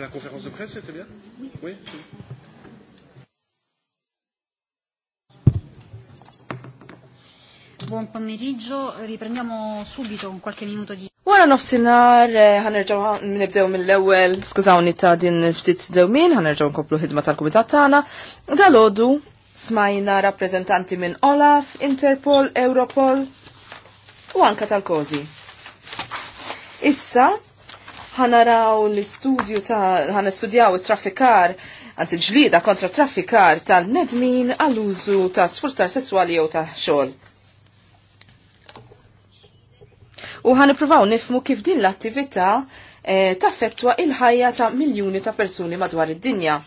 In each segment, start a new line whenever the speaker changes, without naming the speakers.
la conférence de presse, c'était bien Oui.
Buon pomeriggio, riprendiamo subito un qualche minuto di...
Wara nofsinar, eh, ħanerġaw nibdew mill-ewel, skużawni ta' din ftit dewmin, ħanerġaw nkopplu ħidma tal-kumitat tagħna. Dalodu smajna rappreżentanti minn Olaf, Interpol, Europol u anka tal-Kozi. Issa, ħanaraw l-istudju ta' ħan studjaw it-traffikar, għanzi ġlida kontra traffikar tal-nedmin għall-użu ta' sfurtar sessuali jew ta' xogħol. U ħan ippruvaw nifmu kif din l-attività eh, taffettwa il-ħajja ta' miljuni ta' persuni madwar id-dinja.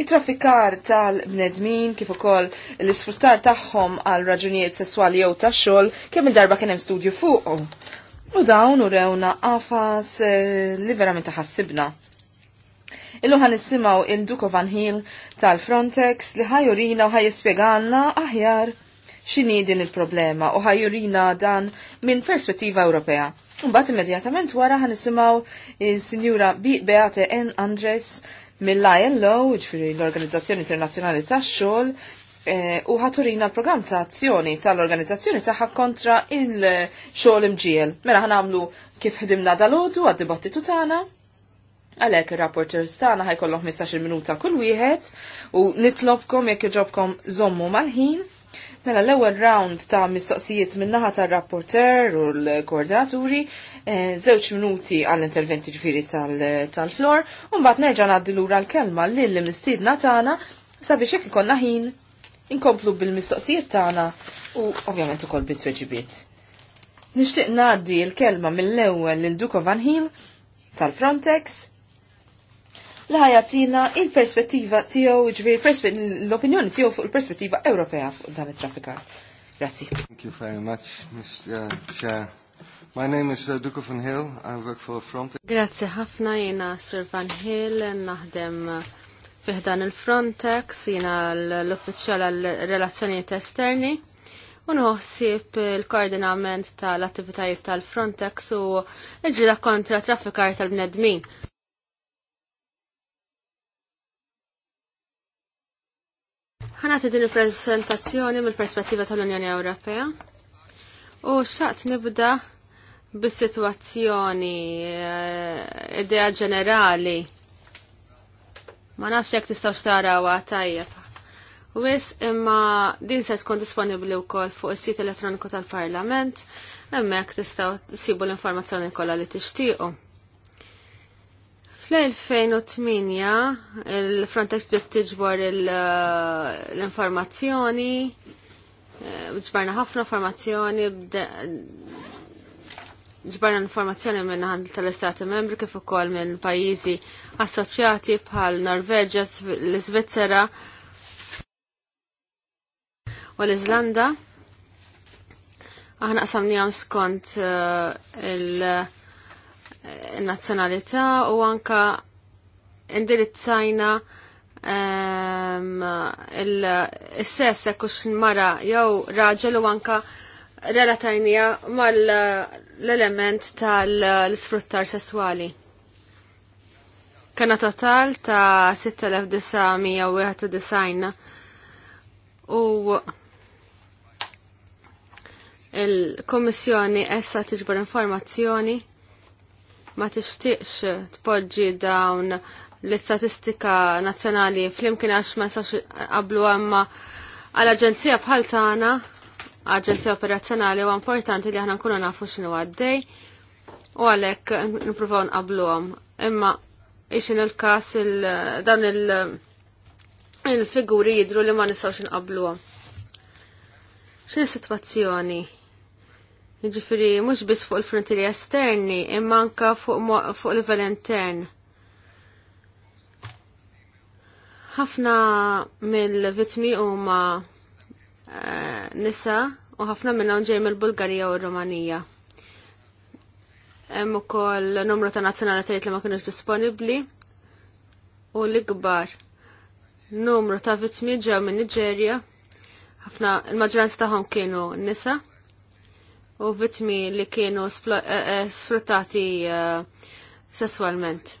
Il-traffikar tal-bnedmin kif ukoll l-isfruttar tagħhom għal raġunijiet sesswali jew tax-xogħol kemm il-darba kien hemm studju fuqhom. U dawn u rewna għafas eh, li verament taħassibna. Illu ħan nisimaw il-Duko Van Hill tal-Frontex li ħajurina u ħajispieganna aħjar xini din il-problema u ħajurina dan minn perspettiva Ewropea. Mbagħad immedjatament wara ħan nisimgħu il-Sinjura Beate N. Andres mill-ILO, ġifiri l-Organizzazzjoni Internazzjonali tax-Xogħol, Eh, u ħaturina l-program ta' azzjoni tal-organizzazzjoni taħħa kontra il-xogħol imġiel. Mela ħanamlu kif ħdimna dal-ħodu għad-dibattitu tagħna. Għalek il-rapporters tagħna ħajkollhom 15-il minuta kull wieħed u nitlobkom jekk iġobkom żommu mal-ħin. Mela l-ewwel round ta' mistoqsijiet min-naħa tar-rapporter u l-koordinaturi, eh, żewġ minuti għall-interventi ġifieri tal-flor, u mbagħad nerġa' ngħaddi lura l-kelma lill mistiedna tagħna sabiex hekk ikollna ħin inkomplu bil-mistoqsijiet tagħna u ovvjament ukoll bit-tweġibiet. Nixtieq ngħaddi l-kelma mill-ewwel lil Duko Van Hill tal-Frontex ħajja tina il-perspettiva tiegħu ġifieri l-opinjoni tiegħu fuq il-perspettiva Ewropea fuq dan it-traffikar. Grazzi. Thank you very much, Mr. Chair. My name is uh, Duke Van Hill. I work for Frontex.
Grazie ħafna jiena Sir Van Hill, naħdem fiħdan il-Frontex, jina l-Uffiċjal għal-Relazzjonijiet Esterni, u il-koordinament tal-attivitajiet tal-Frontex u l kontra traffikar tal-bnedmin. ħanati din il-prezentazzjoni mill-perspettiva tal-Unjoni Ewropea u xaqt nibda bis-sitwazzjoni, eh, idea ġenerali Ma nafx jekk tistgħux tarawha tajjeb. Wis imma din se tkun disponibbli wkoll fuq is-sit elettroniku tal-Parlament, hemmhekk tistgħu tsibu l-informazzjoni kollha li tixtiequ. Fl-2008 il-Frontex bdiet tiġbor eh, l-informazzjoni eh, ġbarna ħafna informazzjoni ġbarna informazzjoni minn għand tal-Istati membri kif ukoll minn pajjiżi assoċjati bħal Norveġa, l-Iżvizzera u l-Iżlanda. Aħna qsamnihom skont uh, il-nazzjonalità u anka indirizzajna um, il-sess ekkux mara jew raġel u anka relatajnija mal-element tal-sfruttar sessuali. Kena total ta' 6991 u il-Komissjoni essa tiġbor informazzjoni ma tixtieqx tpoġġi dawn l-istatistika nazzjonali flimkien għax ma nsax qablu għamma għal-Aġenzija bħal tagħna Aġenzja operazzjonali huwa importanti li aħna nkunu nafu x'inhu għaddej u għalhekk nippruvaw nqabbluhom Imma ixin il-każ dan il-figuri jidru li ma nistgħux inqabbluhom. X'in is-sitwazzjoni? Jiġifieri mhux biss fuq il-frontieri esterni, imma anke fuq il-vel intern. ħafna mill-vitmi huma Eh, nisa u ħafna minnhom ġej mill-Bulgarija u r-Rumanija. Hemm ukoll numru ta' nazzjonalitajiet li ma kinux disponibbli u l-ikbar numru ta' vittmi ġew minn Niġerja. Ħafna il maġġoranza tagħhom kienu nisa u vittmi li kienu eh, eh, sfruttati sessualment.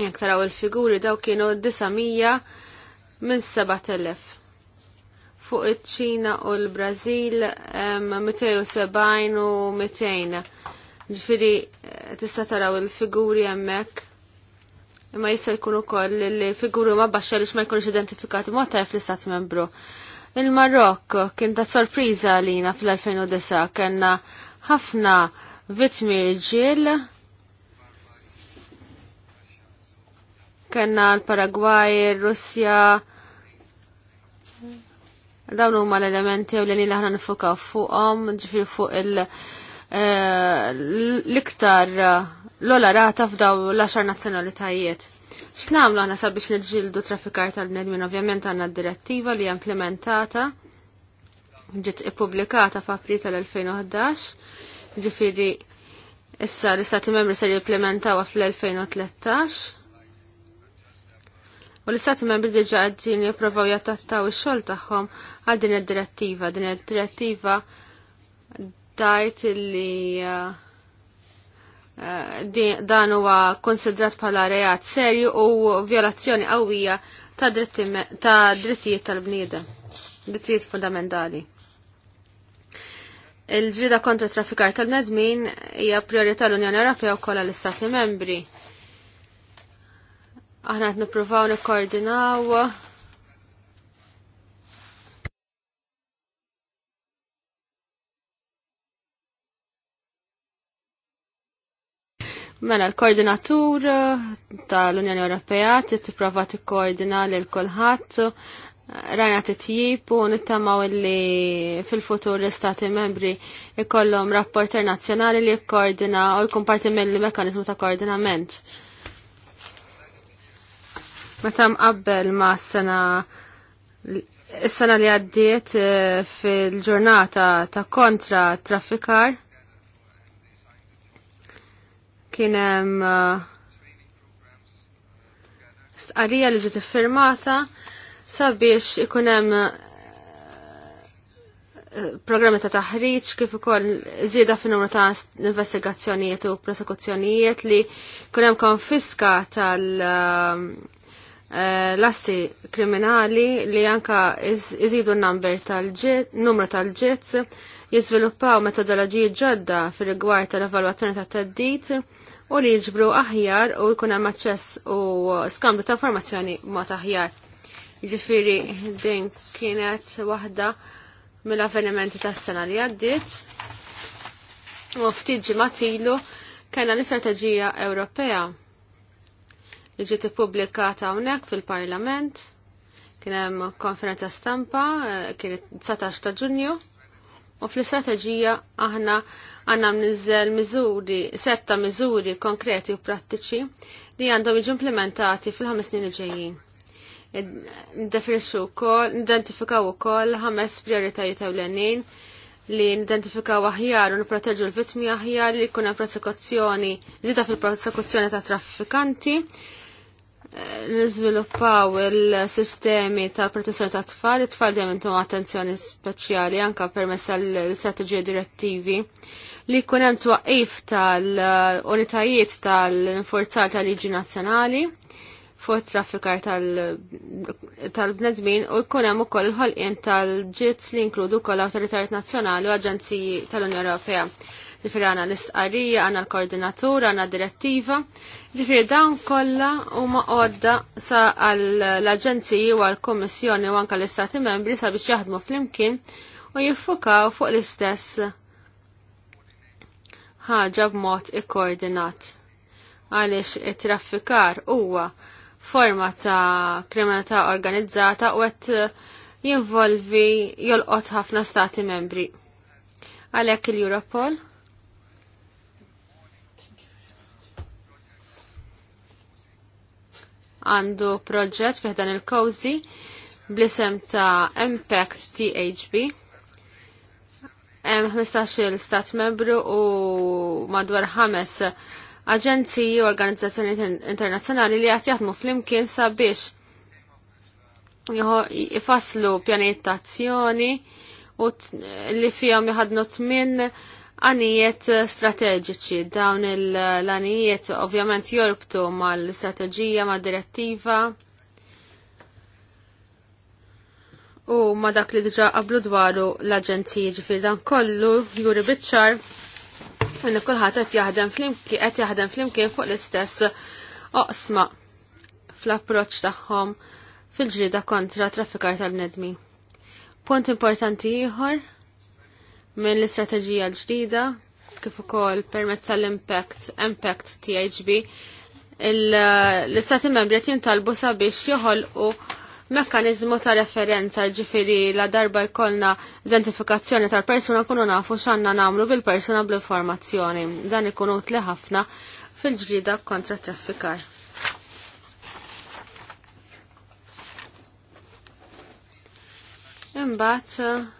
Jek taraw il-figuri daw kienu 900 minn 7000 fuq iċ-Ċina u l-Brazil 270 u 200. Ġifiri, eh, tista' taraw il-figuri hemmhekk. Imma jista' jkun ukoll il-figuri ma baxxa li ma jkunux identifikati mod tajf l-Istat Membru. Il-Marokk kien ta' sorpriża għalina fl-2009 kellna ħafna vittmi rġiel kellna l-Paragwaj, ir-Russja, Dawn huma l-elementi u l-għalin aħna nifokaw fuqhom, ġifir fuq il- eh, l-iktar l-ola rata f'daw l-10 nazzjonalitajiet. X'namlu aħna sabiex niġġieldu trafikar tal nedmin ovvjament għandna d-direttiva li implementata ġiet ippubblikata f'April tal-2011, ġifiri issa l-istati membri ser jimplementawha fl-2013 u l-istati membri diġa għaddin jipprovaw jattattaw il-xol taħħom għal din id-direttiva. Din id-direttiva dajt li uh, uh, dan huwa konsidrat bħala reat serju u violazzjoni qawwija ta' drittijiet tal-bniedem, drittijiet fundamentali. Il-ġrida kontra traffikar tal-medmin hija priorità l-Unjoni Ewropea wkoll l istati membri. Aħna qed nippruvaw nikkoordinaw Mela, l-koordinatur tal-Unjoni Ewropea tipprova tikkoordina lil kulħadd rajna titjib u nittamaw li fil-futur l-istati membri ikollhom rapporter nazzjonali li jikkoordina u jkun parti mill-mekanizmu ta' koordinament. Meta mqabbel ma' s-sena Is-sena li għaddiet eh, fil-ġurnata ta' kontra traffikar kien hemm eh, stqarrija li ġiet iffirmata sabiex ikun hemm eh, programmi ta' taħriġ kif ukoll żieda fin-numru ta' investigazzjonijiet u prosekuzzjonijiet li kunem hemm konfiska tal- uh, Eh, lassi kriminali li anka iżidu n-number tal-ġit, numru tal-ġits, jizviluppaw metodologiji ġodda fil-rigward tal-evalwazzjoni ta' teddit u li jġbru aħjar u jkun hemm aċċess u skambju ta' informazzjoni mod aħjar. Jiġifieri din kienet waħda mill-avvenimenti tas-sena li għaddiet u ftit ġimgħat ilu kellna l-istrateġija Ewropea li ġiet ippubblikata hawnhekk fil-Parlament. Kien hemm konferenza stampa eh, kienet 19 ta' Ġunju u fl-istrateġija aħna għandna mniżel miżuri, setta miżuri konkreti u prattiċi li għandhom jiġu implementati fil-ħames snin ġejjin. Ndefinixxu wkoll, nidentifikaw ukoll ħames prioritajiet ewlenin li nidentifikaw aħjar u nipproteġu l-vittmi aħjar li kuna prosekuzzjoni, zida fil-prosekuzzjoni ta' traffikanti, Nizviluppaw il-sistemi ta' protezzjoni ta' tfal, it-tfal dejjem intom attenzjoni speċjali anka permess tal strateġija direttivi li jkun hemm twaqqif tal-unitajiet tal-infurzar tal-liġi nazzjonali fuq traffikar tal-bnedmin u jkun hemm ukoll il-ħolqien tal ġiet li inkludu wkoll awtoritajiet nazzjonali u aġenziji tal unjoni Ewropea. Ġifiri għana l-istqarija, għana l koordinatura għana direttiva. Ġifiri dawn kolla u maqodda sa għall-agenziji u għall-komissjoni u għanka l-istati membri sabiex jaħdmu fl-imkien u jiffukaw fuq l-istess ħaġa b'mod ikkoordinat. Għaliex it-traffikar huwa forma ta' kriminalità organizzata u għet jinvolvi jolqot ħafna stati membri. Għalek il-Europol għandu proġett fiħdan il-Cozy blisem ta' Impact THB. Hemm 15-il stat membru u madwar ħames aġenziji u organizzazzjoni internazzjonali li qed jaħdmu flimkien sabiex ifasslu pjanijiet ta' azzjoni u li fihom jħadnu tmien għanijiet eh, strateġiċi. Dawn l-għanijiet ovvjament jorbtu mal-strateġija, mal-direttiva u ma dak li diġa qablu dwaru l aġenti ġifir dan kollu juri bitċar Inni kullħat għet jaħdem flimki qed jaħdem flimkien fuq l-istess oqsma fl-approċċ tagħhom fil-ġrida kontra traffikar tal-nedmi. Punt importanti ieħor minn l-istrateġija l-ġdida kif ukoll permezz tal-impact impact THB l-istati membri qed jintalbu sabiex joħolqu mekkanizmu ta' referenza ġifiri la darba jkollna identifikazzjoni tal-persuna kunu nafu x'għandna nagħmlu bil-persuna bl-informazzjoni. Dan ikun utli ħafna fil-ġrida kontra traffikar. Imbagħad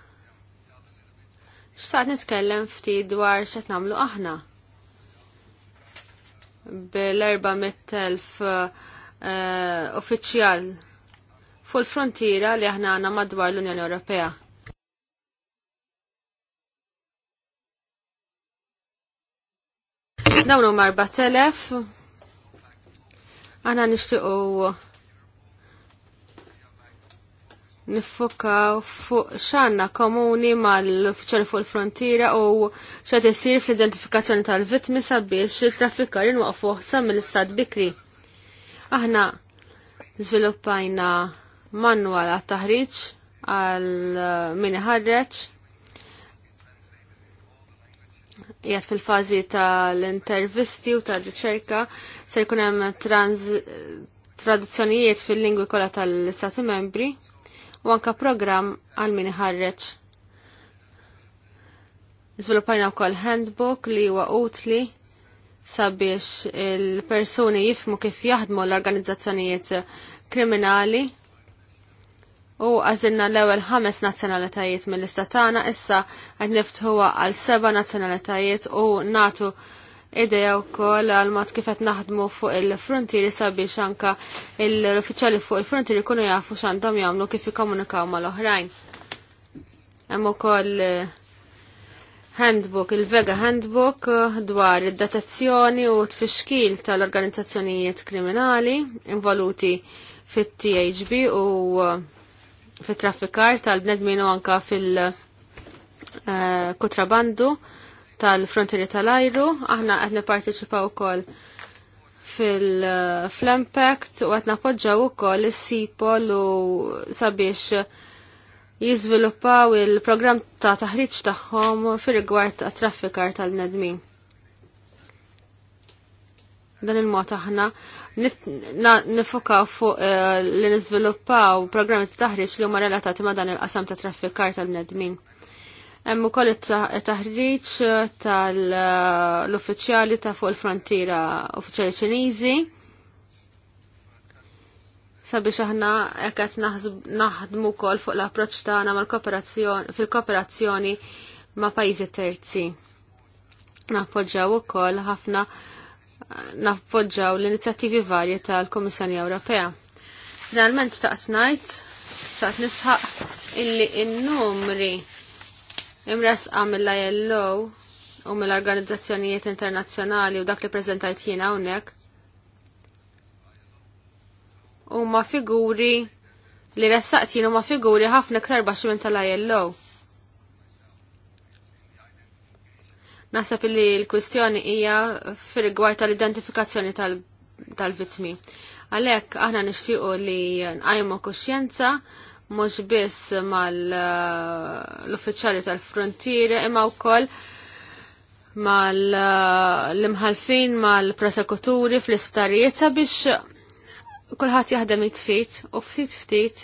X'saqt nitkellem ftit dwar x'qed nagħmlu aħna. Bil-400,000 uh, uffiċjal fuq il-frontiera li aħna għandna madwar l-Unjoni Ewropea. Dawn huma telef. għana nixtiequ nifokaw fuq xanna komuni mal-uffiċjali fuq il-frontiera u xa tisir fl-identifikazzjoni tal-vittmi sabiex il-traffikar jinwaqfu sa mill-istat bikri. Aħna zviluppajna manwal għat-taħriġ għal min ħarreċ. jgħat fil-fazi tal-intervisti u tal-riċerka se jkun hemm traduzzjonijiet fil-lingwi kollha tal-Istati Membri u anka program għal min ħarreġ. u wkoll handbook li huwa utli sabiex il-persuni jifmu kif jaħdmu l-organizzazzjonijiet kriminali u għazinna l-ewel ħames nazzjonalitajiet mill-istatana issa għed niftħuwa għal seba nazzjonalitajiet u natu ideja u koll għal-mat kifet naħdmu fuq il-frontieri sabiex anka l-uffiċjali fuq il-frontieri kunu jafu xandom jagħmlu kif jikkomunikaw mal-oħrajn. Hemm ukoll eh, handbook, il-Vega Handbook eh, dwar id-datazzjoni u tfixkil tal-organizzazzjonijiet kriminali involuti fit-THB u eh, fit-traffikar tal-bnedmin u anka fil kutrabandu Uh, tal-frontieri tal-ajru, aħna qed nipparteċipaw ukoll fil-Flampact u qed napoġġaw ukoll is-sipol u sabiex jizviluppaw il-programm ta' taħriġ tagħhom fir-rigward ta' traffikar tal-nedmin. Dan il-mod aħna nifokaw fuq eh, li nizviluppaw programmi ta' taħriġ li huma relatati ma' dan il-qasam ta' traffikar tal-nedmin. Hemm ukoll it-taħriġ eh, tal-uffiċjali ta' fuq il-frontiera uffiċjali Ċiniżi sabiex aħna qed naħdmu wkoll fuq l-approċċ tagħna mal-kooperazzjoni fil-kooperazzjoni ma' pajjiżi terzi. Nappoġġaw ukoll ħafna eh, nappoġġaw l-inizjattivi varji tal-Kummissjoni Ewropea. Finalment xtaqt ngħid xtaqt nisħaq illi n-numri imresqa mill-ILO u mill-organizzazzjonijiet internazzjonali u dak li prezentajt jiena hawnhekk huma figuri li ressaqt jien huma figuri ħafna iktar baxi minn tal-ILO. Naħseb li l-kwistjoni hija fir-rigward tal-identifikazzjoni tal-vitmi. Għalek, Għalhekk aħna nixtiequ li nqajmu kuxjenza mhux biss mal-uffiċjali eh, tal-frontiera imma wkoll mal-imħalfin eh, mal-prosekuturi fl-isptarijiet sabiex kulħadd jaħdem it-tfit u ftit ftit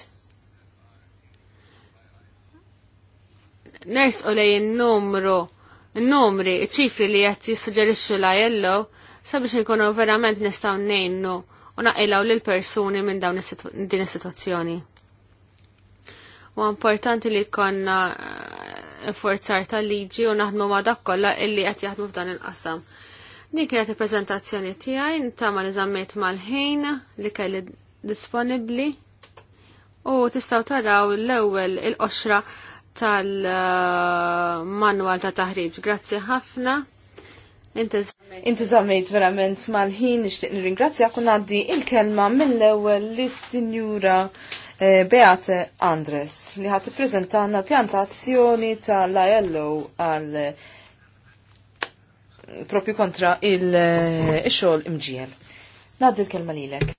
ners u lej n-numru n-numri, ċifri li jett jissuġerixxu la jello sabiex nkunu verament nistaw nejnu u naqilaw lil persuni minn dawn din is-sitwazzjoni. U importanti li konna eh, forzar tal-liġi u naħdmu ma dak kollha illi qed jaħdmu f'dan il-qasam. Din kienet il-preżentazzjoni tiegħi ntama li żammejt mal-ħin li kelli disponibbli u tistgħu taraw l-ewwel il-qoxra tal-manwal ta' taħriġ. Grazzi ħafna.
Inti zammejt verament mal-ħin nixtieq nirringrazzja kun għaddi il-kelma mill-ewwel lis-Sinjura Eh, Beate Andres li ħat prezentana pjantazzjoni tal-ILO għal eh, propju kontra il-xol eh, imġiel. Naddi il kelma lilek.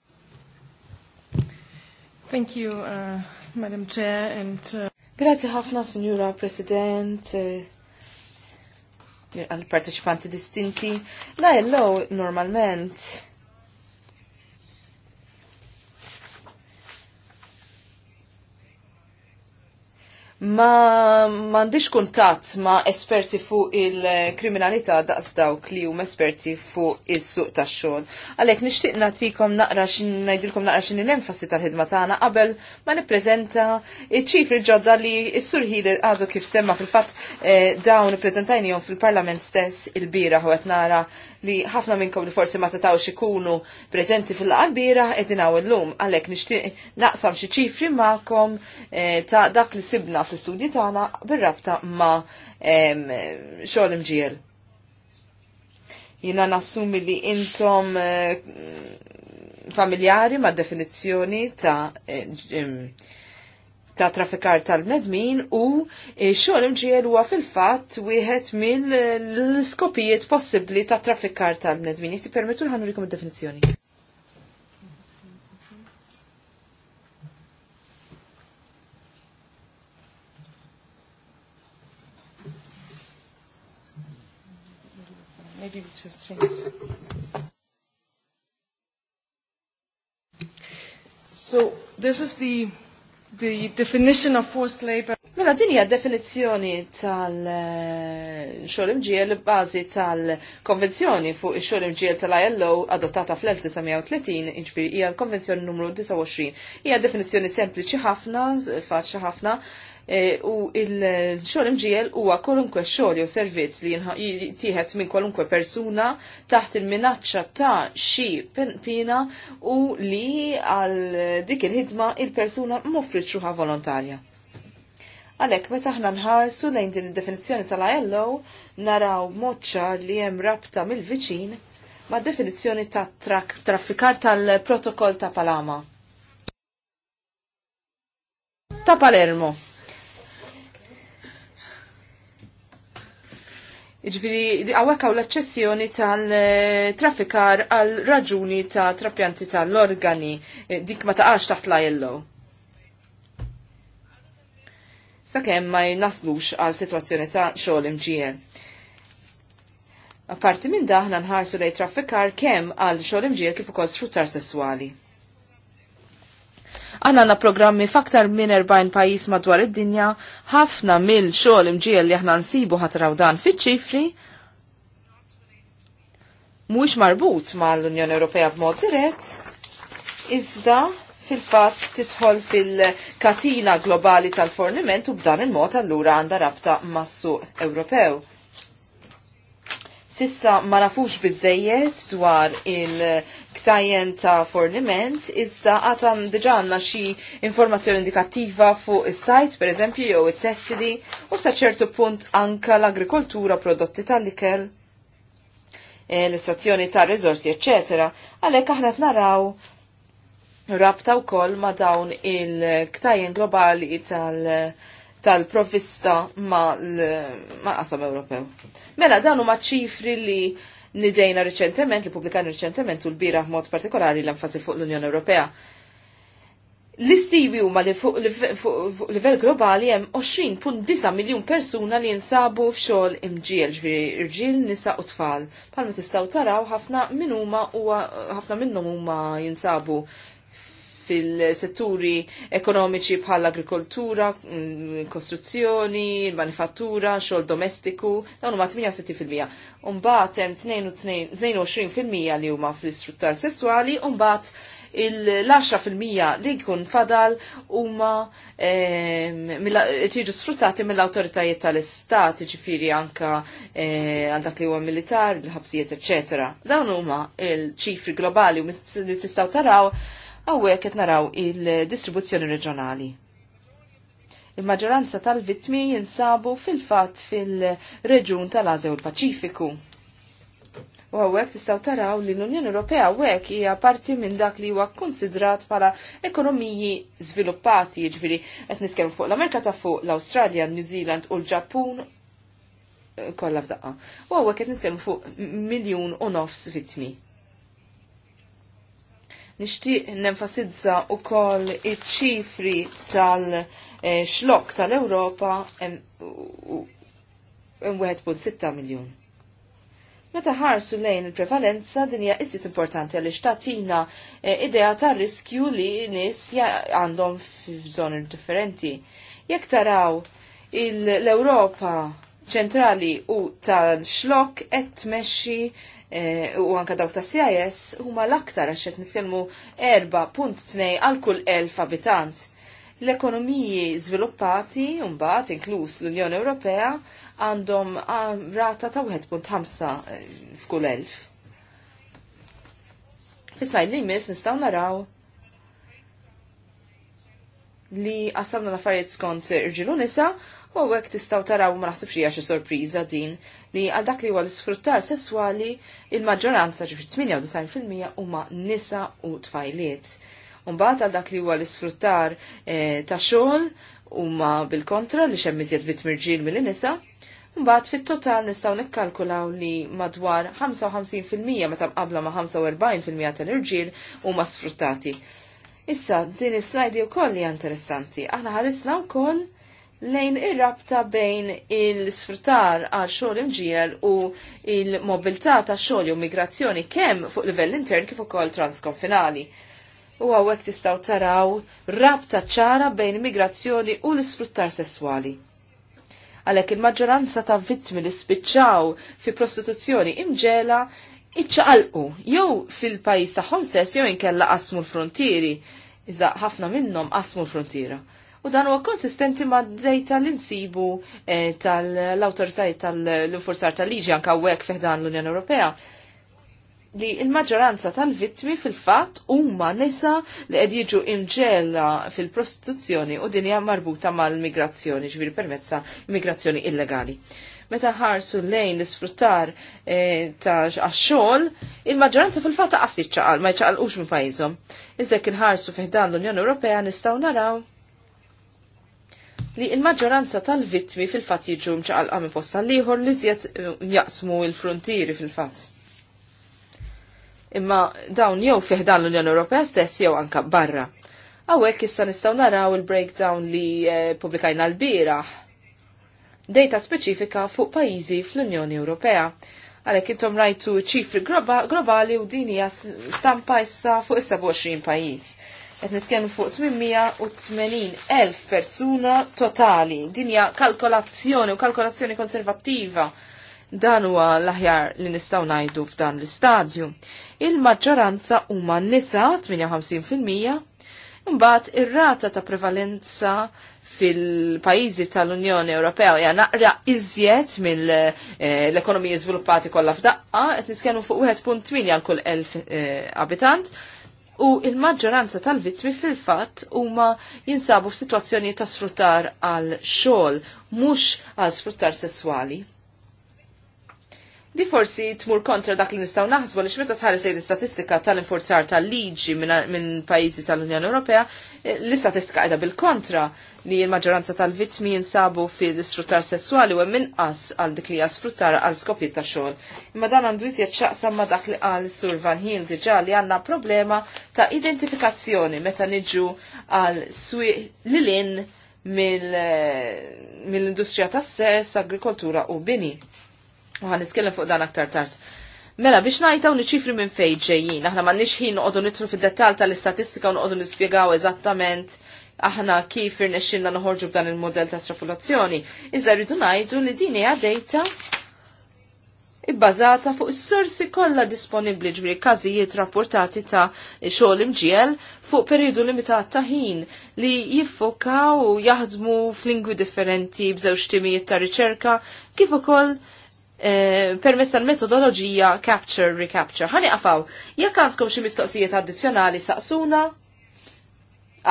Thank you, uh, Madam Chair. And, uh... Grazie ħafna, Signora President, għal-parteċipanti distinti. La jello normalment ma m'għandix kuntatt ma esperti fuq il-kriminalità daqs dawk li hum esperti fuq is-suq tax-xogħol. Għalhekk nixtieq nagħtikom naqra xin ngħidilkom naqra xin l-enfasi tal-ħidma tagħna qabel ma nippreżenta iċ-ċifri ġodda li s-sur Hili għadu kif semma fil-fatt eh, dawn ippreżentajnihom fil-Parlament stess il-bieraħ u qed nara li ħafna minnkom li forsi ma setaw ikunu prezenti fil-qalbira edinaw l-lum għalek nishtiq naqsam xi ċifri ma'kom eh, ta' dak li sibna fl istudji tagħna bir-rabta ma' xogħol imġiel. Jina nassumi li intom eh, familjari ma' definizzjoni ta' eh, ta' trafikar tal-medmin u xogħol imġiel fil-fatt wieħed mill-skopijiet possibbli ta' trafikar tal-medmin. Jekk permettu l ħannu id-definizzjoni.
definizjoni
So this is the the definition of forced labor. Mela din hija definizzjoni tal-xogħol eh, imġiel bażi tal-konvenzjoni fuq ix-xogħol imġiel tal-ILO adottata fl-1930, iġbir hija l-konvenzjoni numru 29. Hija definizzjoni sempliċi ħafna, faċli ħafna, E, u il-xogħol imġiel huwa kwalunkwe xogħol jew servizz li jittieħed minn kwalunkwe persuna taħt il-minaċċa ta' xi pina u li għal dik il-ħidma il-persuna m'offriċ ruħa volontarja. Għalek, meta aħna nħarsu lejn din id-definizzjoni tal-ILO, naraw moċċar li hemm rabta mill-viċin ma' definizzjoni ta' traffikar tal-protokoll ta' Palama. Ta' Palermo. Ġviri, għawek għaw l-accessjoni tal trafikar għal raġuni ta' trapjanti tal-organi, eh, dik ma għax taħt lajello. jello. Sakemm ma jnaslux għal situazzjoni ta' xogħol imġiel. Apparti minn daħna nħarsu lej traffikar kemm għal xogħol imġiel kif ukoll sfruttar sesswali. Għanna għanna programmi faktar minn 40 pajis madwar id-dinja, ħafna mill xogħol imġiel li aħna nsibu ħatraw dan fiċ-ċifri, mhuwiex marbut mal-Unjoni Ewropea b'mod dirett, iżda fil-fatt titħol fil-katina globali tal-forniment u b'dan il-mod allura għandha rabta mas-suq Ewropew. Sissa ma nafux bizzejiet dwar il-ktajjen ta' forniment, issa għatan diġanna xi informazzjoni indikattiva fuq is-sajt, per eżempju, jew it-tessili, u sa' ċertu punt anka l-agrikoltura prodotti tal-ikel, eh, l istrazzjoni ta' rizorsi, eccetera. Għalek aħna naraw rabta wkoll ma' dawn il-ktajjen globali tal- tal-provista ma' l-qasam Ewropew. Mela danu huma ċifri li nidejna riċentement, li publikani riċentement u l-bira mod partikolari l-enfasi fuq l-Unjoni Ewropea. L-istivi huma li fuq livell globali hemm 20.9 miljun persuna li jinsabu f'xogħol imġiel, ġviri irġiel, nisa u tfal. Palmet tistgħu taraw ħafna minn huma ħafna minnhom huma jinsabu fil-setturi ekonomiċi bħal agrikoltura, mm, kostruzzjoni, manifattura, xogħol domestiku, dawn huma 68%. Umbagħad hemm 22% li huma fl-istruttar sesswali, mbagħad il-10% li jkun fadal huma ehm, tiġu sfruttati mill-awtoritajiet tal-istat, ġifiri anke eh, għandak li huwa militar, il-ħabsijiet, eċetera. Dawn huma il-ċifri globali u li tistgħu taraw għawek qed naraw il-distribuzzjoni reġjonali. Il-maġġoranza tal-vittmi jinsabu fil-fatt fil-reġun tal-Azew il-Paċifiku. U għawek tistaw taraw li l-Unjoni Ewropea għawek hija parti minn dak li huwa konsidrat pala ekonomiji żviluppati ġviri, jiġifieri qed nitkellmu fuq l-Amerika ta' fuq, l-Awstralja, New Zealand u l-Ġappun eh, kollha f'daqqa. U għawek qed nitkellmu fuq miljun u nofs vitmi. Nixtieq nenfasizza wkoll iċ-ċifri tal-xlok tal-Ewropa 1.6 miljun. Meta ħarsu lejn il-prevalenza din hija importanti għal tatina eh, idea ta' riskju li nis għandhom f'żoni differenti. Jekk taraw l-Ewropa ċentrali u tal-xlok qed tmexxi Eh, u anka dawk ta' CIS huma l-aktar għax qed nitkellmu 4.2 għal kull elf abitant. L-ekonomiji żviluppati mbagħad inkluż l-Unjoni Ewropea għandhom rata ta' 1.5 eh, f'kull elf. Fis-slajd li jmiss nistgħu naraw li qasamna l-affarijiet skont irġilu nisa U għek tistaw taraw ma naħseb xija xi sorpriża din li għal dak li huwa l-isfruttar sesswali il-maġġoranza ġifri 98% huma nisa u tfajliet. Umbagħad għal dak li huwa l-isfruttar eh, ta' xogħol huma bil-kontra li xemm iżjed vitmirġiel mill-nisa, Mbagħad fit-total nistgħu nikkalkulaw li madwar 55% meta mqabla ma' 45% tal-irġiel huma sfruttati. Issa, din is-slajdi wkoll hija interessanti. Aħna ħarisna wkoll lejn ir-rabta bejn il-sfruttar għal xogħol imġiel u il-mobilità ta' xogħol u migrazzjoni kemm fuq livell intern kif ukoll transkonfinali. U għawek tistaw taraw rabta ċara bejn immigrazzjoni u l isfruttar sessuali. Għalek il-maġġoranza ta' vittmi li spiċċaw fi prostituzzjoni imġela iċċaqalqu jew fil-pajis tagħhom stess jew inkella qasmu l-frontieri. Iżda ħafna minnhom qasmu l-frontiera. U dan huwa konsistenti ma' dejta l-insibu eh, tal-autoritajiet tal-infurzar tal-liġi anka hekk fiħdan l-Unjoni Ewropea li il-maġġoranza tal-vittmi fil-fatt huma nisa li qed jiġu imġella fil-prostituzzjoni u dinja marbuta mal-migrazzjoni, ġviri permezza immigrazzjoni illegali. Meta ħarsu lejn l-isfruttar e, ta' għax-xogħol, il-maġġoranza fil-fatt qas ċaqal ma jċaqalqux minn pajjiżhom. Iżda kien ħarsu fiħdan l-Unjoni Ewropea nistgħu naraw li il-maġġoranza tal-vittmi fil-fat jiġu mċaqalqa minn posta liħor li zjed eh, jaqsmu il-frontieri fil-fat. Imma dawn jew fiħdan l-Unjoni Ewropea stess jew anka barra. Għawek issa nistaw naraw il-breakdown li eh, publikajna l-biraħ. Data speċifika fuq pajizi fl-Unjoni Ewropea. Għalek intom rajtu ċifri globali u dini stampa issa fuq 27 pajis qed nitkellmu fuq 880,000 persuna totali. Din hija kalkolazzjoni u kalkolazzjoni konservattiva. Dan huwa l-aħjar li nistgħu ngħidu f'dan l-istadju. Il-maġġoranza huma nisa 58%, imbagħad ir-rata ta' prevalenza fil-pajizi tal-Unjoni Ewropea hija naqra iżjed mill-ekonomiji eh, Zviluppati kollha f'daqqa, qed nitkellmu fuq 1.8 għal kull elf eh, abitant, u il-maġġoranza tal-vittmi fil-fatt huma jinsabu f'sitwazzjoni ta' sfruttar għal xogħol mhux għal sfruttar sesswali. Li forsi tmur kontra dak li nistgħu naħsbu li xmeta tħares l-istatistika tal-infurzar tal-liġi minn pajjiżi tal-Unjoni Ewropea, l-istatistika qiegħda bil-kontra li l-maġġoranza tal-vittmi jinsabu fi sfruttar sessuali u hemm inqas għal dik li sfruttar għal skopiet ta' xogħol. Imma dan għandu jiżjed xaqsam ma' dak li qal Sur Van Hiel diġà li għandna problema ta' identifikazzjoni meta niġu għal swieq lilin eh, mill-industrija ta' tas-sess, agrikoltura u bini. U għan nitkellem fuq dan aktar tard. Mela, biex najtaw niċifri minn fejn ġejjin, aħna ma nix ħin noqogħdu nitru fid-dettall tal-istatistika u noqogħdu nispjegaw eżattament aħna kif irnexxinna noħorġu b'dan il-modell ta' strapulazzjoni, Iżda rridu ngħidu li din hija data ibbażata fuq is-sorsi kollha disponibbli ġri każijiet rapportati ta' xogħol imġiel fuq periodu limitat ta' ħin li jiffokaw u jaħdmu f'lingwi differenti b'żewġ timijiet ta' riċerka kif ukoll eh, permess tal-metodoloġija capture recapture. Ħani qafaw, jekk għandkom xi mistoqsijiet addizzjonali saqsuna,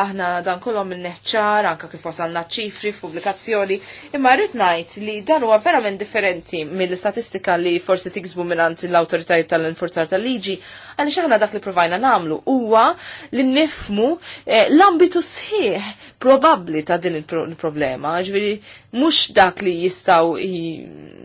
aħna dan kollom il-neħċar, anka kif wasalna ċifri f'pubblikazzjoni, imma rrid ngħid li dan huwa verament differenti mill-istatistika li forsi tiksbu minn l-awtoritajiet tal-infurzar tal-liġi għaliex aħna dak li provajna nagħmlu huwa li nifmu eh, l-ambitu sħiħ probabbli ta' din il-problema, ġviri, mhux dak li jistgħu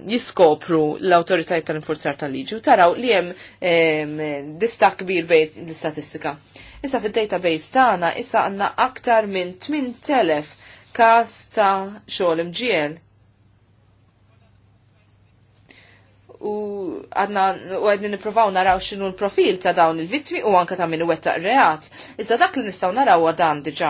jiskopru l autoritajt tal-infurzar tal-liġi taraw li hemm distak kbir bejn l-istatistika. Issa fil-database tagħna issa għandna aktar minn 8000 każ ta' xogħol imġiel u għadna u għadni niprofaw naraw xinu l-profil ta' dawn il-vittmi u anka ta' minn wettaq reat. Iżda dak li nistaw naraw għadan diġa.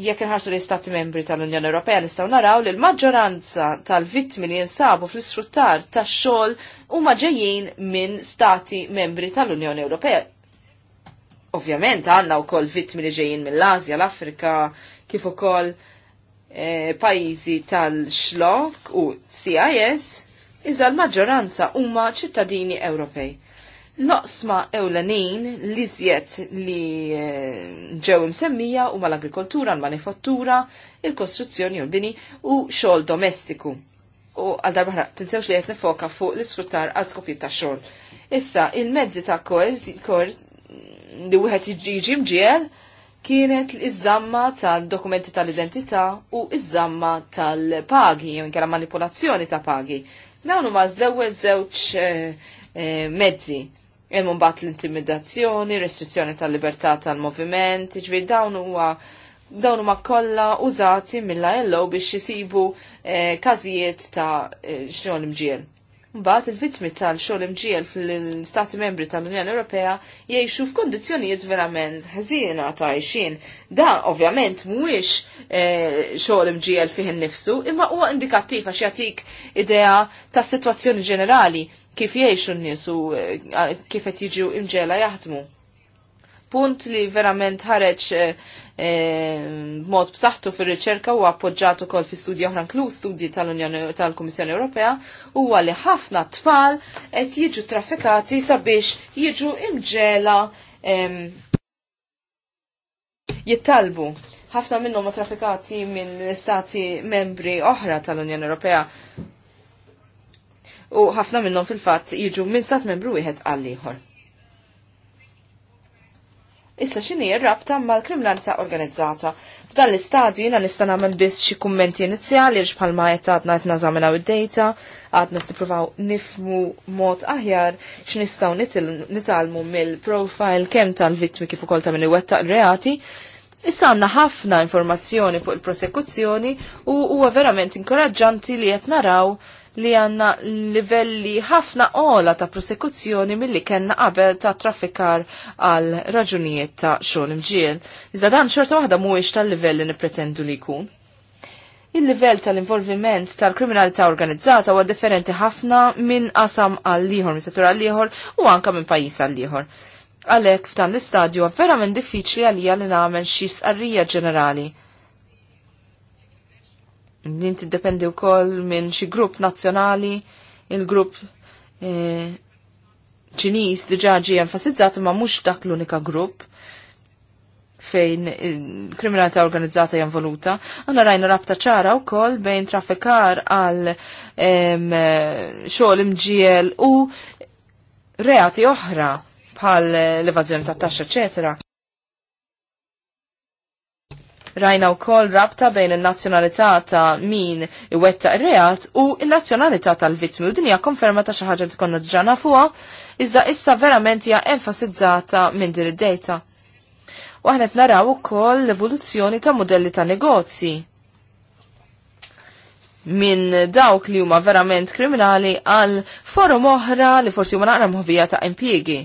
Jekk nħarsu li stati membri tal-Unjoni Ewropea nistaw naraw li l-maġġoranza tal-vittmi li jinsabu fl isfruttar ta' xol u maġġajin minn stati membri tal-Unjoni Ewropea. Ovvjament għanna u koll vittmi li ġejjin mill-Azja, l-Afrika, kif ukoll koll eh, pajizi tal-xlok u CIS, iżda l-maġġoranza huma ċittadini Ewropej. Noqsma ewlenin li zjed li eh, ġew imsemmija huma l-agrikoltura, l-manifattura, il-kostruzzjoni u l-bini u xogħol domestiku. U għal darba tinsewx li qed nifoka fuq l-isfruttar għal skopji ta' xogħol. Issa il-mezzi ta' kor li wieħed jiġi mġiel kienet iż-żamma tal-dokumenti tal-identità u iż-żamma tal-pagi, jew inkella manipolazzjoni ta' pagi. Dawn huma l-ewwel żewġ eh, eh, mezzi. imma mbagħad l-intimidazzjoni, restrizzjoni tal-libertà tal-moviment, jiġri dawn huwa dawn huma kollha użati mill-ILO biex jisibu eh, każijiet ta' xogħol mġiel. Mbaħt il-vittmi tal-xogħol imġiel fl-Stati Membri tal-Unjoni Ewropea jgħixu f'kondizzjonijiet verament ħazina ta' għajxin. Da ovvjament mhuwiex eh, xogħol imġiel fih innifsu, imma huwa indikattiv għax jatik idea ta' situazzjoni ġenerali kif jgħixu n nisu u eh, kif qed jiġu imġela jaħdmu. Punt li verament ħareġ eh, b'mod eh, b'saħħtu fir-riċerka u appoġġjat ukoll fi studji oħra nklu studji tal-Unjoni tal-Kummissjoni Ewropea huwa li ħafna tfal qed jiġu traffikati sabiex jiġu imġela jittalbu ħafna minnhom ma trafikati minn stati membri oħra tal-Unjoni Ewropea. U ħafna minnhom fil-fatt jiġu minn stat membru wieħed għall ieħor. Issa x'inhi jirrab rabta mal-kriminalità organizzata. F'dan l-istadju jiena nista' nagħmel biss xi kummenti inizjali għax bħalma qed għadna qed nażaminaw id-data, għadna qed nippruvaw nifmu mod aħjar x'nistgħu nitalmu mill-profile kemm tal-vittmi kif ukoll ta' min iwettaq reati Issa għanna ħafna informazzjoni fuq il-prosekuzzjoni u huwa verament inkoraġġanti li qed naraw li għanna livelli ħafna ola ta' prosekuzzjoni mill-li kena qabel ta' traffikar għal raġunijiet ta' xogħol imġiel. Iżda dan xorta waħda mhuwiex tal livelli li nipretendu li jkun il-livell tal-involviment tal-kriminalità organizzata huwa differenti ħafna minn qasam għal ieħor minn settur għal ieħor u anka minn pajjiż għal ieħor. Għalhekk f'dan l-istadju verament diffiċli għalija li nagħmel xi sqarrija ġenerali din tiddependi wkoll minn xi grupp nazzjonali, il-grupp eh, ċiniż diġà ġie enfasizzat ma mhux dak l-unika grupp fejn eh, kriminalità organizzata voluta. Għanna rajna rabta ċara u koll bejn traffikar għal xogħol imġiel u reati oħra bħal l-evazjoni ta' taxxa, eccetera. Rajna wkoll rabta bejn in-nazzjonalità ta' min iwetta ir-reat u n-nazzjonalità tal-vittmi u din hija konferma ta' xi ħaġa li tkonna diġà nafuha, iżda issa verament hija enfasizzata minn din id-dejta. U aħna naraw ukoll l-evoluzzjoni ta' modelli ta' negozji minn dawk li huma verament kriminali għal forum oħra li forsi huma naqra ta' impjiegi.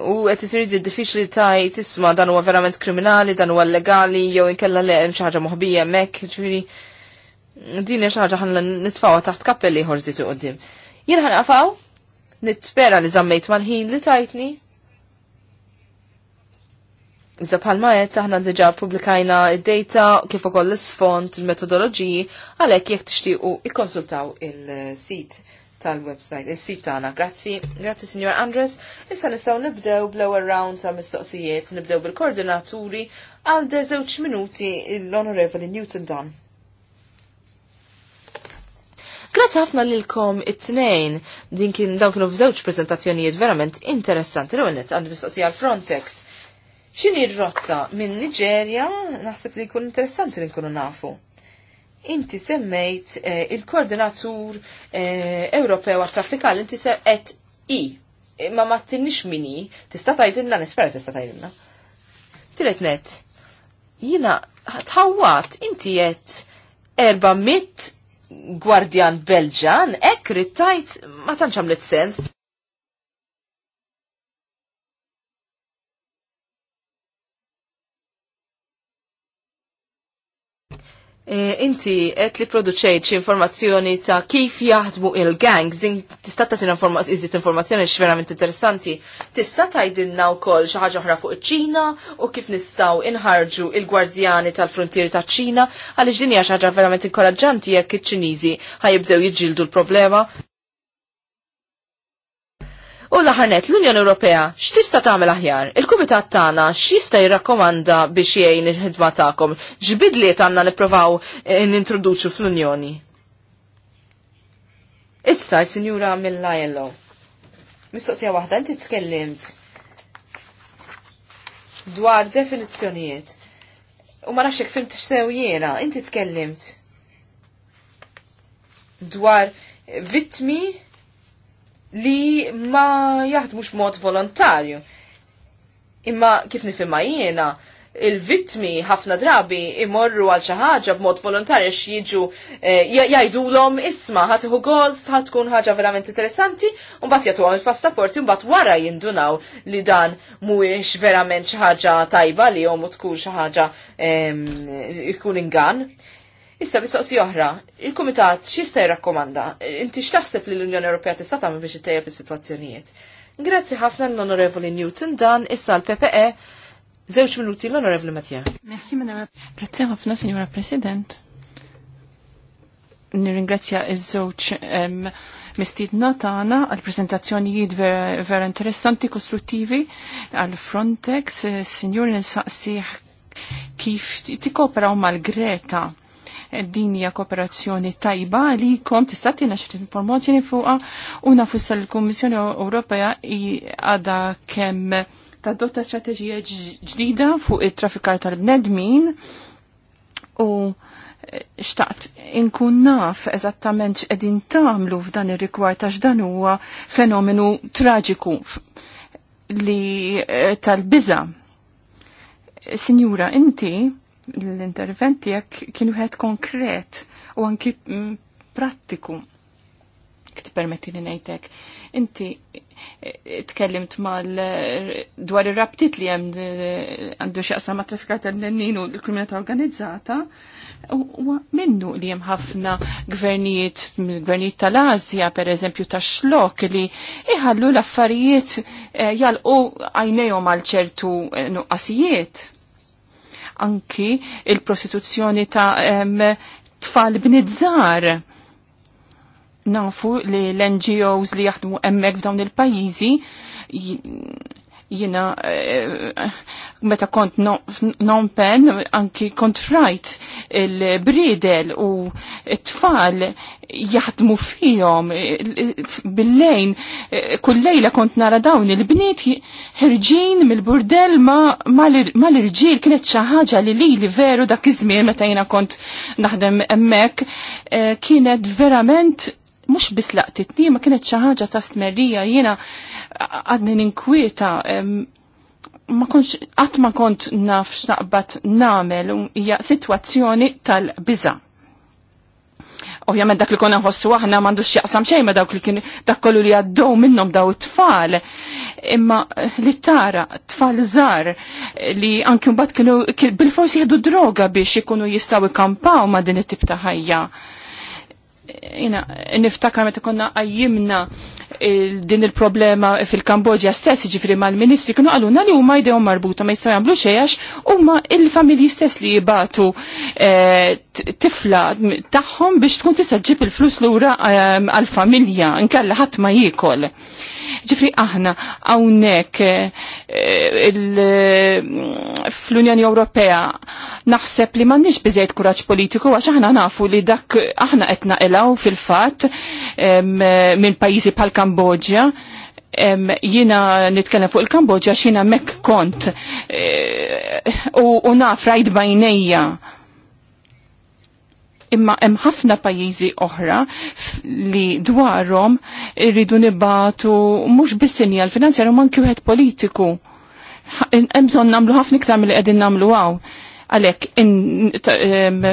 U qed isir iżid diffiċli tajt isma dan huwa verament kriminali, dan huwa legali, jew inkella le hemm xi ħaġa moħbija hemmhekk, ġifieri din xi ħaġa ħanla taħt kappelli ieħor u qudiem. Jien ħanqafgħu, nitpera li żammejt mal-ħin li tajtni. Iżda bħalma qed aħna diġa' pubblikajna id-data kif ukoll l isfond il-metodoloġiji, għalhekk jekk tixtiequ ikkonsultaw il-sit tal-website, il-sit tagħna. Grazzi, grazzi Signor Andres. Issa nistgħu nibdew bl-ewwel round ta' mistoqsijiet, nibdew bil-koordinaturi għal żewġ minuti l-Onorevoli Newton Dunn. Grazzi ħafna lilkom it-tnejn din kien dawn kienu f'żewġ prezentazzjonijiet verament interessanti l għandet għand mistoqsija għal Frontex. X'inhi r-rotta minn Niġerja naħseb li jkun interessanti li nkunu nafu inti semmejt eh, il-koordinatur eh, Ewropew għat-traffikal, inti semmejt i. Eh, ma ma tinnix mini, tista tajdinna, nispera tista tajdinna. Tilet net, jina tħawat, inti jett 400 gwardjan Belġan, ek rittajt ma tanċam let sens. Eh, inti qed li produċejt xi informazzjoni ta' kif jaħdmu il-gangs, din tista' tagħti iżid informazzjoni x'verament interessanti. Tista' tgħidilna wkoll xi ħaġa oħra fuq iċ-Ċina u kif nistgħu inħarġu il-gwardjani tal-frontieri taċ-Ċina għaliex din hija xi ħaġa verament inkoraġġanti jekk iċ-Ċiniżi ħajibdew jiġġieldu l-problema U laħanet l-Unjoni Ewropea x'tista' tagħmel aħjar? Il-Kumitat tagħna x'jista' jirrakkomanda biex jgħin il-ħidma tagħkom? X'bidliet għandna nippruvaw eh, nintroduċu fl-Unjoni? Issa, sinjura mill-Lajello. Mistoqsija waħda, inti tkellimt dwar definizzjonijiet. U ma nafx fim x'sew jiena, inti tkellimt dwar vittmi li ma jaħdmux mod volontarju. Imma kif nifimma jiena, il-vitmi ħafna drabi imorru għal xi ħaġa b'mod volontarju jiġu eh, jgħidulhom isma' ħadd iħu gost, ħadd tkun ħaġa verament interessanti, u mbagħad jagħtuhom il-passaporti u mbagħad wara jindunaw li dan mhuwiex verament xi ħaġa tajba li jom tkun xi ħaġa jkun ingan. Issa mistoqsi oħra, il-Kumitat x'jista' rakkomanda, Inti x'taħseb li l-Unjoni Ewropea tista' tagħmel biex ittejjeb is-sitwazzjonijiet? Grazzi ħafna l-Onorevoli Newton dan issa l-PPE żewġ minuti l-Onorevoli Mattia.
Merci Madame. Grazzi ħafna Signora President. Nirringrazzja iż-żewġ mistidna tagħna għal prezentazzjonijiet vera interessanti, kostruttivi għal Frontex, Signor nsaqsih kif tikoperaw mal-Greta din hija kooperazzjoni tajba li kom tista' tina informazzjoni fuqha u nafu issa l-Kummissjoni Ewropea għadha kemm tadotta strateġija ġdida fuq it-traffikar tal-bnedmin u eh, xtaqt inkun naf eżattament x'qegħdin tagħmlu f'dan ir-rigward għax dan huwa fenomenu traġiku li eh, tal-biża. Sinjura, inti l-interventi jekk kienu ħed konkret u anki mm, prattiku permetti li nejtek. Inti eh, tkellimt mal eh, dwar ir-rabtit li hemm eh, għandu xaqsa ma' traffika tal-nennin u l kriminata organizzata, u minnu li hemm ħafna gvernijiet, gvernijiet tal per pereżempju ta' xlok li iħallu l-affarijiet jalqu għajnejhom għal ċertu nuqqasijiet anki il-prostituzzjoni ta' tfal bnizzar. Nafu li l-NGOs li jaħdmu emmek f'dawn il-pajizi jina eh, meta kont non pen anki kont rajt il-bridel u it-tfal jaħdmu fihom bil-lejn kullejla kont nara dawn il-bniet ħirġin mill-burdel ma l irġiel kienet xi ħaġa li li li veru dak iż-żmien meta jina kont naħdem hemmhekk eh, kienet verament mhux biss laqtitni ma kienet xi ħaġa ta' stmerrija jiena għadni ninkwieta ma konx qatt ma kont naf xnaqbat nagħmel hija sitwazzjoni tal-biża. Ovvjament dak li konna nħossu aħna m'għandux x'jaqsam xejn ma dawk li kien dak kollu li għaddow minnhom daw it-tfal. Imma li tara tfal zar li anki mbagħad kienu bil-forsi jieħdu droga biex ikunu jistgħu ikampaw ma' din it tibta ta' ħajja jina niftakar meta konna għajimna din il-problema fil-Kambodja stess ġifri mal-ministri kienu għalluna li huma jdejhom marbuta ma jistgħu jagħmlu xejn huma il-familji stess li jibatu eh, tifla tagħhom biex tkun tista' ġib il-flus lura ehm, għall-familja nkella ħadd ma jiekol. Ġifri aħna hawnhekk eh, fl-Unjoni Ewropea naħseb li m'għandniex biżejjed kuraġġ politiku għax aħna nafu li dak aħna qed naqilgħu fil-fatt ehm, minn pajjiżi bħal il-Kambodġa, jina nitkellem fuq il-Kambodġa xina mek kont eh, u naf rajt bajnejja. Imma hemm ħafna pajjiżi oħra li dwarhom irridu nibatu mhux biss sinjal finanzjarju manki wieħed politiku. Hemm bżonn nagħmlu ħafna iktar milli qegħdin nagħmlu hawn Għalek,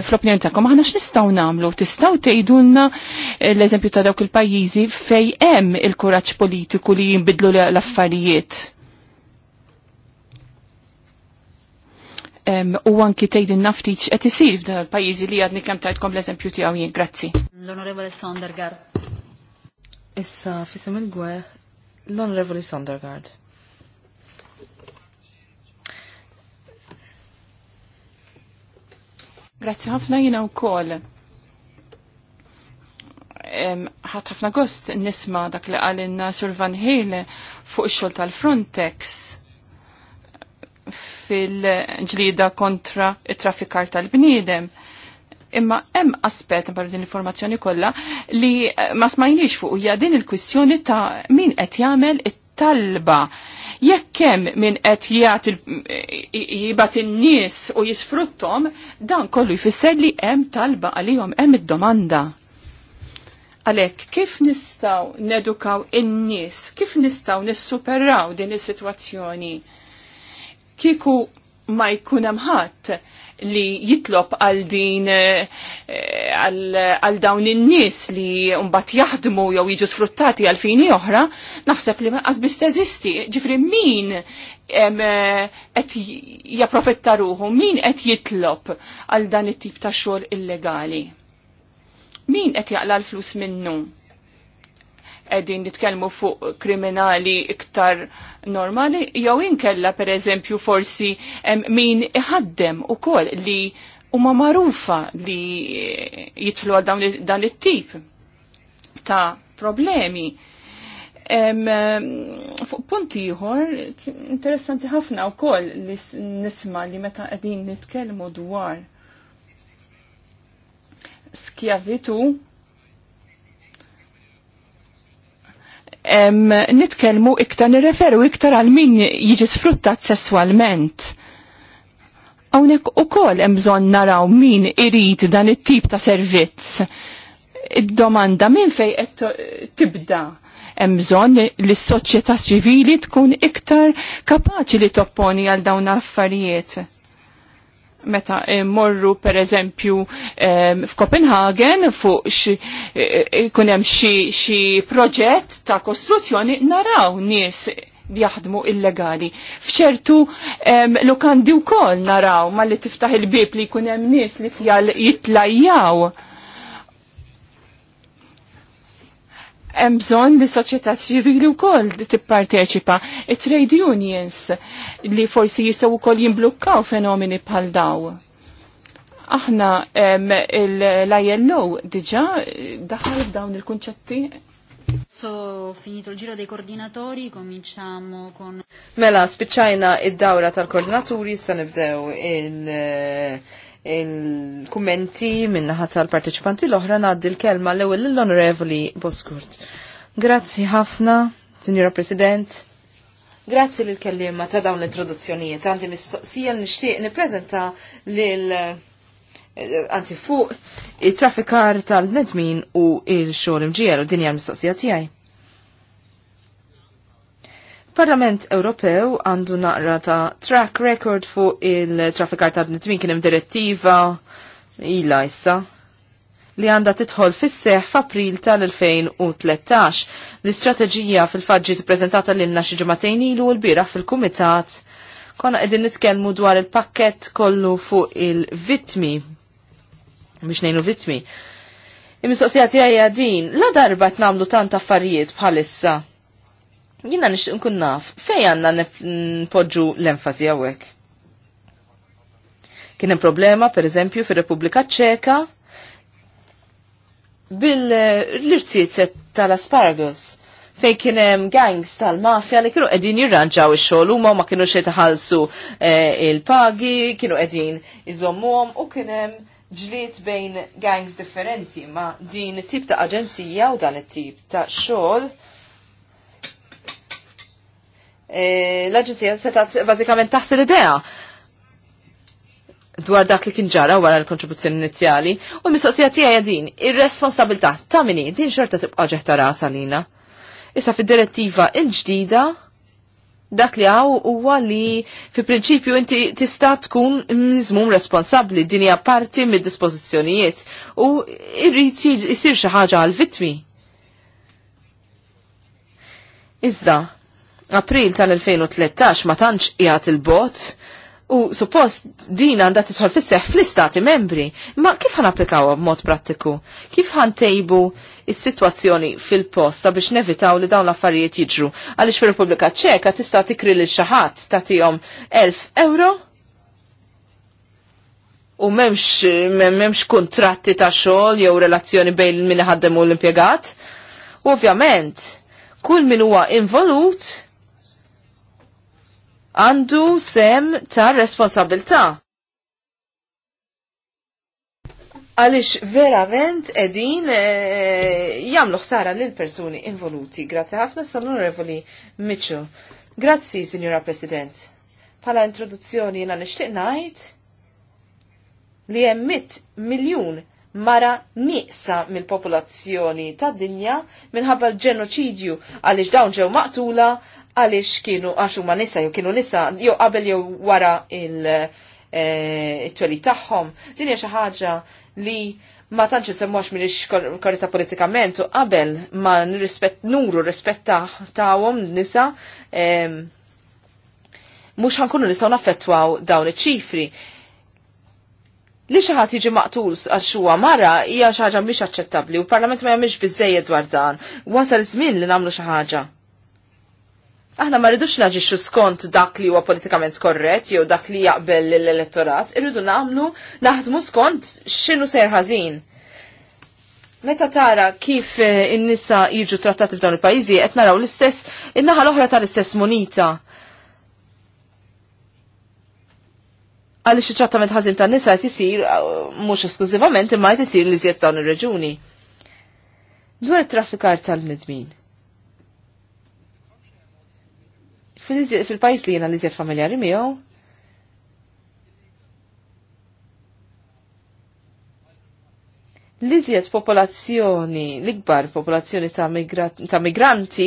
fl-opinjoni ta'kom, x x'nistgħu nagħmlu? Tistgħu tgħidulna eh, l-eżempju ta' dawk il-pajjiżi fej hemm il-kuraġġ politiku li jinbidlu l-affarijiet. U anki tgħidin naftiċ qed isir f'dan il-pajjiżi li għadni kemm tajtkom l-eżempju tiegħu jien, grazzi.
L-Onorevole Sondergaard.
Issa, fissam il-gwe, l-Onorevoli Sondergaard. Grazzi ħafna
jina u kol. ħat ħafna gost nisma dak li għalinna Sur Van Hale fuq xol tal-Frontex fil-ġlida kontra it-traffikar tal-bniedem imma hemm aspett barra din l-informazzjoni kollha li ma smajniex fuq hija din il-kwistjoni ta' min qed jagħmel it talba jekk hemm min qed jagħti jibgħat in-nies u jisfruttom, dan kollu jfisser li hemm talba għalihom hemm id-domanda. Għalhekk kif nistgħu nedukaw in-nies, kif nistgħu nissuperraw din is-sitwazzjoni? Kiku ma jkun hemm ħadd li jitlob għal din eh, għal dawn in-nies li mbagħad jaħdmu jew jiġu sfruttati għal fini oħra, naħseb li maqas biss teżisti. Ġifri min eh, qed japprofitta ruħu, min qed jitlob għal dan it-tip ta' xogħol illegali. Min qed jaqla l-flus minnu? għedin nitkelmu fuq kriminali iktar normali, jew inkella per eżempju forsi min iħaddem u kol li huma marufa li jitflu għal dan it-tip ta' problemi. Em, fuq punti ieħor interessanti ħafna wkoll li nisma li meta qegħdin nitkellmu dwar skjavitu nitkellmu iktar nirreferu iktar għal min jiġi sfruttat sessualment. Hawnhekk ukoll hemm bżonn naraw min irid dan it-tip ta' servizz. Id-domanda minn fejn qed tibda hemm bżonn li s-soċjetà ċivili tkun iktar kapaċi li topponi għal dawn l-affarijiet meta morru per eżempju f'Kopenhagen fuq e, e, ikun hemm xi proġett ta' kostruzzjoni naraw nies jaħdmu illegali. Fċertu lukandi wkoll naraw ma li tiftaħ il-bib li jkun hemm nies li jitlajjaw. hemm bżonn li soċjetà ċivili wkoll tipparteċipa. It-trade unions li forsi jistgħu wkoll jimblukkaw fenomeni bħal daw. Aħna l-ILO diġà daħal f'dawn il-kunċetti
So, finito il giro dei coordinatori, cominciamo con...
Mela, spiċċajna id-dawra tal-koordinaturi, sa nibdew il- il-kummenti minnaħat tal-parteċipanti l-oħra naddi l-kelma l ewwel l-onorevoli Boskurt. Grazzi ħafna, Signora President. Grazzi l kellima ta' dawn l-introduzzjonijiet. Għandi mistoqsija nixtieq nippreżenta lil eh, anzi fuq it-traffikar tal-nedmin u il-xogħol imġiel u dinja l-mistoqsija tiegħi. Parlament Ewropew għandu naqra ta' track record fuq il-traffikar ta' nitmin kienem direttiva ila issa li għanda titħol fis seħ f'April tal-2013. L-istrateġija fil-faġġi prezentata l-inna xi ilu l-bira fil-kumitat konna qegħdin nitkellmu dwar il-pakkett kollu fuq il-vitmi Mish ngħinu vitmi. Il-mistoqsija tiegħi din, la darba t-namlu tant affarijiet bħalissa Jina nix nkun naf, fej għanna npoġġu l-enfasi għawek? Kien hemm problema, per eżempju, fir-Repubblika Ċeka bil set tal-asparagus fej kien hemm gangs tal-mafja li kienu qegħdin jirranġaw ix-xogħol huma ma kienu xe taħalsu eh, il-pagi, kienu qegħdin iżommuhom u kien hemm ġliet bejn gangs differenti ma din it-tip ta' aġenzija u dan it-tip ta' xogħol E, l-Aġenzija setat bażikament taħsel idea dwar dak li kien ġara wara l-kontribuzzjoni inizjali u mistoqsija tiegħi din ir-responsabilità ta' minni din xorta tibqa' ġeħta ras għalina. Issa fid-direttiva il-ġdida dak li għaw huwa li fi prinċipju inti tista' tkun mizmum responsabbli din hija parti mid-dispożizzjonijiet u irrid jisir xi ħaġa għal vittmi. Iżda, April tal-2013 ma tantx qiegħed il-bot u suppost din għandha tidħol fis fl-istati membri. Ma kif ħan applikawha b'mod prattiku? Kif ħan tejbu is-sitwazzjoni fil-posta biex nevitaw li dawn l-affarijiet jiġru? Għaliex fir-Repubblika Ċeka tista' tikri lil xi ħadd tagħtihom 1000 euro u memx, memx kontratti ta' xogħol jew relazzjoni bejn min ħaddem u l-impjegat. Ovvjament, kull min huwa involut għandu sem ta' responsabilta. Għalix verament edin e, jamlu ħsara lil persuni involuti. Grazzi ħafna sal-onorevoli Mitchell. Grazzi, Signora President. Pala introduzzjoni jena nishtiq najt li jemmit miljun mara nieqsa mill-popolazzjoni tad dinja minħabba l-ġenoċidju għaliex dawn ġew maqtula għaliex kienu għax huma nisa jew kienu nisa jew qabel jew wara il-tweli eh, tagħhom. Din hija xi ħaġa li ma tantx semmax minix korretta politikament u qabel ma nirrispett nuru rispetta taħħom nisa mhux ħankunu nistgħu naffettwaw dawn iċ-ċifri li xi ħadd jiġi maqtul għax huwa mara hija xi ħaġa mhix aċċettabbli u l-Parlament ma jagħmilx bizzej dwar dan. Wasal żmien li nagħmlu xi ħaġa. Aħna ma rridux naġixxu skont dak li huwa politikament korrett jew dak li jaqbel l-elettorat, irridu nagħmlu naħdmu skont x'inhu ser ħażin. Meta tara kif eh, in-nisa jiġu trattati f'dawn il-pajjiżi qed naraw l-istess in-naħa l-oħra tal-istess munita. Għaliex it-trattament ħażin tan-nisa qed isir eh, mhux esklużivament imma qed isir li żjed dawn ir-reġuni. Dwar it-traffikar tal nedmin fil-pajis li jena li zjed familjari miegħu. l zjed popolazzjoni, l-ikbar popolazzjoni ta', migranti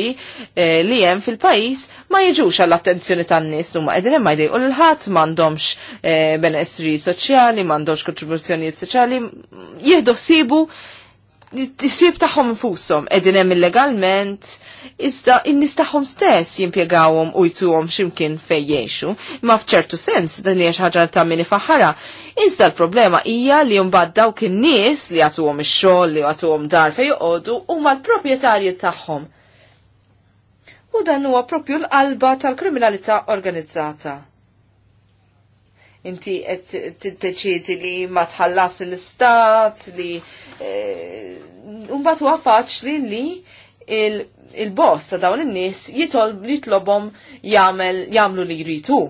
eh, li hemm fil-pajis ma jiġux għall-attenzjoni tan-nies huma qegħdin hemm u l-ħadd m'għandhomx eh, benessri soċjali, m'għandhomx kontribuzzjoni soċjali, jieħdu sibu t-sib taħħom fusom, edin hemm illegalment, iżda in taħħom stess jimpiegawom u jtuhom ximkien fejjexu, ma fċertu sens dan hija ħaġa ta' minni faħara. Iżda l-problema hija li mbagħad dawk in-nies li għatuhom ix-xogħol li għatuhom dar fejn joqogħdu huma l-proprjetarji tagħhom. U dan huwa propju l-qalba tal-kriminalità organizzata inti qed tiddeċiedi li ma tħallas l-istat li eh, mbagħad huwa faċli li il-boss ta' dawn in-nies jitolb jitlobhom jagħmel jagħmlu li jritu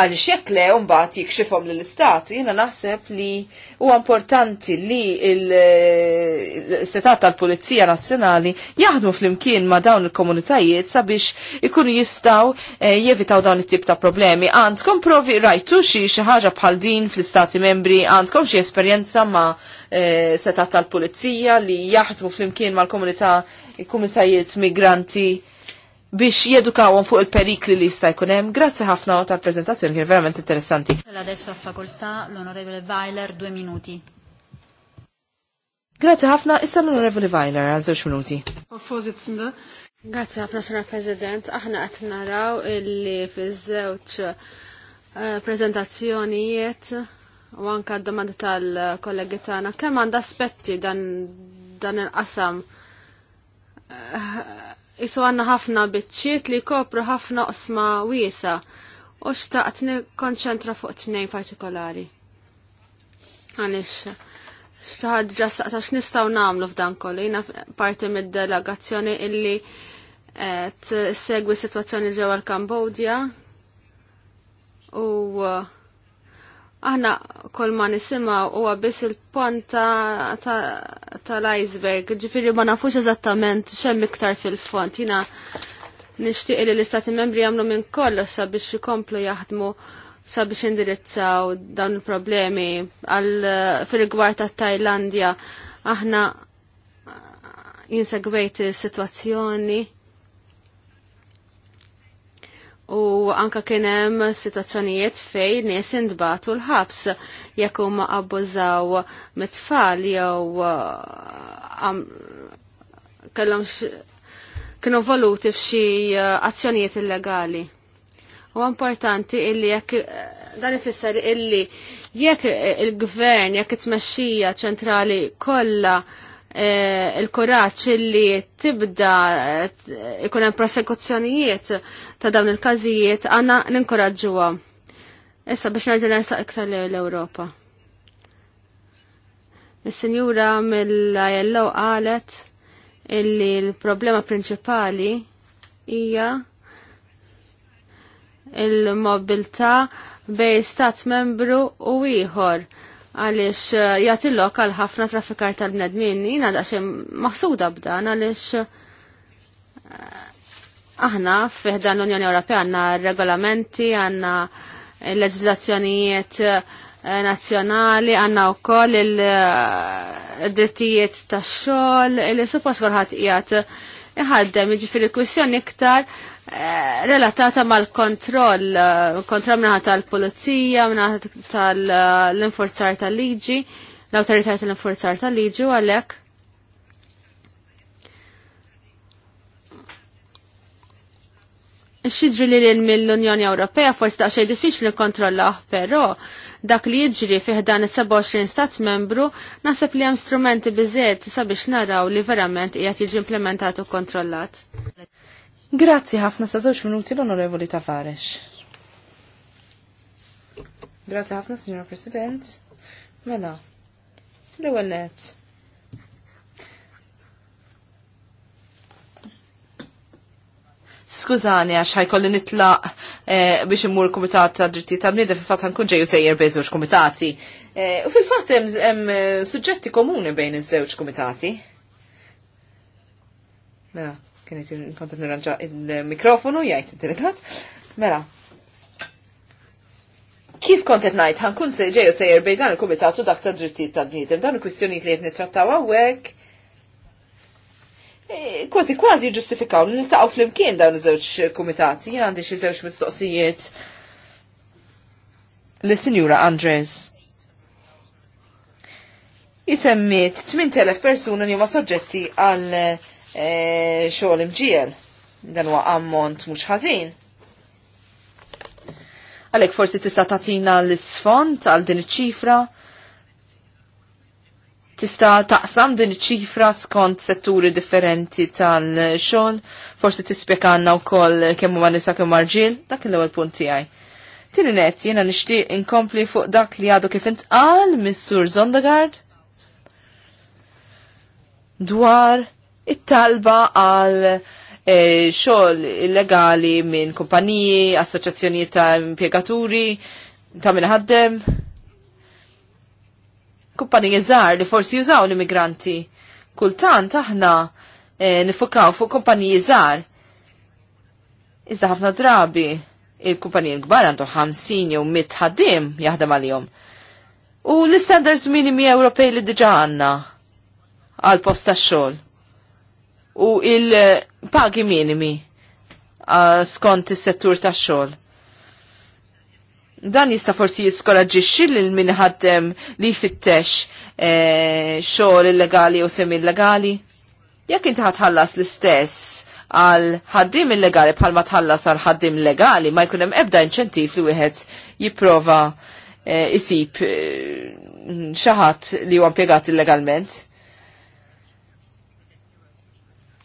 għal xekk le mbagħad jikxifhom lill-istat. Jiena naħseb li huwa importanti li l istat tal-Pulizija Nazzjonali jaħdmu flimkien ma' dawn il-komunitajiet sabiex ikunu jistgħu eh, jevitaw dawn it-tip ta' problemi. Għandkom provi rajtu xi xi ħaġa bħal din fl-istati membri, għandkom xi esperjenza ma' eh, setat tal-Pulizija li jaħdmu flimkien mal-komunità komunitajiet migranti biex jedukawhom fuq il-perikli li jista' jkun hemm. Grazzi ħafna tal-preżentazzjoni kien verament interessanti.
Adesso a fakultà l'onorevole Weiler due minuti.
Grazzi ħafna, issa l-onorevole Weiler għal żewġ minuti.
Grazzi ħafna, sena President. Aħna qed naraw illi fiż-żewġ eh, prezentazzjonijiet u anka d-domanda tal-kollegi tagħna kemm għandha aspetti dan dan il-qasam eh, Isu għanna ħafna bitċiet li kopru ħafna osma wiesa u xtaqt konċentra fuq tnejn partikolari. Għalix, ġasta staqta nistaw nagħmlu f'dan kollu. jina parti mid-delegazzjoni illi eh, segwi situazzjoni ġewwa l-Kambodja u uh, Aħna kol ma nisima u għabis il-ponta tal-iceberg, ġifiri ma nafux eżattament xem iktar fil-font. Jina nishtiq li l-istati membri għamlu minn kollox sabiex jikomplu jaħdmu sabiex indirizzaw dawn il-problemi għal fil-gwar ta' Tajlandja aħna jinsegwejt situazzjoni u anka kienem situazzjonijiet fej nies indbatu l-ħabs jekk huma abbużaw mit-tfal jew uh, kellhom kienu voluti f'xi uh, azzjonijiet illegali. U importanti illi jekk uh, dan ifisser illi jekk il-gvern jekk it-tmexxija ċentrali kollha E, il-kuraċ li tibda e, ikun hemm prosekuzzjonijiet ta' dawn il-każijiet għandna ninkoraġġuha. Issa biex nerġa' nersaq iktar l-Ewropa. Is-sinjura mill-ILO qalet illi l-problema prinċipali hija il-mobilità bej stat membru u ieħor għalix uh, jatillok għal ħafna trafikar tal-bnedmin, jina daċem maħsuda b'dan għalix uh, aħna fiħdan l-Unjoni Ewropea għanna regolamenti, għanna leġizlazzjonijiet uh, nazjonali, għanna u koll il-drittijiet ta' xol, il-suppost kolħat jgħat iħaddem, iġifiri kwistjoni iktar Eh, relatata mal-kontroll, eh, kontroll minnaħa tal-polizija, minnaħa tal-inforzar eh, tal-liġi, l-autorità tal-inforzar tal-liġi u għalek. Xidri li l-Unjoni Ewropea forsi ta' xej diffiċli kontrollah, però dak li jiġri fih dan is-27 stat membru naħseb li hemm strumenti biżejjed sabiex naraw li verament qiegħed jiġi implementat u kontrollat.
Grazzi ħafna sa żewġ minuti l-Onorevoli Tavares. Grazzi ħafna, Signora President. Mela, l-ewwel net. Skużani għax ħajkolli nitlaq eh, biex immur kumitat ta' dritti ta' bniedem fil-fatt ħankun ġejju sejjer bejn żewġ kumitati. Eh, u fil-fatt hemm eh, suġġetti komuni bejn iż-żewġ kumitati. Mela, Kien jisir konta nirranġa il-mikrofonu, jgħajt il-delegat. Mela, Kif kontet najt, ħankun sejġej u sejjer bej dan il-komitatu dak ta' drittijiet ta' bnidem, dan il-kwistjoniet li jtni trattaw għawek. E, kważi kważi ġustifikaw li niltaqgħu flimkien dawn iż-żewġ kumitati, jien għandi xi żewġ mistoqsijiet l sinjura Andres. Jisemmiet 8000 persuna li huma soġġetti għal E, xogħol imġiel. Dan huwa ammont mhux ħażin. Għalhekk forsi tista' tagħtina l-isfond għal din iċ-ċifra. Tista' taqsam din iċ-ċifra skont setturi differenti tal-xogħol, forsi u wkoll kemm huma nisa kemm marġiel, dak l-ewwel punt tiegħi. Tieni net jiena nixtieq inkompli fuq dak li għadu kif intqal missur Zondagard dwar it-talba għal eh, xogħol illegali minn kumpaniji, assoċjazzjonijiet ta' impjegaturi, ta' minn ħaddem. Kumpaniji żgħar li forsi jużaw l-immigranti. Kultant aħna eh, nifukaw fuq kumpaniji żgħar. Iżda ħafna drabi il-kumpaniji l-kbar għandu 50 jew 100 ħaddiem jaħdem għalihom. U l-standards minimi Ewropej li diġa għandna għal post tax-xogħol u il-pagi minimi uh, skont is-settur tax-xogħol. Dan jista' forsi jiskoraġġixxi lil min ħaddem li jfittex eh, xogħol illegali u semi illegali. Jekk inti ħatħallas l-istess għal ħaddim illegali bħalma tħallas għal ħaddim legali ma jkun hemm ebda inċentiv li wieħed jipprova eh, isib eh, xi ħadd li huwa impjegat illegalment.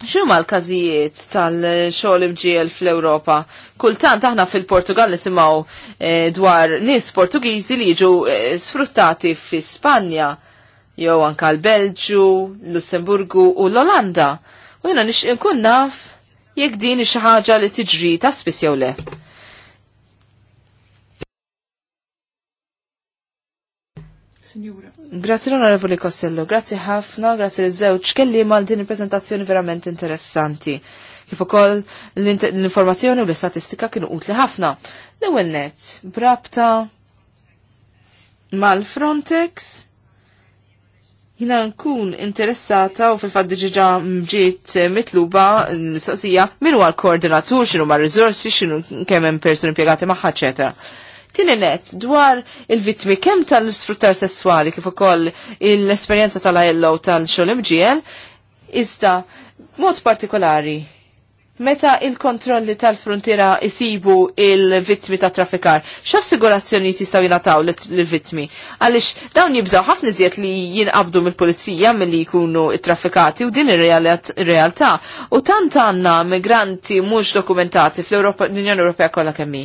X'huma l-każijiet tal-xogħol imġiel fl-Ewropa? Kultant aħna fil-Portugal nisimaw eh, dwar nies Portugiżi li jiġu eh, sfruttati fi Spanja jew anka l-Belġu, Lussemburgu u l-Olanda. U jiena nix nkun naf jekk din xi ħaġa li tiġri ta' spis jew le. Signora. Grazzi l Costello, grazie ħafna, grazzi li żewġ kelli mal din il-prezentazzjoni verament interessanti. Kif ukoll l-informazzjoni u l-istatistika kienu utli ħafna. L-ewwel net, brabta mal-Frontex, jina nkun interessata u fil-fat diġiġa mġiet mitluba mistoqsija minn huwa l-koordinatur, xinu ma' rizorsi, x'inhu kemm hemm persuni impjegati magħha, Tinenet, dwar il-vitmi kem tal-sfruttar sessuali kif ukoll l-esperjenza tal-ILO tal-xol MGL, iżda mod partikolari Meta il-kontrolli tal-frontiera isibu il-vittmi ta' trafikar, x'assigurazzjoni tistgħu jingħataw lill-vittmi? Għaliex dawn jibżgħu ħafna iżjed li jinqabdu mill-pulizija milli jkunu traffikati u din ir-realtà. U tant għandna migranti mhux dokumentati fl-Unjoni Ewropea kollha kemm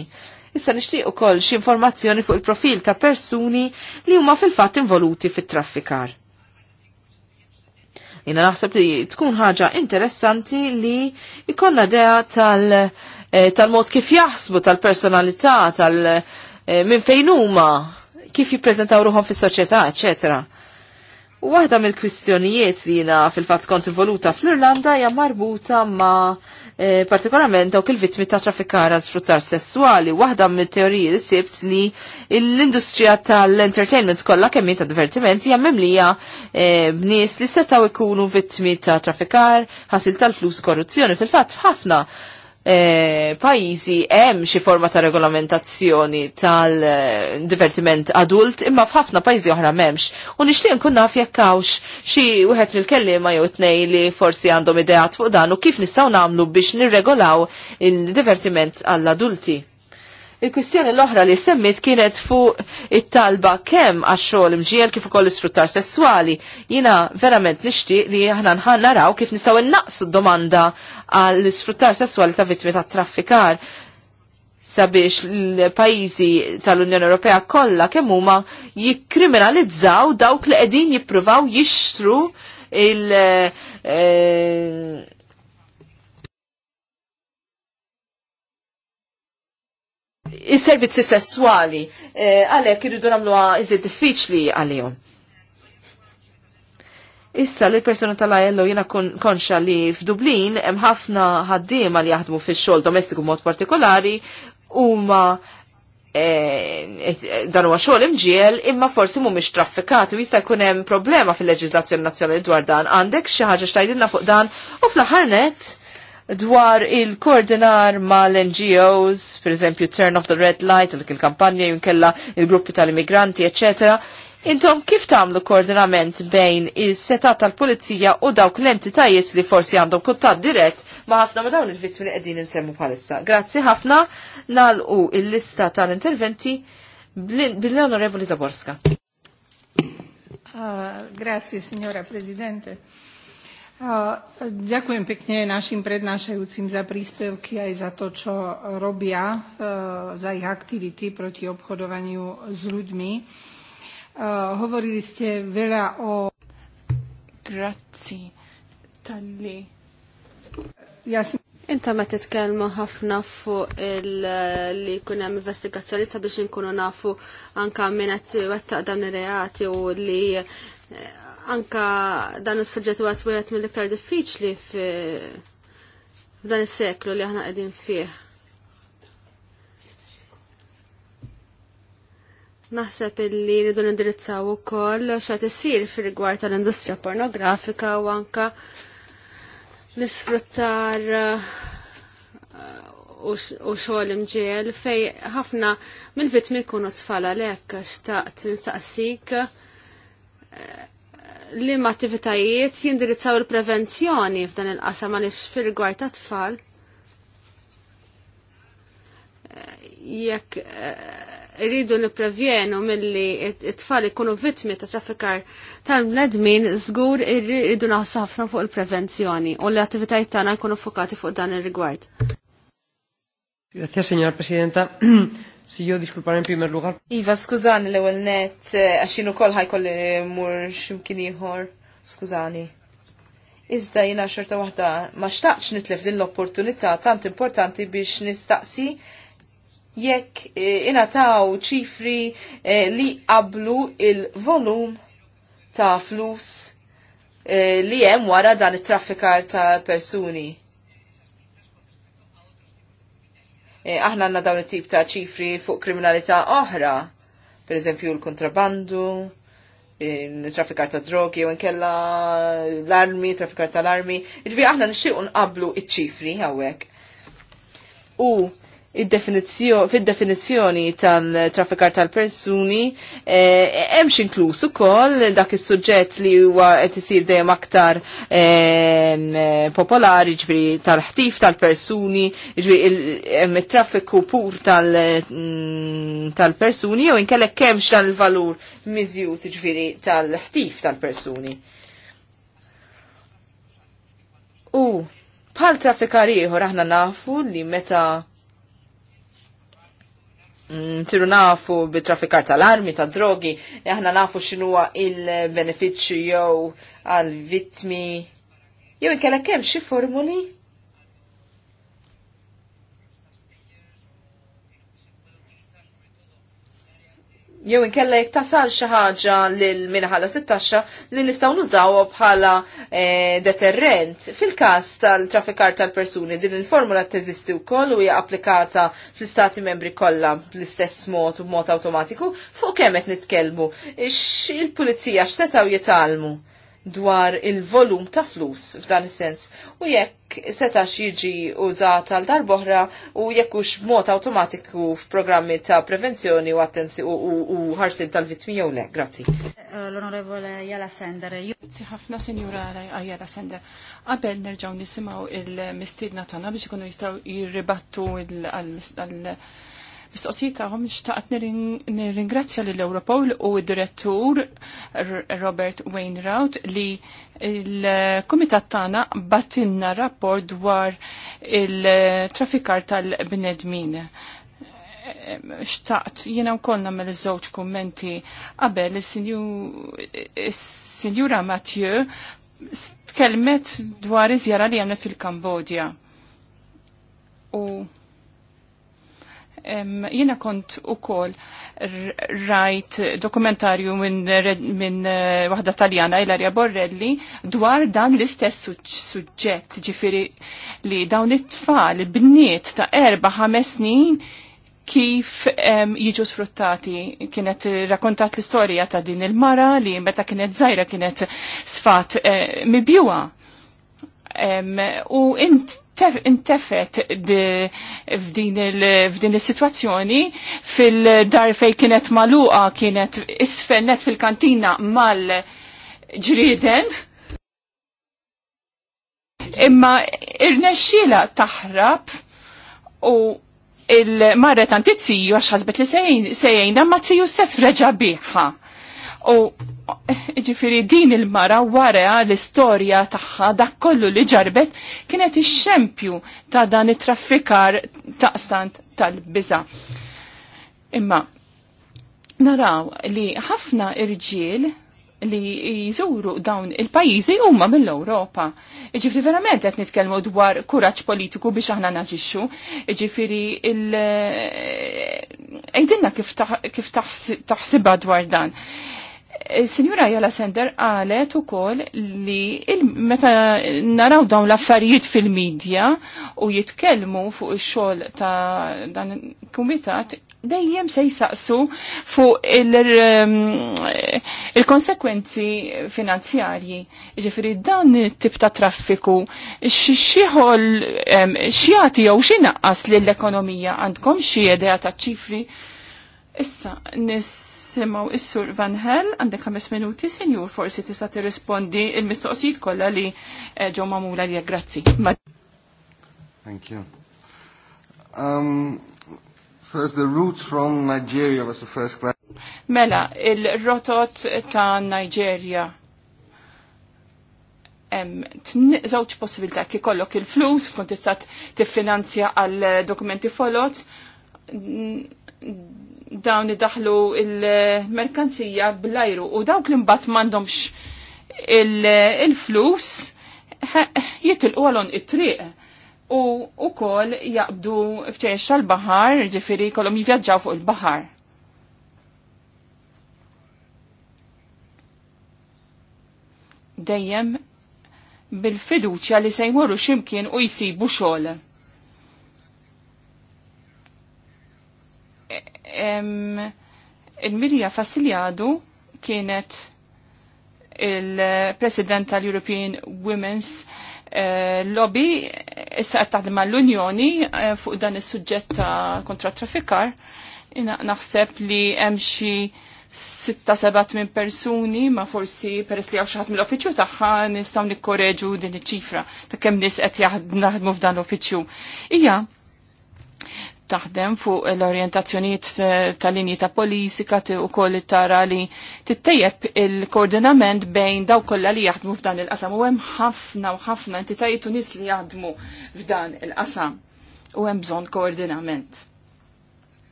Issa nixtieq ukoll xi informazzjoni fuq il-profil ta' persuni li huma fil-fatt involuti fit-traffikar. Jina naħseb li tkun ħaġa interessanti li ikonna dea tal- eh, tal-mod kif jaħsbu tal-personalità, tal- eh, minn fejn huma, kif jippreżentaw ruħhom fis-soċjetà, eċetera. U waħda mill-kwistjonijiet li jina fil-fatt kont involuta fl-Irlanda hija marbuta ma' E, partikolarment dawk il-vittmi ta' trafikara sfruttar sessuali, waħda mit teoriji li sibs li l-industrija tal-entertainment kollha kemm ta' divertimenti hija memlija e, b'nies li setaw ikunu vittmi ta' trafikar, ħasil tal-flus korruzzjoni fil-fatt ħafna E, pajizi hemm xi forma ta' regolamentazzjoni tal-divertiment adult imma f'ħafna pajjiżi oħra m'hemmx. U nixtieq nkun naf jekk hawnx xi wieħed mill-kelliema jew tnejn li forsi għandhom ideat fuq dan u kif nistgħu nagħmlu biex nirregolaw il-divertiment għall-adulti. Il-kwistjoni l-oħra li semmit kienet fuq it-talba kemm għax-xogħol imġiel kif ukoll isfruttar sesswali. Jiena verament nixtieq li aħna nħan naraw kif nistgħu innaqsu d-domanda għall isfruttar sesswali ta' vittmi ta' traffikar sabiex l-pajjiżi tal-Unjoni Ewropea kollha kemm huma jikkriminalizzaw dawk li qegħdin jippruvaw jixtru il- eh, il-servizzi sessuali, eh, għalek irridu namluwa iżid diffiċli għalihom. Issa li persona tal-ajello jena konxa li f'Dublin hemm ħafna ħaddiema li jaħdmu fix-xogħol domestiku mod partikolari huma eh, eh, dan huwa xogħol imġiel imma forsi mhumiex traffikati u jista' jkun hemm problema fil-leġiżlazzjoni nazzjonali dwar dan għandek xi ħaġa xtajdilna fuq dan u fl-aħħar net dwar il-koordinar ma l-NGOs, per eżempju Turn of the Red Light, il-kampanja jinkella il-gruppi tal-immigranti, ecc. Intom kif tagħmlu koordinament bejn is-setat tal-Pulizija u dawk l-entitajiet li forsi għandhom kuttad dirett ma' ħafna ma' dawn il-vittmi li qegħdin insemmu bħalissa. Grazzi ħafna nal-u il-lista tal-interventi bil-Onorevoli Zaborska.
Uh, grazie, signora Presidente. Ďakujem pekne našim prednášajúcim za príspevky aj za to, čo robia, e, za ich aktivity proti obchodovaniu s ľuďmi. E, hovorili ste veľa o... Grazie, talli. Ja si... Inta
ma titkellmu ħafna fuq li kun hemm investigazzjoni sabiex inkunu nafu anke minn qed dan ir-reati u li Anka dan is-suġġett għat wieħed mill-iktar diffiċli f'dan is-seklu li aħna qegħdin fih. Naħseb illi rridu nindirizzaw ukoll x'għad issir fir-rigward tal-industrija pornografika u anka nisfruttar uh, u xogħol imġiel fej ħafna mill-vittmi jkunu tfal għalhekk xtaqt nistaqsik li ma attivitajiet jindirizzaw il-prevenzjoni f'dan il-qasam għaliex fil-gwar ta' tfal. Jekk eh, rridu niprevjenu milli it-tfal ikunu vittmi ta' traffikar tal-bledmin, żgur rridu naħsu ħafna fuq il-prevenzjoni u l-attivitajiet tagħna jkunu fokati fuq dan ir-rigward.
Grazie, signora Presidenta. Si jo diskulpar in primer lugar.
Iva, skużani l ewwel net, eh, għaxin u kol ħajkolli mur ximkien ieħor. Skużani. Iżda jina xorta waħda ma xtaqx nitlef din l-opportunità tant importanti biex nistaqsi jekk eh, taw ċifri eh, li qablu il-volum ta' flus li hemm wara dan it-traffikar ta' persuni. Eh, aħna għanna dawn it-tip ta' ċifri fuq kriminalità oħra, per eżempju l-kontrabandu, il-traffikar ta' drogi, u nkella l-armi, traffikar tal-armi, ġvi aħna nxieq nqablu iċ-ċifri għawek. U fil-definizjoni tal-traffikar tal-persuni eh, e-, hemmx e, inkluż ukoll dak is-suġġett li huwa qed isir dejjem aktar ehm, eh, popolari ġifieri tal-ħtif tal-persuni, ġifieri hemm it-traffiku pur mm, tal-persuni jew inkellek kemx dan il-valur miżjud ġifieri tal-ħtif tal-persuni. U bħal traffikar ieħor aħna nafu li meta nsiru nafu bit-traffikar tal-armi, tal-drogi, aħna nafu xinuwa il-beneficju jew għal-vitmi, jew inkella kemm xi formuli jew inkella jekk tasal xi ħaġa lil minn ħala taxxa li nistgħu nużaw bħala eh, deterrent. Fil-każ tal-traffikar tal-persuni din il-formula teżisti wkoll u hija applikata fl-istati membri kollha bl-istess mod u b'mod awtomatiku fuq kemm qed nitkellmu. Ix il-pulizija x'setgħu jitalmu? dwar il-volum ta' flus f'dan is-sens u jekk setax jiġi użat għal darboħra u jekk hux b'mod awtomatiku f'programmi ta' prevenzjoni u attenzi u ħarsin tal-vittmi jew le. Grazzi. Eh,
L-Onorevole Jala Sender. Grazzi
ħafna Sinjura Jala Sender. Qabel nerġgħu nisimgħu il-mistiedna tagħna biex ikunu jistaw jirribattu għal mistoqsijiet tagħhom xtaqt nirringrazzja lill Europol u d-direttur Robert Wainwright li l-kumitat tagħna batinna rapport dwar il-traffikar tal-bnedmin. Xtaqt jiena wkoll nagħmel iż-żewġ kummenti qabel is-Sinjura Mathieu tkellmet dwar iżjara li għamlet fil-Kambodja. U Jiena kont ukoll rajt dokumentarju minn wahda eh, waħda taljana Ilaria Borrelli dwar dan l-istess suġġett ġifiri li dawn it-tfal bniet ta' erba' ħames snin kif jiġu sfruttati. Kienet rakkontat l-istorja ta' din il-mara li meta kienet zaħira kienet sfat eh, mibjuwa u intefet f'din il-situazzjoni fil-dar fej kienet maluqa kienet isfennet fil-kantina mal-ġriden imma il-nexxila taħrab u il-marret antiziju għax ħasbet li sejjina ma tiju stess reġa biħa. U ġifiri din il-mara wara l-istorja taħħa dak kollu li ġarbet kienet ix-xempju ta' dan it-traffikar taqstant tal-biża. Imma naraw li ħafna irġiel li jżuru dawn il-pajjiżi huma mill-Ewropa. Ġifri verament qed nitkellmu dwar kuraġġ politiku biex aħna naġixxu. iġifiri il eh, ejdinna kif taħsibha dwar dan. Signora Jala Sender għalet u koll li meta naraw dawn l-affarijiet fil-medja u jitkelmu fuq il-xol ta' dan il-kumitat, dejjem se jisaqsu fuq ehm, il-konsekwenzi finanzjarji. Ġifri dan tip ta' traffiku, xieħol ehm, xieħati jew xinaqqas l-ekonomija għandkom xie idea ta' ċifri. Issa, nis Semmaw is-Sur Van Hell għandek 5 minuti, Sinjur, forsi tista' tirrispondi il-mistoqsijiet kollha li eh, ġew mamula li grazzi. Thank you.
Um, first, the roots from Nigeria was the first
question.
Mela, il-rotot ta' Nigeria. Zawċ possibilità ki kollok il-flus, kun tistat tiffinanzja għal dokumenti folot, dawn idaħlu il-merkanzija bl-ajru u dawk li mbagħad m'għandhomx il-flus jitilqu għalon it-triq u wkoll jaqbdu fċeċa l baħar ġifiri kolom jivvjaġġaw fuq il-baħar. Dejjem bil-fiduċja li se ximkien u jsibu xogħol il-Mirja Fasiljadu kienet il-President tal-European Women's eh, Lobby issa qed taħdem l unjoni eh, fuq dan is-suġġett ta' kontra traffikar. Naħseb li hemm xi 7 minn persuni ma forsi peress li għaw xaħat mill-offiċju taħħa nistaw nikkoreġu din iċ-ċifra ta' kemm nis qed jaħdmu f'dan l-offiċju. Ija, taħdem fuq l orientazzjoniet eh, tal-linji ta' politika u koll tara li tittejjeb il-koordinament bejn daw kollha li jaħdmu f'dan il-qasam u hemm ħafna u ħafna entitajiet u nies li jaħdmu f'dan il-qasam u hemm bżonn koordinament.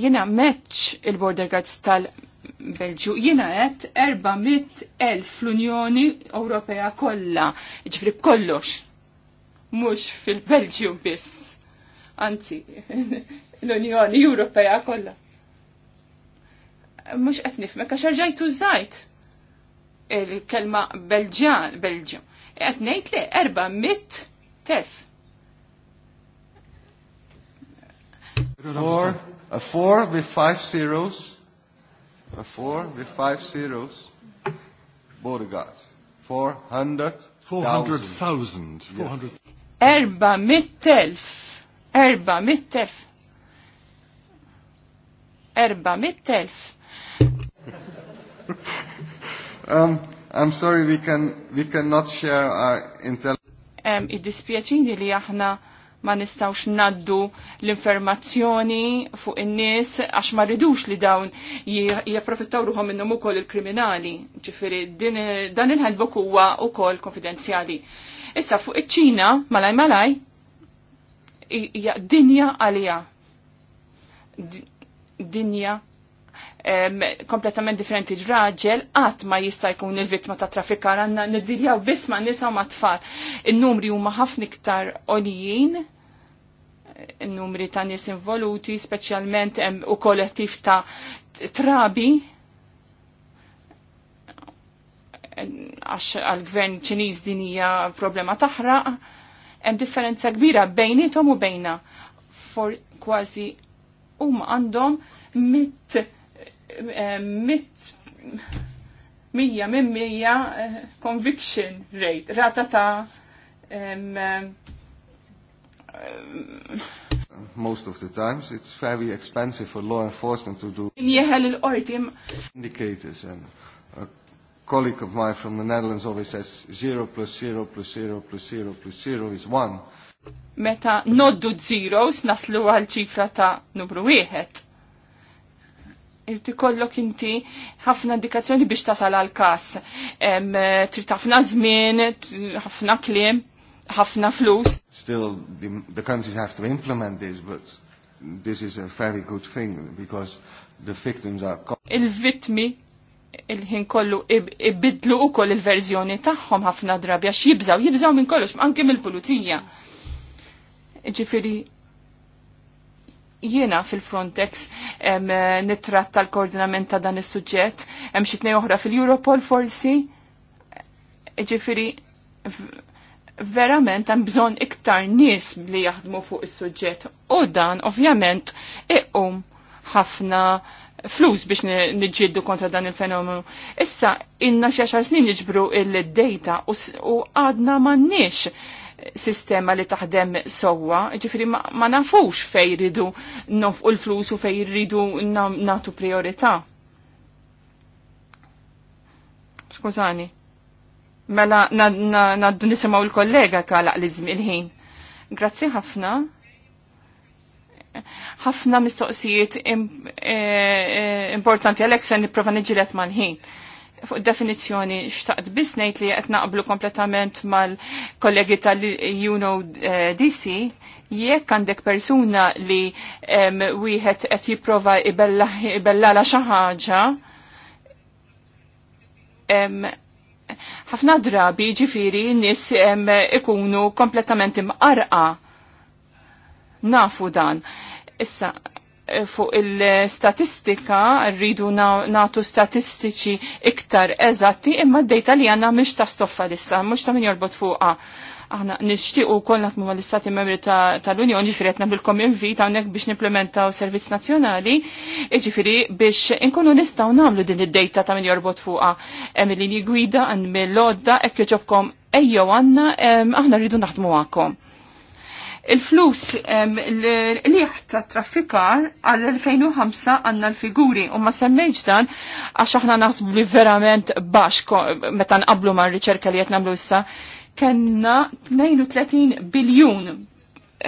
Jiena meċ il-border guards tal-Belġu, jiena qed 400,000 fl-Unjoni Ewropea kollha, ġifri kollox, mhux fil belġu biss anzi, l-Unjoni Ewropea kollha. Mhux qed nifmek għax rġajtu żgħid il-kelma Belġan, Belġium. Qed ngħid li erba' mit telf.
Four,
a four with five
zeros. A four with five zeros. Bodegaard.
Four hundred. Four hundred thousand. Four hundred. thousand.
Erba mit telf erba mittelf. Erba mittelf.
um, I'm
sorry, we, can, we cannot share our intelligence.
Um, Id-dispjaċini li aħna ma nistawx naddu l-informazzjoni fuq in-nies għax ma ridux li dawn japprofittaw ruħom minnhom ukoll il-kriminali. Ġifieri dan il-ħelbok huwa ukoll konfidenzjali. Issa fuq iċ-Ċina malaj malaj hija dinja għalija. Dinja kompletament differenti raġel għat ma jista' jkun il-vittma ta' trafikar għanna nidirjaw biss nisa u ma' tfal. Il-numri huma ħafna iktar olijin numri ta' nies involuti, speċjalment u kollettiv ta' trabi għax għal-gvern ċiniż din hija problema taħraq Hemm differenza kbira bejnietom u bejna. For kważi huma għandhom mit eh, mit mija minn mija eh, conviction rate, rata ta' um, um,
most of the times. It's very expensive for law enforcement to do.
Indicators
and colleague of mine from the Netherlands always says 0 plus 0 plus 0 plus 0 plus 0 is 1.
Meta noddu zeros naslu għal ċifra ta' numru wieħed. Irti kollok inti ħafna indikazzjoni biex tasal għal kas. Trid ħafna żmien, ħafna kliem, ħafna flus.
Still,
the,
the countries have to implement this, but this is a very good thing because the victims are... il vittmi il-ħin kollu ibidlu u koll il-verżjoni tagħhom ħafna drabi għax jibżaw, jibżaw minn kollox, anke mill-pulizija. Ġifiri, jiena fil-Frontex nitratta l-koordinament ta' dan is-suġġett, hemm xi tnej oħra fil-Europol forsi. Ġifiri, verament hemm bżonn iktar nies li jaħdmu fuq is-suġġett. U dan ovvjament iqum ħafna flus biex nġiddu kontra dan il-fenomenu. Issa, inna xaxar snin nġbru il-data u għadna nix sistema li taħdem sowa, ġifiri ma nafux fej ridu nofqu l-flus u fej ridu natu priorità. Skużani. Mela naddu nisimaw il-kollega kalaq li il ħin. Grazzi ħafna ħafna mistoqsijiet e, e, importanti għalek se nipprova niġilet mal-ħin. Fuq definizzjoni xtaqt biss ngħid li qed naqblu kompletament mal-kollegi tal-UNO e, DC jekk għandek persuna li wieħed qed jipprova ibellala xi ħaġa ħafna drabi ġifiri nis ikunu kompletament imqarqa nafu dan. Issa, eh, fuq il-statistika, rridu natu statistiċi iktar eżatti, imma d-dejta li għanna mux ta' stoffa lissa, mux ta' min jorbot fuqa. Aħna nishtiqu kol natmu ma l-istati membri tal-Unjoni, ta ġifiri għetna bil-kom invita għonek biex nimplementaw servizz nazjonali, ġifiri biex inkunu nistaw namlu din id-dejta ta' min jorbot fuqa. Emilini gwida, għan mill-lodda, ekkieġobkom ejjo għanna, ehm, aħna rridu naħdmu għakom Il-flus liħ ta' traffikar għal-2005 għanna l-figuri u ma semmejġ dan għax aħna nasbu li verament bax meta nqablu ma' riċerka li qed nagħmlu issa kenna 32 biljun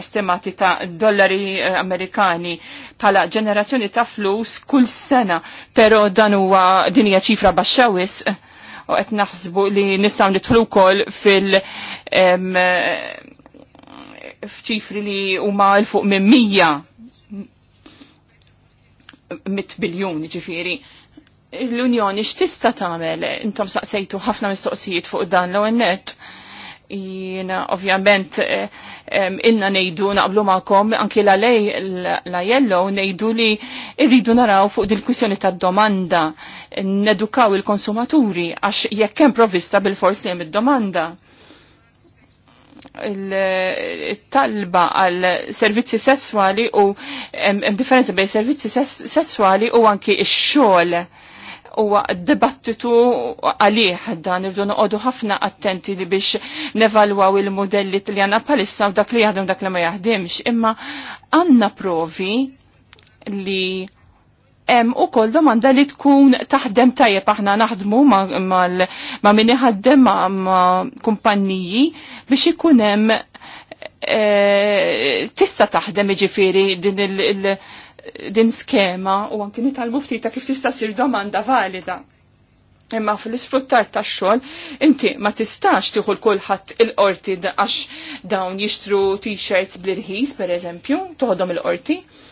estimati ta' dollari eh, amerikani pala ġenerazzjoni ta' flus kull sena, pero dan huwa dinja ċifra baxxawis u qed naħsbu li nistgħu nidħlu wkoll fil fċifri li huma l fuq minn mija mit biljoni ġifiri. L-Unjoni x'tista tagħmel? Intom saqsejtu ħafna mistoqsijiet fuq dan l net jina ovvjament eh, inna nejdu naqblu ma'kom anki la lej la jello nejdu li irridu naraw fuq dil-kwissjoni ta' domanda nedukaw il-konsumaturi għax jekk hemm provvista bil-fors li hemm id-domanda il-talba għal servizzi sessuali u differenza bej servizzi sessuali u anki ix-xogħol u dibattitu għalih dan irdu noqogħdu ħafna attenti li biex nevalwaw il-modelli li għanna palissa u dak li jaħdem dak li ma jaħdimx imma għandna provi li u ukoll domanda li tkun taħdem tajjeb aħna naħdmu ma' minni ħaddem ma' kumpanniji biex ikun hemm e, tista' taħdem iġifieri din il- din skema u anki mufti ta' kif tista' sir domanda valida. Imma fl-isfruttar ta' xogħol inti ma tistax tieħu kulħadd il-qorti għax dawn jixtru t-shirts bl-irħis pereżempju, toħodhom il-qorti. il il qorti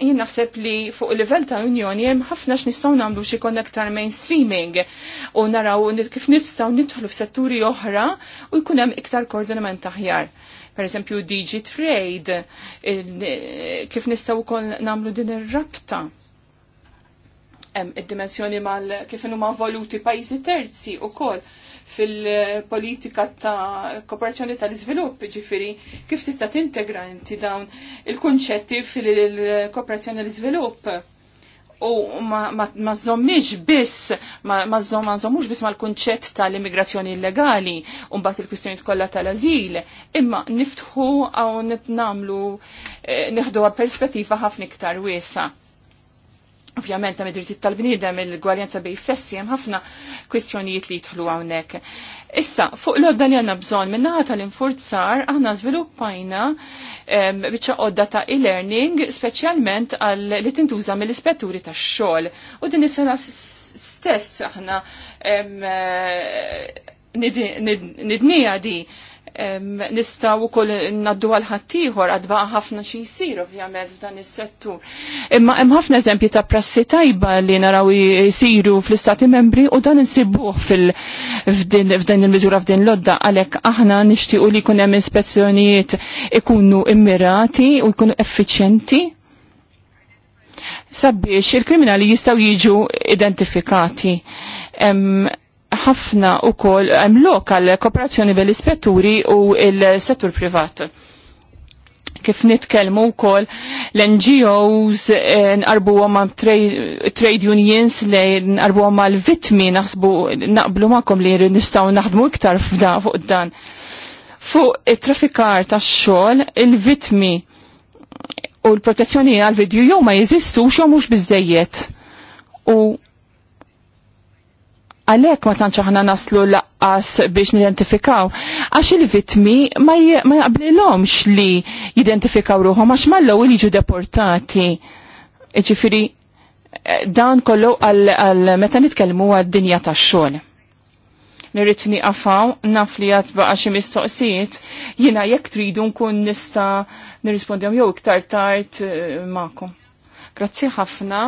jien naħseb li fuq il-level ta' Unjoni hemm ħafna x'nistgħu nagħmlu xi konnektar mainstreaming u naraw kif nistgħu nidħlu f'setturi oħra u jkun hemm iktar koordinament aħjar. Per eżempju DG Trade, kif nistgħu wkoll nagħmlu din ir-rabta id-dimensjoni mal kif huma voluti pajjiżi terzi u koll fil-politika ta' kooperazzjoni tal-izvilupp, ġifiri, kif tista' tintegra inti dawn il-kunċetti fil-kooperazzjoni tal-izvilupp? u ma zommiġ biss, ma zommux biss ma l-kunċett tal-immigrazzjoni illegali, unbat il-kwistjoni kollha tal-azil, imma niftħu għaw nipnamlu, eh, neħdu perspettiva ħafna iktar wiesa. Ovvjament, ta' dritti tal-bnidem, il-gwaljanza bej sessi, ħafna kwistjonijiet li jitħlu hawnhekk. Issa, fuq l-odda li bżon, minna għata tal-infurzar, għana zviluppajna bieċa odda ta' e-learning, specialment għal li tintuża mill-ispetturi ta' xol. U din is-sena stess aħna eh, nidnija di nistaw u koll naddu għal-ħattijħor għadba ħafna xie jisir ovvjament f'dan is-settur. Imma hemm ħafna eżempji ta' prassi tajba li naraw jisiru fl-istati membri u dan insibuh f'dan il-miżura f'din lodda għalhekk aħna nixtiequ li jkun hemm ispezzjonijiet ikunu immirati u jkunu effiċenti. sabiex il-kriminali jistaw jiġu identifikati ħafna u kol hemm lokal kooperazzjoni bel ispetturi u il-settur privat kif nitkelmu wkoll l-NGOs eh, nqarbu ma trade unions li nqarbu ma l-vitmi naħsbu naqblu makom li nistgħu naħdmu iktar fuq dan. Fuq it-traffikar tax-xogħol il-vitmi u l-protezzjoni għal vidju jow ma jizistu xo mhux biżejjed. U għalek ma tantx aħna naslu laqqas biex nidentifikaw. Għax il-vitmi ma jaqblilhomx li jidentifikaw ruħhom għax mallew li jiġu deportati. Ġifieri eh, dan kollu għal meta nitkellmu għad-dinja tax-xogħol Nirrid niqafaw, naf li jatbaqa xi mistoqsijiet, jina jekk tridu nkun nista nirrispondjom jew iktar tard eh, ma'kom. Grazzi ħafna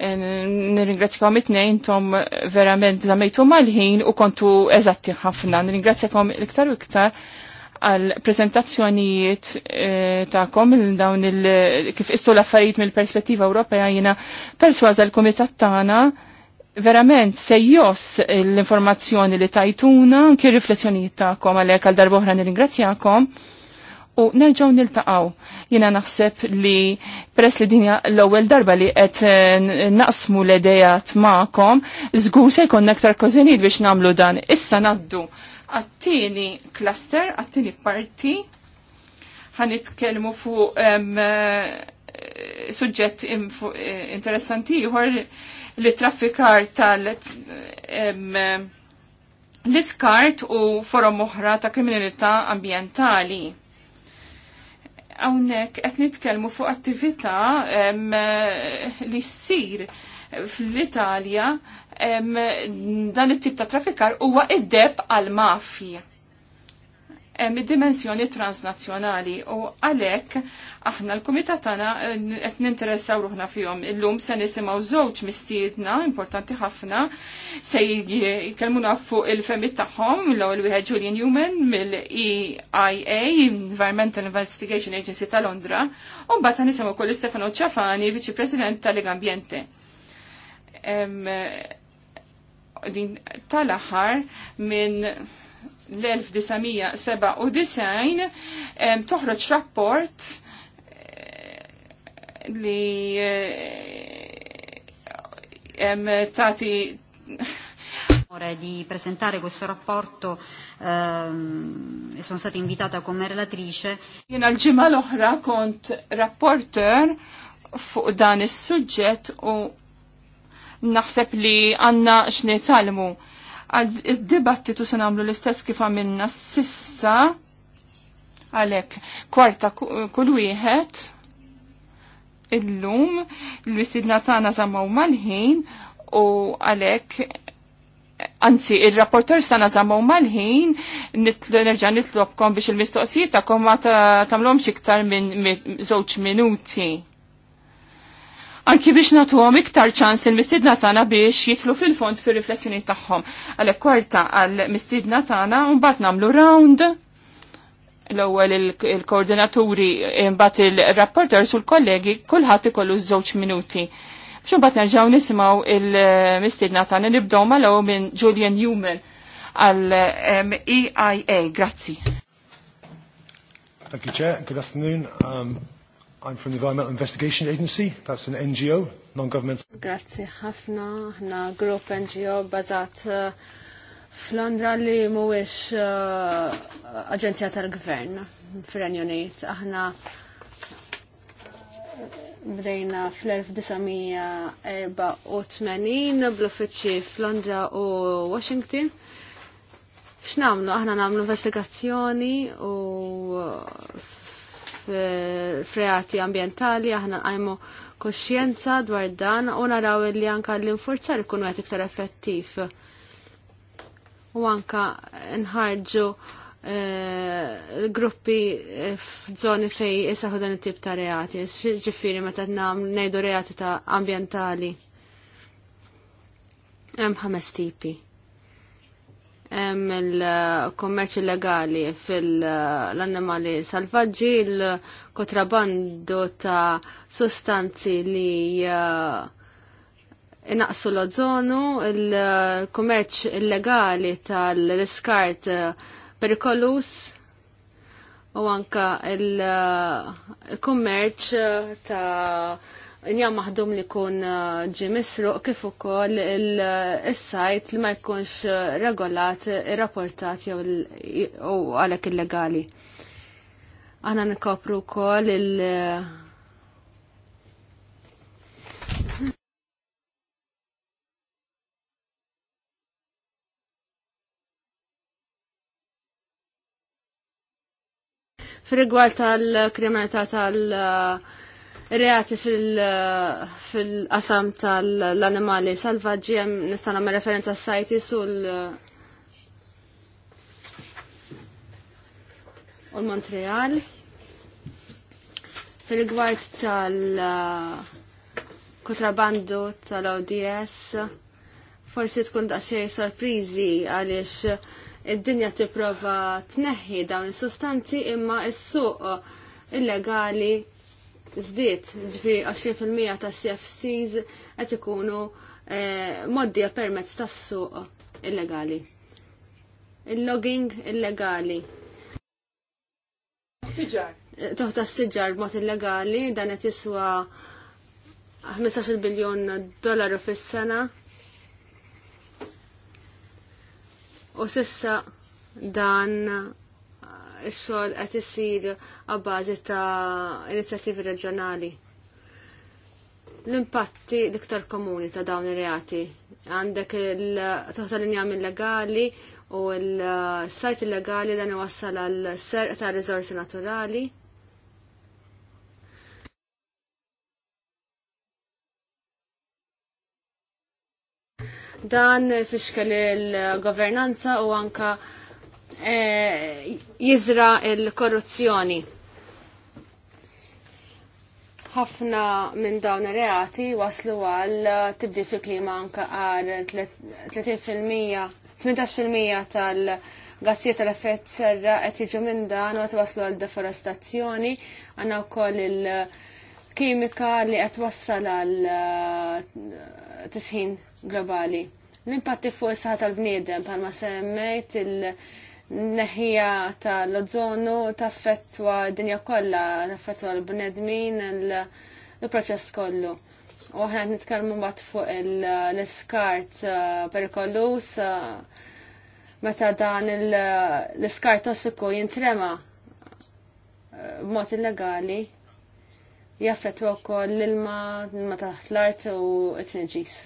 Nirringrazzjakom it nejn tom verament zamejtu mal-ħin u kontu eżatti ħafna. Nirringrazzjakom iktar u iktar għal prezentazzjonijiet eh, ta'kom dawn il kif istu l-affarijiet mill-perspettiva Ewropea jiena perswaza l-komitat Tana verament sejjos l-informazzjoni li tajtuna, anki riflessjonijiet ta' għalhekk għal darboħra oħra nirringrazzjakom u nerġaw niltaqaw. Jina naħseb li press li dinja l-ewwel darba li qed eh, naqsmu l-idejat magħkom, żgur se jkun aktar kożinid biex nagħmlu dan. Issa naddu għattini cluster, għattini parti, ħanitkellmu fuq eh, suġġett eh, interessanti ieħor li traffikar tal l-iskart u forom oħra ta' kriminalità ambientali Hawnhekk qed nitkellmu fuq attività li ssir fl-Italja dan it-tip ta' trafikar huwa id-deb għal mafja hemm id-dimensjoni transnazzjonali u għalhekk aħna l-kumitat tagħna eh, qed ninteressaw ruħna fihom. Illum se nisimgħu żewġ mistiedna importanti ħafna se jitkellmuna fuq il-femit tagħhom l-ewwel wieħed Julian Newman mill-EIA, Environmental Investigation Agency ta' Londra, u mbagħad nisimgħu kull Stefano Ċafani, Viċi President tal-Legambjente din tal-aħħar minn l-1997 toħroġ rapport
eh, li eh, tati di presentare questo rapporto ehm, e sono stata invitata come relatrice. in l-ġimma l-oħra kont rapporter fuq dan is-suġġett u
naħseb li għanna talmu għal dibattitu se nagħmlu l-istess kif għamilna sissa għalhekk kwarta kull wieħed illum l-wisidna tagħna żammaw mal-ħin u għalhekk Anzi, il-rapporter sana zamu mal-ħin, nerġa nitlobkom biex il-mistoqsijiet ta' ma ta' tamlom xiktar minn zoċ minuti anki biex għom iktar ċans il-mistidna tagħna biex jitlu fil-fond fir riflessjoni tagħhom. Għalek kwarta għal mistidna tagħna un mbagħad nagħmlu round l-ewwel il-koordinaturi mbagħad il-rapporters sul kollegi kulħadd ikollu żewġ minuti. Biex bat nerġgħu nisimgħu il-mistidna tagħna nibdew l ewwel minn Julian Newman għal EIA. Grazzi.
Thank you, Chair. Good afternoon.
Um, I'm from the Environmental Investigation Agency, that's an NGO, non-governmental. Grazie ħafna, na grupp NGO bazat uh, Flandra li mhuwiex uh, aġenzija tal-gvern fir Unit. Aħna bdejna fl-1984 bl-uffiċċji f'Londra u Washington. X'namlu? Aħna nagħmlu investigazzjoni u freati ambientali, aħna għajmu koxjenza dwar dan u naraw li anka l-infurzar ikun għet iktar effettiv. U anka nħarġu l-gruppi f'żoni fej jisaħu dan it-tip ta' reati, ġifiri meta nam nejdu reati ta' ambientali. Hemm ħames tipi hemm il-kummerċ illegali fil-annimali salvaġġi, il-kontrabando ta' sostanzi li uh, inaqsu l ozonu il-kummerċ illegali tal riskart uh, perikolus u anka uh, il-kummerċ ta' njaw maħdum li kun ġimisru uh, kif ukoll il-sajt li ma jkunx uh, regolat, rapportat jew għalek illegali. Għana nikopru wkoll il- Fir-rigward tal-, -kriminalità uh, tal reati fil-qasam fil qasam tal animali salvaġġi hemm nista' nagħmel referenza s-sajti sul u uh, Montreal. Fil-gwajt tal kutrabandu tal-ODS forsi tkun xej sorpriżi għaliex id-dinja tipprova tneħħi dawn is-sustanzi imma s-suq illegali zdiet ġvi 20% ta' CFCs qed ikunu eh, moddija permezz tas-suq illegali. Il-logging illegali. Siġar. Eh, toħta s-siġar b'mod illegali dan qed jiswa 15 biljon dollaru fis-sena. U sissa dan xogħol qed isir għabbażi ta' inizjattivi reġjonali. L-impatti l-iktar komuni ta' dawn ir-reati għandek il-taħt l-injam illegali u l-sajt illegali dan iwassal għal serq ta' rizorsi naturali. Dan fixkel il-governanza u anka E, jizra il-korruzzjoni. Ħafna minn dawn ir-reati waslu għal tibdi fi klima anka għar 30% 18% tal-gassijiet tal-effett serra qed jiġu minn dan u qed waslu għal deforestazzjoni għandna wkoll il-kimika li qed wassal għal eh, tisħin globali. L-impatti fuq is-saħħa tal-bniedem bħalma semmejt il- neħija ta' l-ozonu taffettwa d-dinja kollha, taffettwa l-bnedmin, l-proċess kollu. U aħna nitkarmu nitkellmu fuq l-iskart uh, perikolus uh, meta dan l skart tossiku jintrema uh, b'mod illegali jaffettwa wkoll l-ilma, ma taħt l-art u t-tniġis.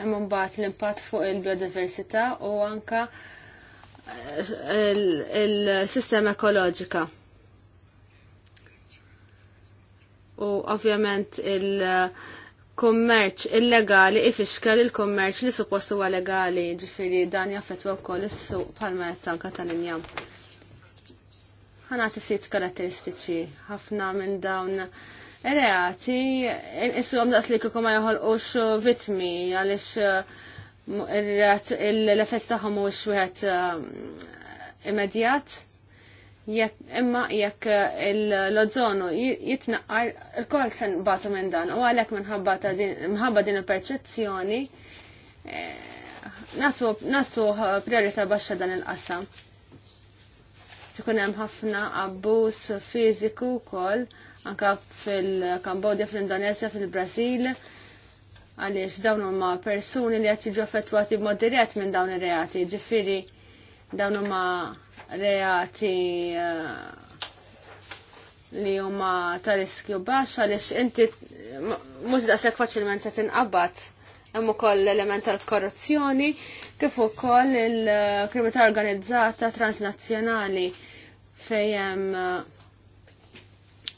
Imma mbagħad l-impatt fuq il-biodiversità u anka eh, il-sistema ekoloġika. U ovvjament il-kummerċ illegali ifixkel il-kummerċ li suppost huwa legali, ġifiri dan jaffettwa wkoll is-suq bħalma qed tal-injam. Ħanati ftit karatteristiċi ħafna minn dawn reati, issu għamdaqs daqs li kiku ma joħolqux vitmi għalix l-effett taħħom mux wieħed um, immedjat. Imma jekk l-ozzonu jitnaqqar il-kol sen batu minn dan u għalek minħabba din il-perċezzjoni eh, natu priorita baxxa dan il-qasam. Tikun ħafna abbuż fiżiku wkoll anka fil-Kambodja, fil indonesia fil-Brasil, għaliex dawn huma persuni li qed jiġu affettwati b'mod dirett minn dawn ir-reati, ġifieri dawn huma reati eh, li huma ta' riskju baxx għaliex inti mhux daqshekk faċilment se tinqabad hemm ukoll l-element tal-korruzzjoni kif ukoll il krimità organizzata transnazzjonali fejn hemm eh,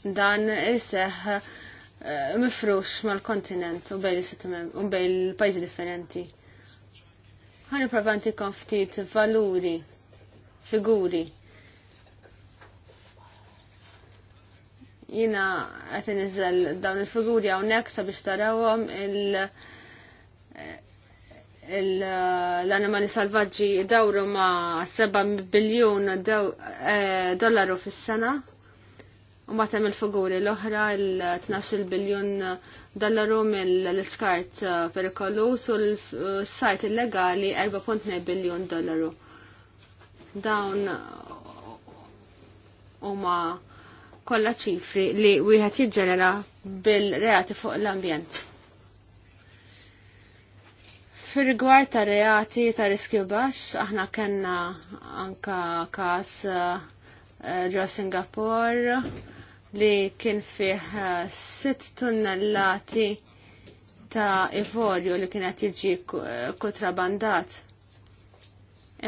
dan iseħ eh, mifrux mal-kontinent u bej l-pajzi differenti. Għan provanti konftit valuri, figuri. Jina għetin iżel dawn il-figuri għawnek sabiex tarawom l-animali salvaġġi dawru ma' 7 biljon eh, dollaru fis-sena U matem il-figuri l-oħra l-12 biljon dollaru mill-skart uh, perikolus u l-sajt illegali 4.9 biljon dollaru. Dawn huma kollha ċifri li wieħed jiġġenera bil-reati fuq l-ambjent. Fir-rigward ta' reati ta' riskju baxx, aħna kellna anka każ uh, ġo Singapore li kien fih eh, sitt tunnellati ta' ivorju li kienet jiġi eh, kontrabandat.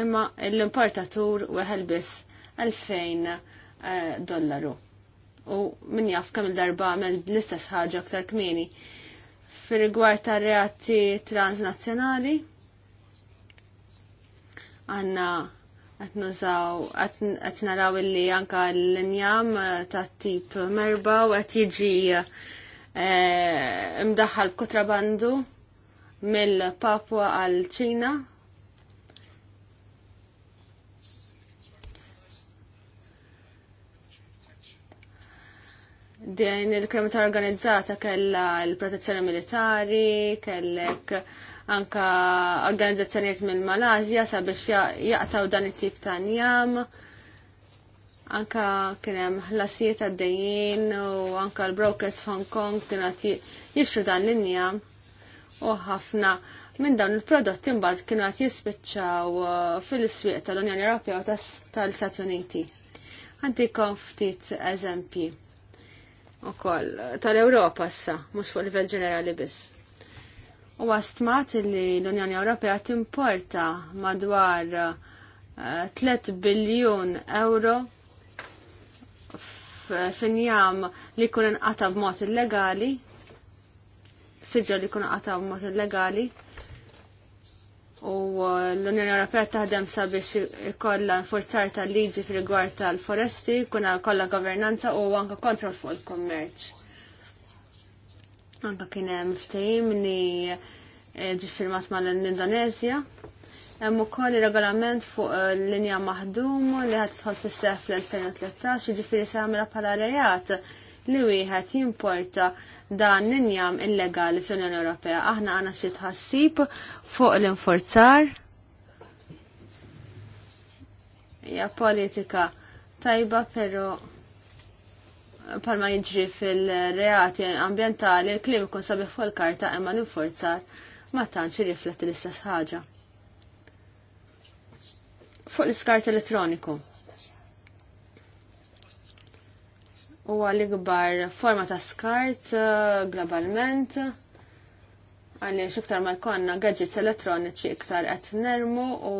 Imma l-importatur weħel biss għalfejn eh, dollaru. U min jaf kemm il-darba għamil l-istess ħaġa aktar kmini. Fir-rigward ta' reati transnazzjonali, għanna għatnużaw, nużaw, għat naraw illi anka l-injam eh, ta' tip merba u għat jiġi eh, mdaħħal kutrabandu mill-Papua għal ċina. Din il-kriminalità organizzata kella l-protezzjoni militari, kellek anka organizzazzjonijiet mill malazja sabiex jaqtaw dan it-tip ta' njam. Anka kienem ħlasijiet għaddejjien u anka l-brokers Hong Kong kienet jixru dan l-njam u ħafna minn dawn il-prodotti mbagħad kienu qed jispiċċaw uh, fil-iswieq tal-Unjoni Ewropea u tal-Stati Uniti. Għandikom ftit eżempji ukoll tal-Ewropa issa, mhux fuq livell ġenerali biss. U għastmat li l-Unjoni Ewropea timporta madwar 3 eh, biljun euro f'injam li kun inqata b'mod illegali, siġġa li kun inqata b'mod illegali. U eh, l-Unjoni Ewropea taħdem sabiex ikolla forzar tal-liġi fil-rigward tal-foresti, kuna kolla governanza u anka kontrol fuq il-kommerċ Anka kien hemm ftehim li eh, firmat mal indonezja Hemm ukoll regolament fuq eh, linja maħdum li qed tidħol fis-seħ fl-2013 jiġifieri se jagħmilha bħala rejat li wieħed jimporta dan l-injam illegali fl-Unjoni Ewropea. Aħna għandna xi tħassib fuq l-inforzar. Hija politika tajba però parma jiġri fil-reati ambientali l-klim kun sabiħ fuq il-karta imma l inforzar ma tantx rifletti l-istess ħaġa. Fuq l-iskart elettroniku. Huwa l-ikbar forma ta' skart uh, globalment għaliex iktar ma jkollna gadgets elettroniċi iktar qed nermu u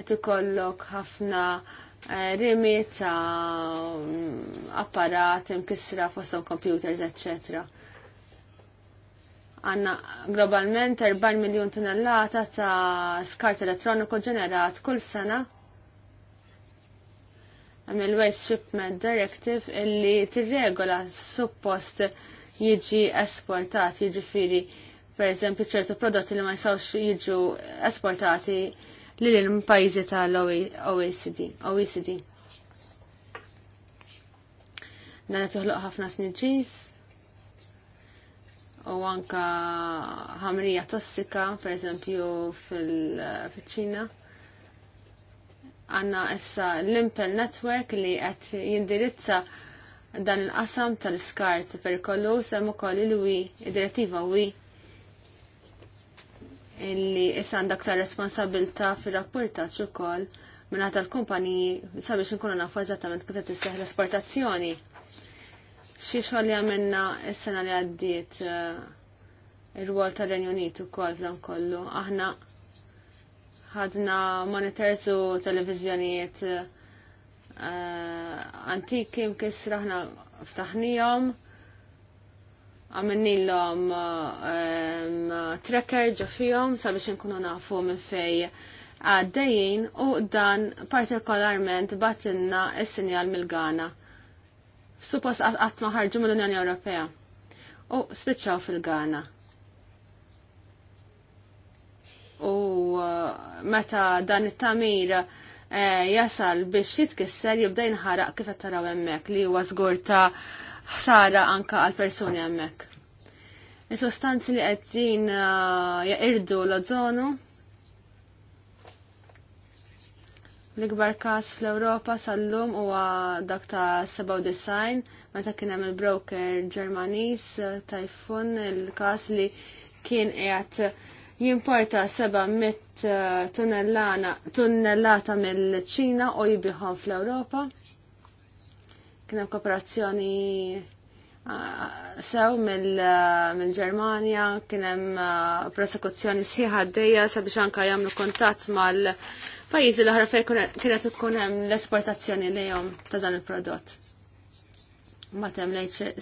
qed ikollok ħafna Eh, rimi ta' apparat, mkisra fostom computers, etc. Għanna globalment 4 miljon tonnellata ta' skart elettroniku ġenerat kull sena għam il-Waste Shipment Directive illi tirregola suppost jiġi esportati, jiġifiri per eżempju ċertu prodotti li ma jisawx jiġu esportati li l-pajzi tal-OECD. OECD. Dan toħloq ħafna snitġis u anka ħamrija tossika, per eżempju, fil-ċina. Għanna issa l-Impel Network li għet jindirizza dan il-qasam tal-skart kollu semmu ukoll il-wi, id-direttiva wi illi issa għandak ta' responsabilta fil-rapportaċ u koll minna tal-kumpaniji sabiex nkunu nafu eżattament kif qed isseħ l-esportazzjoni. Xi xogħol li għamilna s-sena li għaddiet eh, ir-rwol tal-Renju Unit ukoll f'dan kollu. Aħna ħadna monitors u televiżjonijiet eh, antiki mkissra aħna ftaħnijhom l-om ehm, tracker ġofijom sabiex nkunu nafu minn fej għaddejjien u dan partikolarment batinna il-sinjal mil-Gana. Suppost għat maħarġu mill-Unjoni Ewropea u spiċċaw fil-Gana. U eh, meta dan it-tamir eh, jasal biex jitkisser jibda ħaraq kif taraw hemmhekk li huwa żgur ta' ħsara anka għal persuni hemmhekk. Is-sostanzi li qegħdin uh, jaqirdu l-ożonu L-ikbar kas fl-Europa sal-lum huwa dak ta' 97 meta kien hemm il-broker Ġermaniż uh, Tajfun il-kas li kien qiegħed jimporta 700 uh, tunnellata mill-Ċina u jibiħon fl-Ewropa. Kien hemm kooperazzjoni sew mill-Ġermanja, kien hemm prosekuzzjoni sħiħa għaddejja sabiex anke jagħmlu kuntatt mal-pajjiżi l-oħra fejn kienet ikun hemm l-esportazzjoni lejhom ta' dan il-prodott. Mbagħad hemm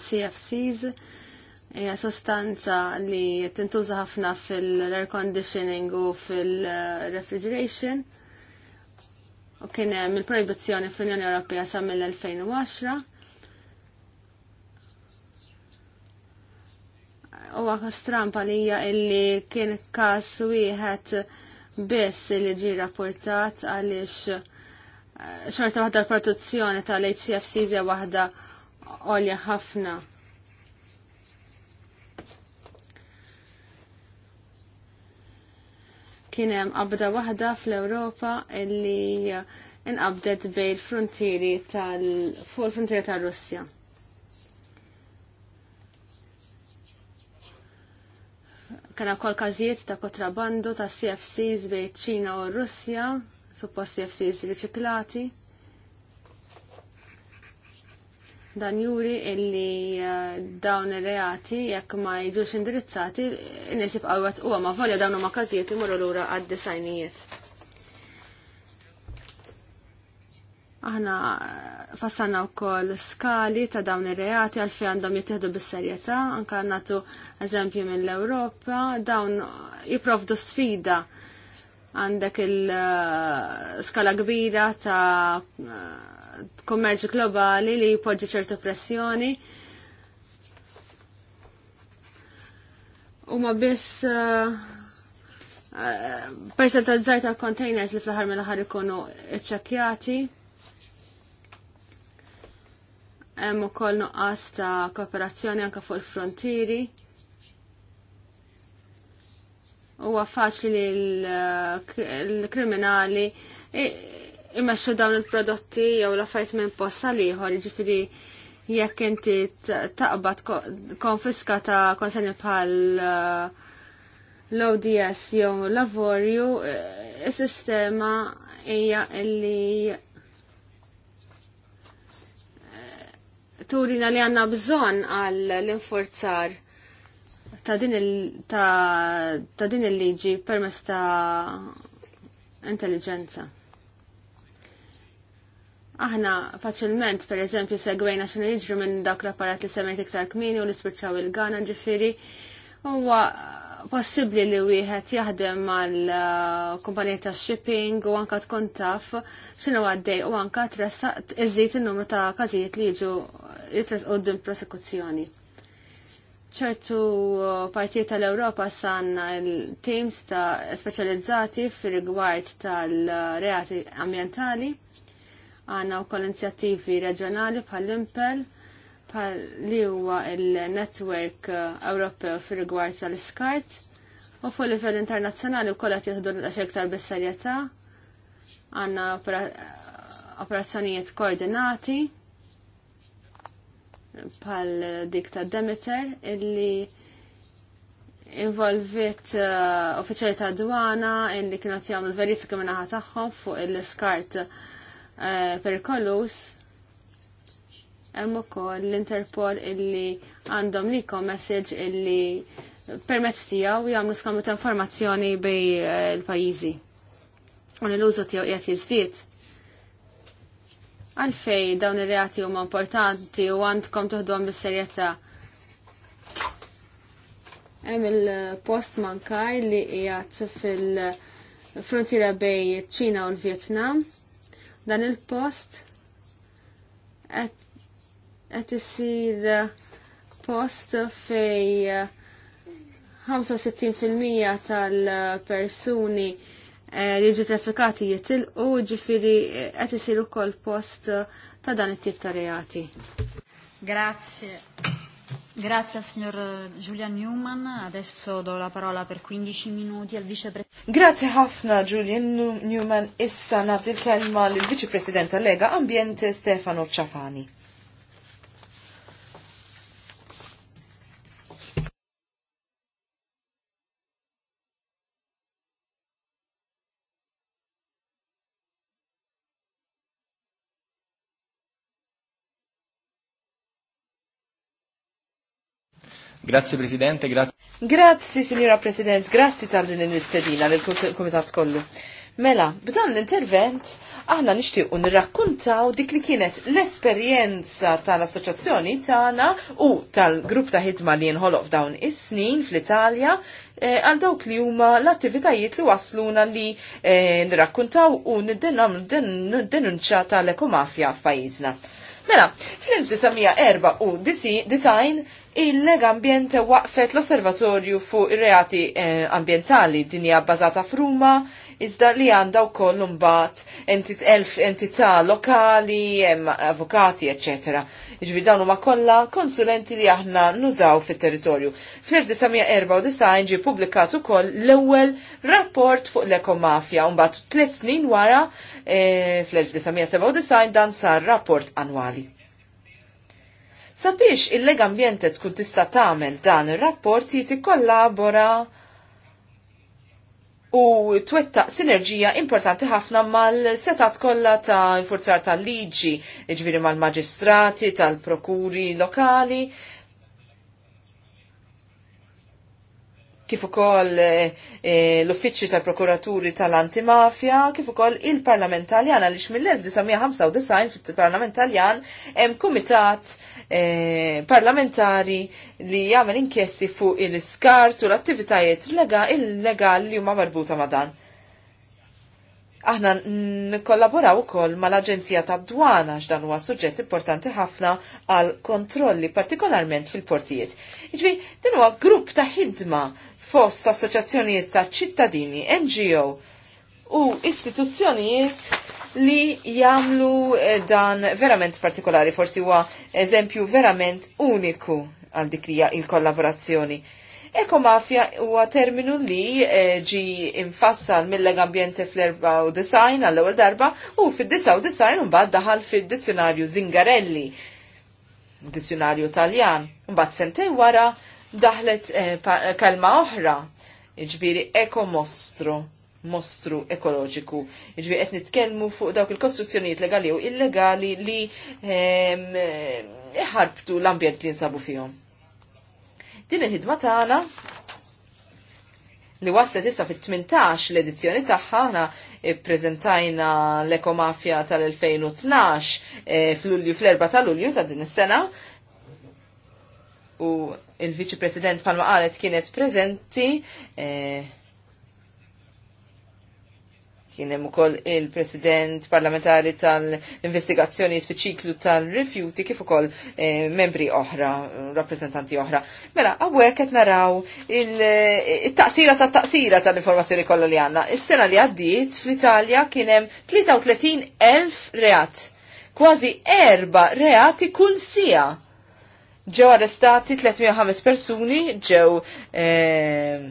CFCs hija sostanza li tintuża ħafna fil-air conditioning u fil-refrigeration eh, u kien hemm il-proibizzjoni fl-Unjoni Ewropea sa mill-2010. Huwa strampa li hija illi kien każ wieħed biss li ġi rapportat għaliex eh, xorta waħda l-produzzjoni tal-HCFC waħda olja ħafna. kien hemm qabda waħda fl-Ewropa li inqabdet bej l-frontieri tal fuq il-frontieri tar-Russja. Kena kol każijiet ta' kontrabandu ta' CFCs bejn ċina u Russja, suppost CFCs riċiklati. Dan juri illi eh, dawn ir-reati jekk ma jiġux indirizzati nies għalwat huwa ma volja dawn huma każijiet imorru lura għad-disajnijiet. Aħna u wkoll skali ta' dawn ir-reati għalfejn għandhom jittieħdu bis-serjetà, anke nagħtu eżempju mill-Ewropa, dawn jipprovdu sfida għandek il-skala eh, kbira ta' eh, kummerġ globali li jpoġġi ċertu pressjoni. U ma biss uh, eh, percentazzar ta' containers li fl-ħar mill-ħar ikunu iċċekkjati Hemm ukoll nuqqas ta' kooperazzjoni anke fuq il-frontieri. Huwa faċli li eh, l-kriminali imexxu dawn il-prodotti jew l-affarijiet minn posta liħor, jiġifieri jekk inti taqbad konfiska ta' konsenja bħal uh, l-ODS jew lavorju, eh, is-sistema hija illi eh, turina li għanna bżon għal l-infurzar ta' din il-liġi permess ta' intelligenza. Aħna faċilment, per eżempju, segwejna xinu jiġru minn dak l-apparat li semmejt iktar kmini u nispiċċaw il-gana ġifiri. Huwa possibbli li wieħed jaħdem mal-kumpanija uh, ta' shipping u anka tkun taf x'inhu għaddej u anka tressaq iżid in-numru ta' każijiet li jiġu jitresqu din prosekuzzjoni. ċertu uh, partijiet tal-Ewropa sanna il teams ta' speċjalizzati fir rigward tal-reati uh, ambientali għana u kol inizjattivi reġjonali bħal-Impel bħal li huwa il-Network uh, Ewropew fir rigward tal-iskart u fuq livell internazzjonali wkoll qed jieħdu għax iktar bis-serjetà. Għandna operazzjonijiet koordinati bħal dik ta' Demeter illi involvit uh, uffiċjali ta' dwana illi kienu jagħmlu l-verifika min-naħa tagħhom fuq il-iskart Eh, perikolus hemm ukoll l-Interpol illi għandhom liko message illi permezz tiegħu jagħmlu skambju ta' informazzjoni bej il-pajjiżi. Eh, u l-użu tiegħu qiegħed jiżdied. Għalfej dawn ir-reati huma importanti u għandkom tuħdhom bis-serjetà. Hemm il-post mankaj li qiegħed fil-frontiera bej ċina u l-Vjetnam Dan il-post qed isir post fej 65% tal-persuni eh, li ġi traffikati jitilqu ġifiri eh, qed isir ukoll post ta' dan it-tip ta' reati.
Grazie. Grazie al signor Julian Newman, adesso do la parola per 15 minuti
al vicepresidente. Grazie Hafna Julian Newman, issa nati il kelma lill vicepresidente lega Ambiente Stefano Ciafani. Grazie Presidente, grazie. Grazzi Signora President, grazzi tal-din l-istedina l-Komitat kollu. Mela, b'dan l-intervent, aħna nixtiequ rakkuntaw dik li kienet l-esperjenza tal-assoċjazzjoni tagħna u tal-grupp ta' ħidma li nħoloq f'dawn is-snin fl-Italja eh, għal dawk li huma l-attivitajiet li wasluna li eh, nirrakkuntaw u n-denunċa tal-ekomafja f'pajjiżna. Mela, fl-1994 il-Lega Ambjent waqfet l-Osservatorju fuq ir-reati eh, ambientali dinja bbażata f'Ruma, iżda li għandha wkoll imbagħad entit elf entità lokali, avukati, eċetera. Iġbi dawn huma kollha konsulenti li aħna nużaw fit-territorju. Fl-1994 ġie u ukoll l-ewwel rapport fuq l-ekomafja u mbagħad tliet snin wara e, fl-1997 dan sar rapport annwali. Sabiex il-legambjente tkun tista' tagħmel dan ir-rapport jiti kollabora u twettaq sinerġija importanti ħafna mal-setat kollha ta' forzar tal-liġi, iġviri mal-maġistrati, tal-prokuri lokali, kif ukoll eh, eh l-uffiċċju tal-prokuraturi tal-antimafja, kif ukoll il-Parlament Taljan għaliex mill-1995 fit parlament Taljan hemm kumitat Eh, parlamentari li jagħmel inkjesti fuq il-skart u l-attivitajiet illegali li huma marbuta ma' dan. Aħna nkollaboraw ukoll mal-Aġenzija tad Dwana x'dan huwa suġġett importanti ħafna għal kontrolli partikolarment fil-portijiet. Jiġri, din huwa grupp ta' ħidma fost assoċjazzjonijiet ta' ċittadini, NGO u istituzzjonijiet li jamlu eh, dan verament partikolari, forsi huwa eżempju verament uniku għal dikrija il-kollaborazzjoni. Ekomafja huwa terminu li eh, ġi infassal mill-leg ambjenti fl-94 għall-ewwel darba u fid-99 mbagħad daħal fid-dizzjonarju Zingarelli, dizzjonarju Taljan. Mbagħad sentej wara daħlet eh, kalma oħra, ġbiri mostru mostru ekoloġiku. Ġvi qed nitkellmu fuq dawk il-kostruzzjonijiet legali u illegali li ehm, iħarbtu l-ambjent li nsabu fihom. Din il-ħidma tagħna li waslet issa fit-18 l-edizzjoni tagħha ħana ppreżentajna l-Ekomafja tal-2012 eh, fl-Lulju fl-4 ta' Lulju ta' din is-sena u il-Viċi President palma qalet kienet preżenti eh, Kien hemm ukoll il-President parlamentari tal-investigazzjonijiet fiċ-ċiklu tal-rifjuti kif ukoll eh, membri oħra, rappreżentanti oħra. Mela, hawnhekk qed naraw it-taqsira tat-taqsira tal-informazzjoni kollha li għandna. Is-sena li għaddiet fl-Italja kien hemm 33,000 reat. Kważi erba reati kull sija. Ġew arrestati 305 persuni, ġew eh,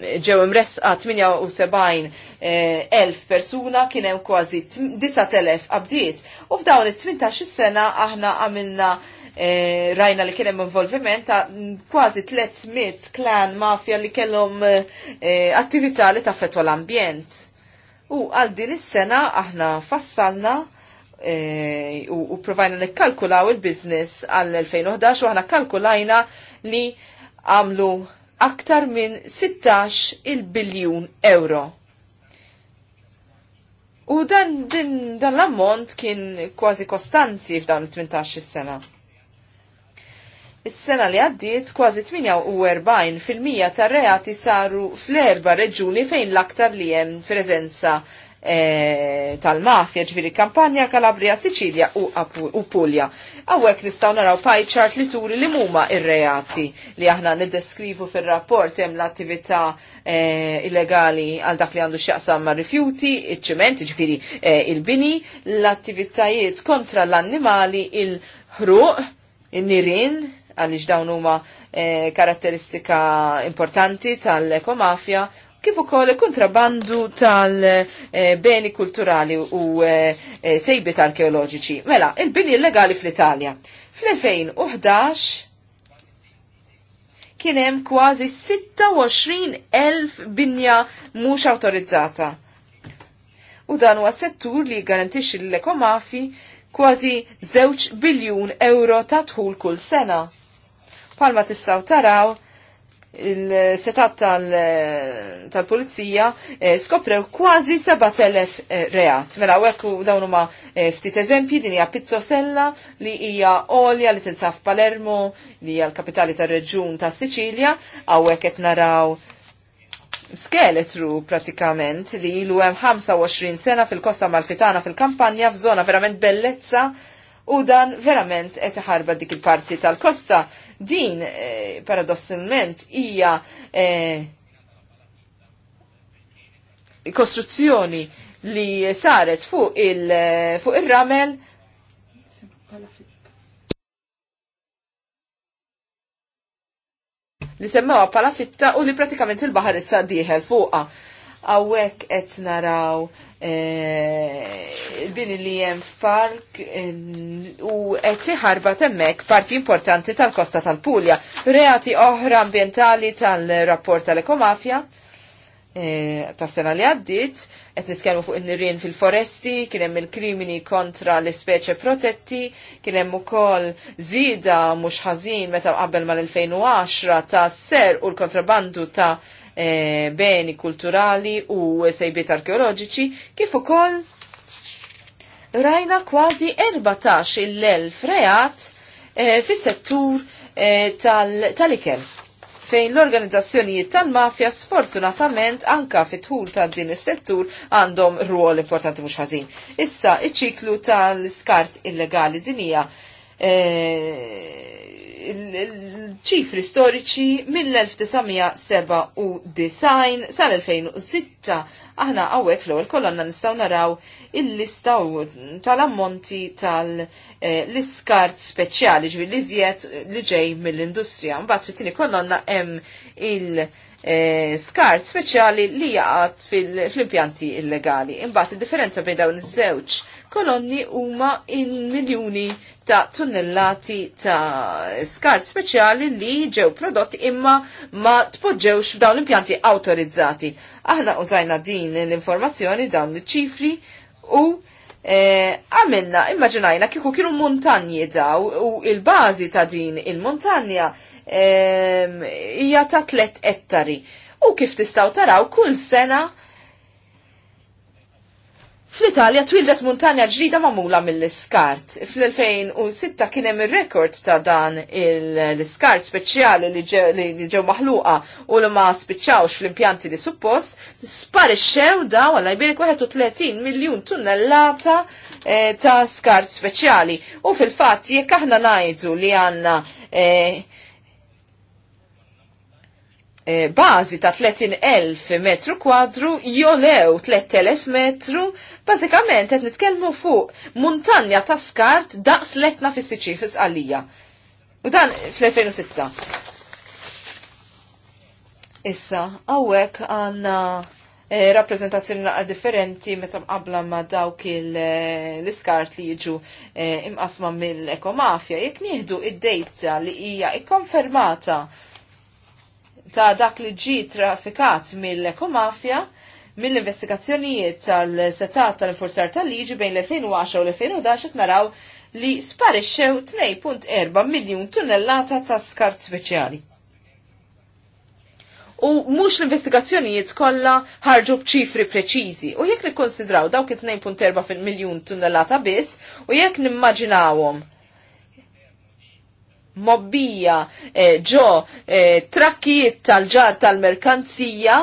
ġew imresqa 78,000 eh, persuna kien hemm kważi 9,000 qabdiet. U f'dawn it-18 sena aħna għamilna eh, rajna li kienem involviment ta' kważi 300 klan mafja li kellhom eh, attività li taffetwa l-ambjent. U għal din is-sena aħna fassalna u, u provajna nikkalkulaw il-biznis għal 2011 u aħna kalkulajna li għamlu aktar minn 16 il-biljun euro. U dan, din, dan l-ammont kien kważi kostanzi f'dawn 18 sena. Is-sena li għaddiet kważi 48% fil-mija tar-reati saru fl-erba reġuni fejn l-aktar li hemm preżenza E, tal-mafja ġviri kampanja Kalabria, Sicilja u Pulja. Għawek nistaw naraw pajċart li turi li muma ir-reati li aħna niddeskrivu fil-rapport hemm l-attività e, illegali għal dak li għandu xjaqsam ma' rifjuti, iċ-ċement, ġviri e, il-bini, l-attivitajiet kontra l-annimali, il-ħruq, il-nirin, għalix dawn huma karatteristika importanti tal-ekomafja kif ukoll kontrabandu tal-beni kulturali u eh, eh, sejbet arkeoloġiċi. Mela, il-bini illegali fl-Italja. Fl-2011 kien hemm kważi 26,000 binja mhux awtorizzata. U dan huwa settur li garantixxi l-ekomafi kważi 2 biljun euro ta' tħul kull sena. Palma tistaw taraw, il-setat tal-polizija eh, skoprew kważi 7000 eh, reat. Mela, u ekku dawnu ma eh, ftit eżempji, din hija Pizzosella li hija Olja li tinsaf Palermo li hija l-kapitali tar-reġjun ta' Siċilja, għaw qed naraw skeletru pratikament li ilu hemm 25 sena fil-Kosta Malfitana fil-kampanja f'żona verament bellezza u dan verament qed iħarba dik il-parti tal-kosta Din eh, paradossalment hija eh, kostruzzjoni li saret fuq il eh, fuq ir ramel li semmewa palafitta fitta u li pratikament il-bahar issa diħel fuqa. Għawek qed naraw eh, bini li jem f'park eh, u qed ħarba temmek parti importanti tal-kosta tal-Pulja. Reati oħra ambientali tal-rapport tal-ekomafja eh, ta' sena li għaddit, qed nitkellmu fuq in-nirien fil-foresti, kien hemm il-krimini kontra l-ispeċe protetti, kien hemm ukoll zida mhux ħażin meta qabel mal-2010 ta' ser u l-kontrabandu ta' E, beni kulturali u sejbiet arkeoloġiċi, kif ukoll rajna kważi 14.000 reat e, fis-settur e, tal-ikel tal fejn l-organizzazzjonijiet tal-mafja sfortunatament anka fit-tul ta' din is-settur għandhom ruol importanti mhux ħażin. Issa iċ-ċiklu tal-skart illegali dinija e, ċifri storiċi mill-1997 sal-2006. Aħna għawek fl-ewwel kolonna nistgħu naraw il-listaw tal-ammonti tal-iskart eh, speċjali ġbir li li ġej mill-industrija. Mbatt fit-tieni kolonna hemm il- E, skart speċjali li jaqat fil-impjanti illegali. Imbagħad id-differenza bejn dawn iż-żewġ kolonni huma in miljuni ta' tunnellati ta' skart speċjali li ġew prodotti imma ma tpoġġewx f'dawn l-impjanti awtorizzati. Aħna użajna din l-informazzjoni dawn iċ-ċifri u e, għamilna, immaġinajna kieku kienu montanji daw u il-bazi ta' din il-montanja hija ta' 3 ettari. U kif tistaw taraw kull sena Fl-Italja twildet montanja ġdida mamula mill-iskart. Fl-2006 kien hemm ir-rekord ta' dan l-iskart speċjali li ġew maħluqa u li ma spiċċawx fl-impjanti li suppost, sparixxew daw għal jbirek 31 miljun tunnellata eh, ta' skart speċjali. U fil-fatt jekk aħna ngħidu li għandna eh, E, bażi ta' 30,000 metru kwadru jolew 3,000 metru, bażikament qed nitkellmu fuq muntanja ta' skart da' sletna fis-siċi fis U dan fl-2006. Issa, għawek għanna E, rappresentazzjoni differenti meta qabla ma dawk e, l-iskart li jiġu e, imqasma mill-ekomafja. Jekk nieħdu id-dejta li hija ikkonfermata ta' dak li ġi trafikat mill-ekomafja mill-investigazzjonijiet tal-setat tal-forzar tal-liġi bejn l-2010 u l-2011 naraw li sparixxew 2.4 miljun tunnellata ta' skart speċjali. U mhux l-investigazzjonijiet kollha ħarġu b'ċifri preċiżi. U jekk nikkonsidraw dawk it-2.4 miljun tunnellata biss u jekk nimmaġinawhom mobbija eh, ġo eh, trakkijiet tal-ġar tal-merkanzija,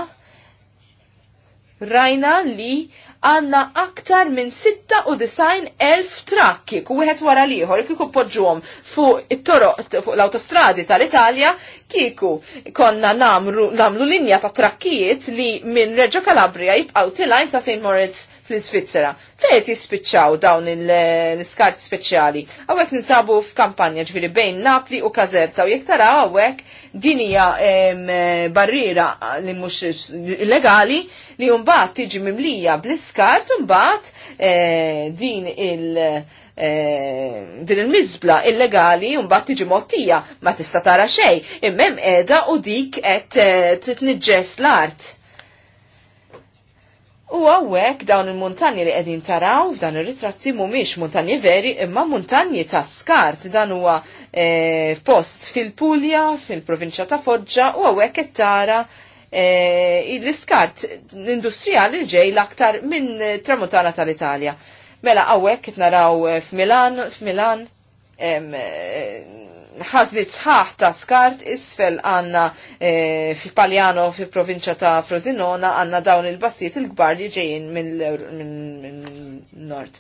rajna li għanna aktar minn 96.000 trakki, ku wieħed wara liħor, kiku podġuhom fuq it-toroq fuq l-autostradi tal-Italja, Kieku konna namru, namlu linja ta' trakkijiet li minn Reġo Calabria jibqaw tilajn sa' St. Moritz fl-Svizzera. Fejt jispiċċaw dawn l-skart speċjali. Għawek ninsabu f'kampanja ġviri bejn Napli u Kazerta u jek tara għawek dinija barriera li mux illegali li jumbat tiġi mimlija bl-skart jumbat eh, din il- Eh, din il-mizbla illegali mbagħad tiġi mottija ma tista' tara xejn, imma hemm qiegħda u dik qed eh, titniġġess l-art. U għawek dawn il-muntanji li qegħdin taraw f'dan ir-ritratti mhumiex muntanji veri imma muntanji ta' skart dan huwa eh, post fil-Pulja, fil-Provinċja ta' Foġġa u għawek qed tara l-iskart industrijali ġej l-aktar minn tramuntana tal-Italja. Mela għawek kitt naraw eh, f'Milan, f'Milan, eh, ħaznit sħaħ ta' skart isfel għanna eh, fi Paljano fi provinċja ta' Frosinona għanna dawn il-bastiet il-gbar li ġejjin mill-nord.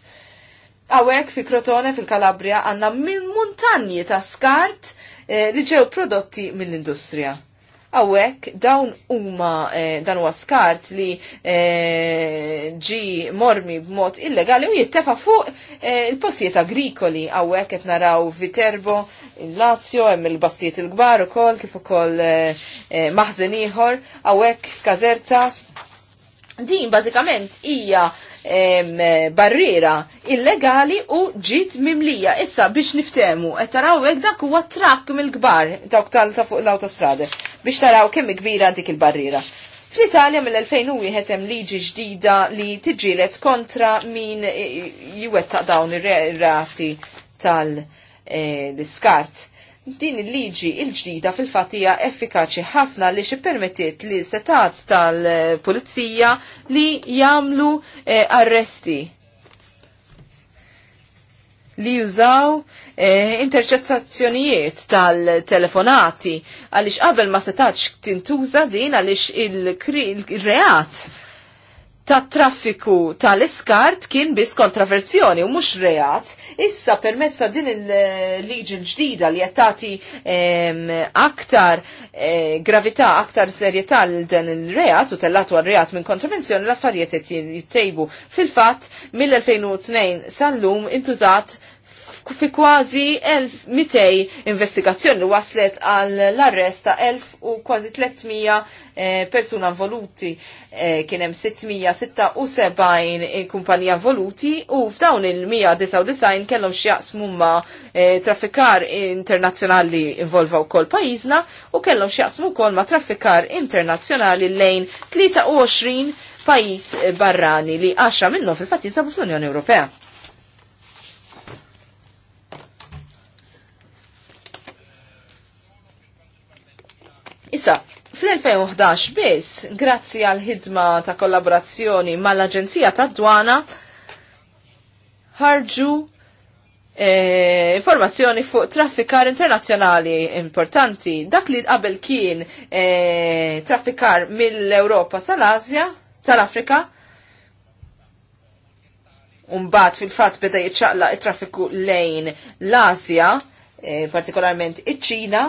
Għawek fi Crotone fil-Kalabria għanna minn muntanji ta' skart li ġew prodotti mill-industrija. Għawek dawn huma eh, dan huwa skart li eh, ġi mormi b'mod illegali u jittefa fuq eh, il-postijiet agrikoli għawek qed naraw Viterbo, il-Lazio, hemm il-bastijiet il-kbar ukoll kif ukoll eh, eh, maħzen ieħor, għawek f'Kazerta din bażikament hija barriera illegali u ġit mimlija. Issa biex niftemu, qed taraw hekk dak huwa trakk mill-kbar dawk tal ta' fuq l-autostrade biex taraw kemm kbira dik il-barriera. Fl-Italja mill-2001 hemm liġi ġdida li tiġilet kontra min jwettaq dawn ir-reati tal-iskart. Eh, din il-liġi il-ġdida fil-fatt hija effikaċi ħafna li xi permettiet li setat tal-pulizija li jagħmlu eh, arresti li jużaw eh, interċezzazzjonijiet tal-telefonati għaliex qabel ma setax tintuża din għaliex il-reat ta' traffiku tal-iskart kien biss kontraverzjoni u mhux reat. Issa permezz ta' din il-liġi l-ġdida li qed tagħti aktar eh, gravità, aktar serjetà l dan il-reat u tellatu għal-reat minn kontrevenzjoni l-affarijiet qed Fil-fatt mill-2002 sal-lum intużat fi kważi 1200 investigazzjoni li waslet għal l-arrest ta' 1000 u kważi 300 eh, persuna voluti. Eh, Kien hemm 676 eh, kumpanija voluti u f'dawn il-199 kellhom x'jaqsmu ma' eh, traffikar internazzjonali involva wkoll pajjiżna u kellhom x'jaqsmu wkoll ma' traffikar internazzjonali lejn 23 pajjiż barrani li 10 minnhom fil-fatt jinsabu fl-Unjoni Ewropea. Issa, fl-2011 biss, grazzi għal ħidma ta' kollaborazzjoni mal-Aġenzija ta' Dwana, ħarġu E, informazzjoni fuq traffikar internazzjonali importanti. Dak li qabel kien eh, traffikar mill-Europa sal-Azja, sal-Afrika, Umbat fil-fat beda jitxaqla il-traffiku lejn l-Azja, eh, partikolarment iċ-Ċina,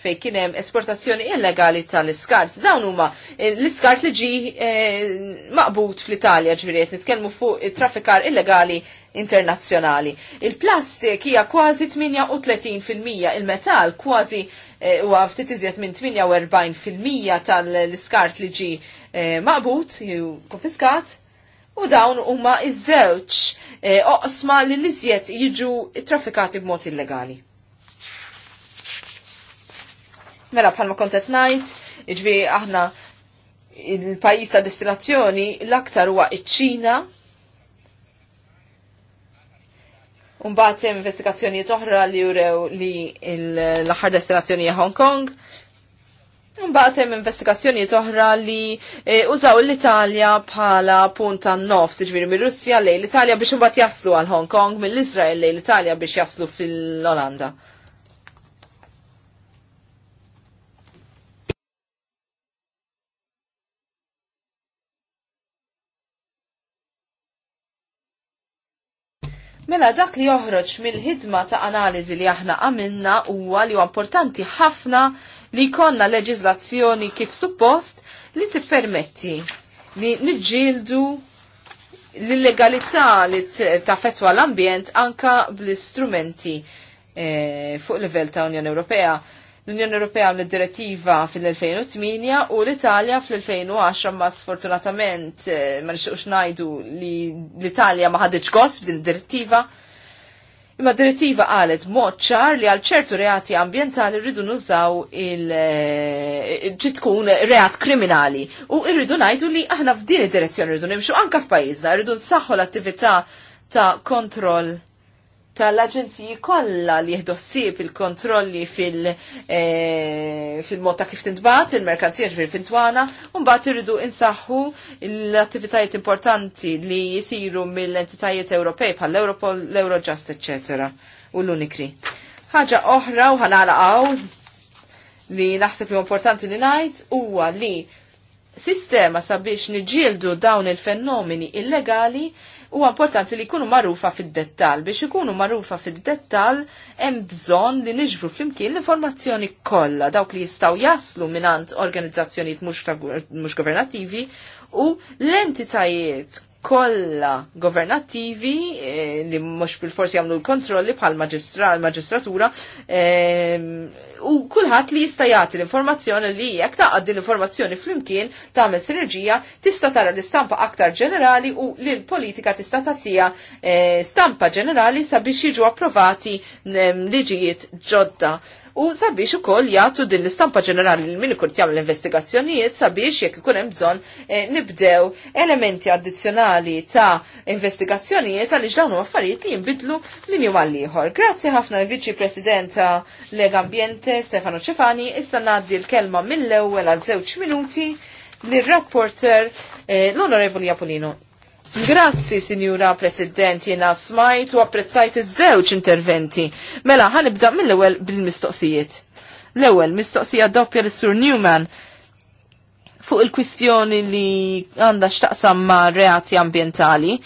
fej kien hemm esportazzjoni illegali tal-iskart. Dawn huma eh, l-iskart li ġi eh, maqbut fl-Italja ġifieri qed nitkellmu fuq traffikar illegali internazzjonali. Il-plastik hija kważi 38% il-metall kważi eh, huwa ftit iżjed minn 48% tal-iskart li ġi maqbut jew konfiskat. U dawn huma iż-żewġ oqsma li l-iżjed jiġu traffikati b'mod illegali. Mela bħalma kontet najt, iġvi aħna il-pajis ta' destinazzjoni l-aktar huwa iċ-Ċina. mbagħad hemm investigazzjonijiet oħra li jurew li l-aħħar destinazzjoni hija Hong Kong. Mbagħad hemm investigazzjonijiet oħra li e, użaw l-Italja bħala punta tan-nofs, jiġifieri mir-Russja lejn l-Italja biex imbagħad jaslu għal Hong Kong, mill-Iżrael lejn l-Italja biex jaslu fil-Olanda. Mela dak li joħroġ mill-ħidma ta' analiżi li aħna għamilna huwa li huwa importanti ħafna li konna leġiżlazzjoni kif suppost li tippermetti li niġġieldu l-illegalità li tafetwa l-ambjent anka bl-istrumenti eh, fuq livell ta' Unjoni Ewropea l-Unjoni Ewropea mill direttiva fil-2008 u l-Italja fil-2010 ma sfortunatament eh, ma nixuqx najdu li l-Italja ma ħadġ gost din direttiva Imma direttiva għalet mod ċar li għal ċertu reati ambientali rridu nużaw il-ġitkun eh, reat kriminali. U rridu najdu li aħna f'din id-direzzjoni rridu nimxu anka f'pajizna, rridu nsaħħu l-attività ta' kontroll tal-aġenziji kollha li jieħdu ħsieb il-kontrolli eh, fil-mod ta' kif tintbat il-merkanzija ġvir fintwana, u mbagħad irridu insaħħu l-attivitajiet importanti li jisiru mill-entitajiet Ewropej bħal europol l-Eurojust, eċċetera, u l-Unikri. Ħaġa oħra u ħanalaqgħu li naħseb li importanti li ngħid huwa li sistema sabiex niġildu dawn il-fenomeni illegali huwa importanti li jkunu marufa fid-dettal. Biex ikunu magħrufa fid-dettal hemm bżonn li niġbru flimkien l-informazzjoni kollha dawk li jistgħu jaslu mingħand organizzazzjonijiet mhux governattivi u l-entitajiet Kolla governattivi eh, li mhux bil-forsi jagħmlu l-kontrolli bħal maġistrat maġistratura eh, u kulħadd li jista' jagħti l-informazzjoni li jekk taqgħad din l-informazzjoni flimkien tagħmel sinerġija tista' tara l-istampa aktar ġenerali u li l-politika tista' tazzija eh, stampa ġenerali sabiex jiġu approvati ehm, liġijiet ġodda u sabiex ukoll jagħtu din l-istampa ġenerali li min ikun jagħmel investigazzjonijiet sabiex jekk ikun hemm bżonn eh, nibdew elementi addizzjonali ta' investigazzjonijiet għaliex dawn għaffariet affarijiet li jinbidlu min jew għal ieħor. Grazzi ħafna l-Viċi President Lega Ambiente Stefano Cefani, issa ngħaddi l-kelma mill-ewwel għal żewġ minuti lir rapporter eh, l-Onorevoli Apolino Grazzi, Sinjura President, jena smajt u apprezzajt iż-żewġ interventi. Mela, ħanibda mill-ewwel bil-mistoqsijiet. L-ewwel mistoqsija doppja l sur Newman fuq il-kwistjoni li għandha x'taqsam ma' reati ambientali.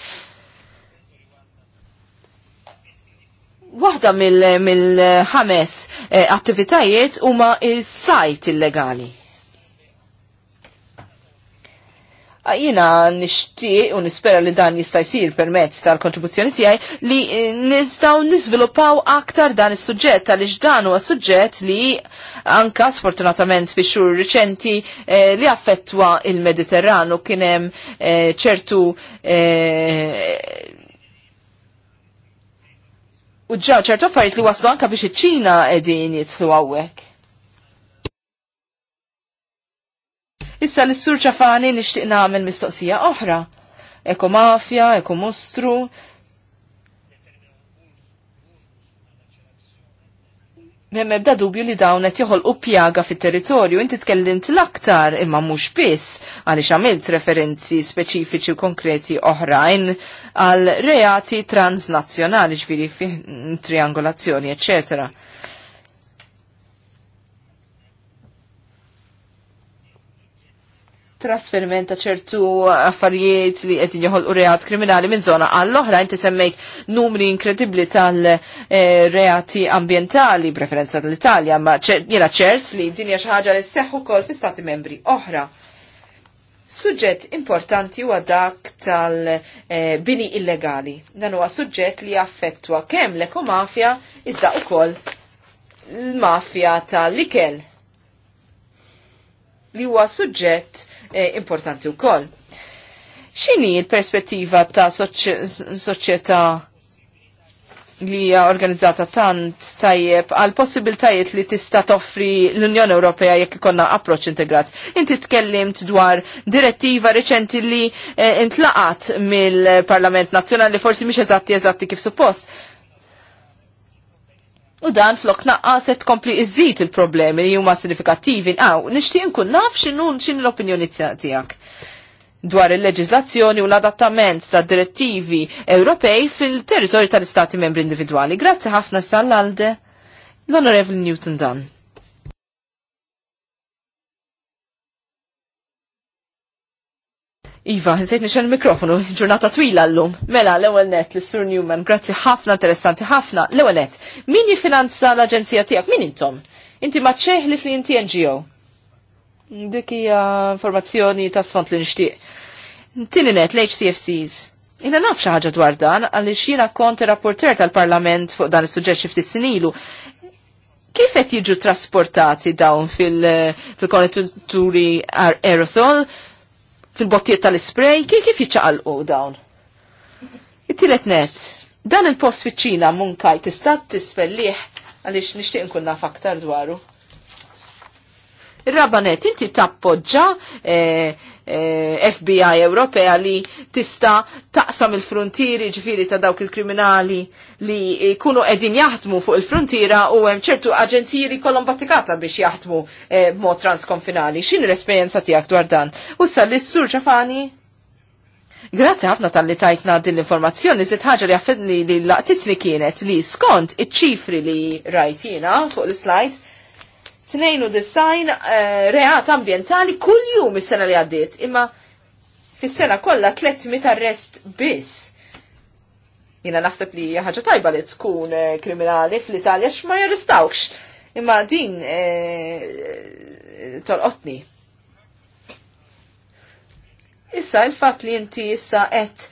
Waħda mill-ħames mil eh, attivitajiet huma s-sajt illegali. jina nishtiq u nispera li dan jista' jsir permezz tal-kontribuzzjoni tiegħi li eh, nistgħu niżviluppaw aktar dan is-suġġett għaliex dan huwa suġġett li anka sfortunatament fi xhur riċenti eh, li affettwa il-Mediterranu kien hemm eh, ċertu u ġew ċertu affarijiet li waslu anka biex iċ-Ċina qegħdin jitlu hawnhekk. Issa l-sur ċafani nixtieq nagħmel mistoqsija oħra. Eko mafja, eko mostru, Memme ebda dubju li dawn qed joħolqu pjaga fit-territorju, inti tkellimt l-aktar imma mhux biss għaliex għamilt referenzi speċifiċi u konkreti oħrajn għal reati transnazzjonali ġviri fi triangolazzjoni, eċċetera. trasferiment ta' ċertu affarijiet li qed u reat kriminali minn zona għall oħra inti semmejt numri inkredibbli tal-reati ambientali, preferenza tal-Italja, ma jiena ċert li din hija xi ħaġa li sseħħu wkoll fi stati membri oħra. Suġġett importanti huwa dak tal-bini illegali. Dan huwa suġġett li jaffettwa kemm l-ekomafja iżda wkoll l-mafja tal-ikel li huwa suġġett eh, importanti wkoll. X'inhi l-perspettiva ta' soċjetà li hija organizzata tant tajjeb għal possibiltajiet li tista' toffri l-Unjoni Ewropea jekk ikonna approċċ integrat. Inti tkellimt dwar direttiva reċenti li eh, intlaqat mill-Parlament Nazzjonali forsi mhix eżatti eżatti kif suppost. U dan flok naqqa se tkompli iżid il-problemi li huma sinifikattivi nqaw, nixtieq nkun naf x'inhu x'in l-opinjoni tiegħek dwar il-leġislazzjoni u l-adattament ta' direttivi Ewropej fil-territorju tal-istati membri individwali. Grazzi ħafna sal-alde l-Onorevoli Newton Dunn. Iva, nsejt nixen il-mikrofonu, ġurnata twila l-lum. Mela, l-ewel net, l-Sur Newman, grazzi ħafna, interessanti ħafna. L-ewel net, min jifinanza l-agenzija tijak? Min intom? Inti maċċeħ li fl in TNGO? Dik hija informazzjoni ta' sfont li nixtieq. Tini net, l-HCFCs. Ina naf ħaġa dwar dan, għaliex jiena konti rapporter tal-parlament fuq dan is-suġġett xi ftit sinilu. Kif qed jiġu trasportati dawn fil konituturi aerosol? fil bottiet tal spray kif kif jiċċaqalqu dawn? It-tielet net, dan il-post fiċina munkaj tista' tisfellih għaliex nixtieq nkun naf aktar dwaru. Rabanet, inti tappoġġa eh, eh, FBI Ewropea li tista taqsam il-frontieri ġifiri ta' dawk il-kriminali li kunu edin jaħdmu fuq il-frontiera u hemm ċertu aġenziji li kollhom battikata biex jaħdmu eh, mod transkonfinali. X'in l-esperjenza tiegħek dwar dan? U sal sur ċafani? Grazzi ħafna tal-li tajtna din l-informazzjoni, zid ħaġa li għaffedni li l-laqtitni kienet li skont iċ-ċifri li rajtina fuq l-slide, 92 eh, reat ambientali kull jum is-sena li għaddiet, imma fis-sena kollha 300 arrest biss. Jina naħseb li ħaġa tajba li tkun eh, kriminali fl-Italja x'ma jarrestawx. Imma din eh, tolqotni. Issa il-fatt li inti issa qed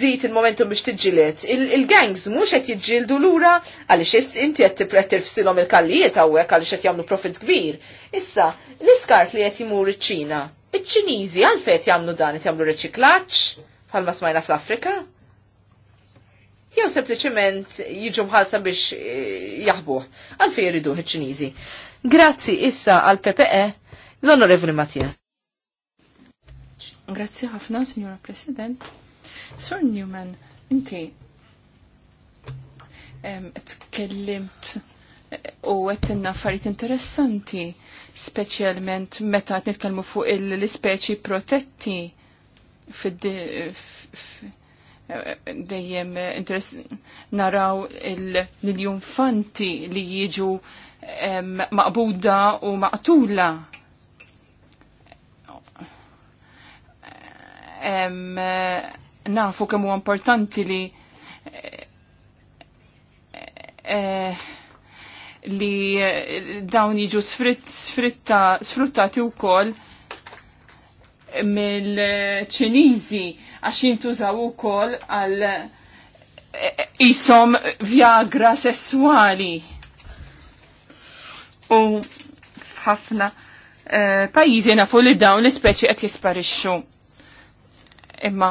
żid il-momentum biex tiġġilet. Il-gangs mhux qed jiġġieldu lura għaliex inti qed tippretter f'silhom il-kallijiet hawnhekk għaliex qed jagħmlu profit kbir. Issa, l-iskart li qed jimur iċ-Ċina, iċ-Ċiniżi għal qed jagħmlu dan qed jagħmlu riċiklaġġ bħalma smajna fl-Afrika? Jew sempliċement jiġu mħalsa biex eh, jaħbuh għalfejn jridu iċ-Ċiniżi. Grazzi issa għal PPE l-Onorevoli Mattia.
Grazzi ħafna, Signora President. Sir Newman, inti tkellimt u għettinna affarijiet interessanti, specialment meta qed nitkellmu fuq l-ispeċi protetti dejjem naraw l-infanti li jiġu maqbuda u maqtula nafu kemm huwa importanti li eh, eh, li eh, dawn jiġu sfruttati wkoll mill-Ċiniżi għax jintużaw ukoll għal isom Viagra sessuali. U ħafna pajjiżi nafu li dawn l-ispeċi qed jisparixxu. Imma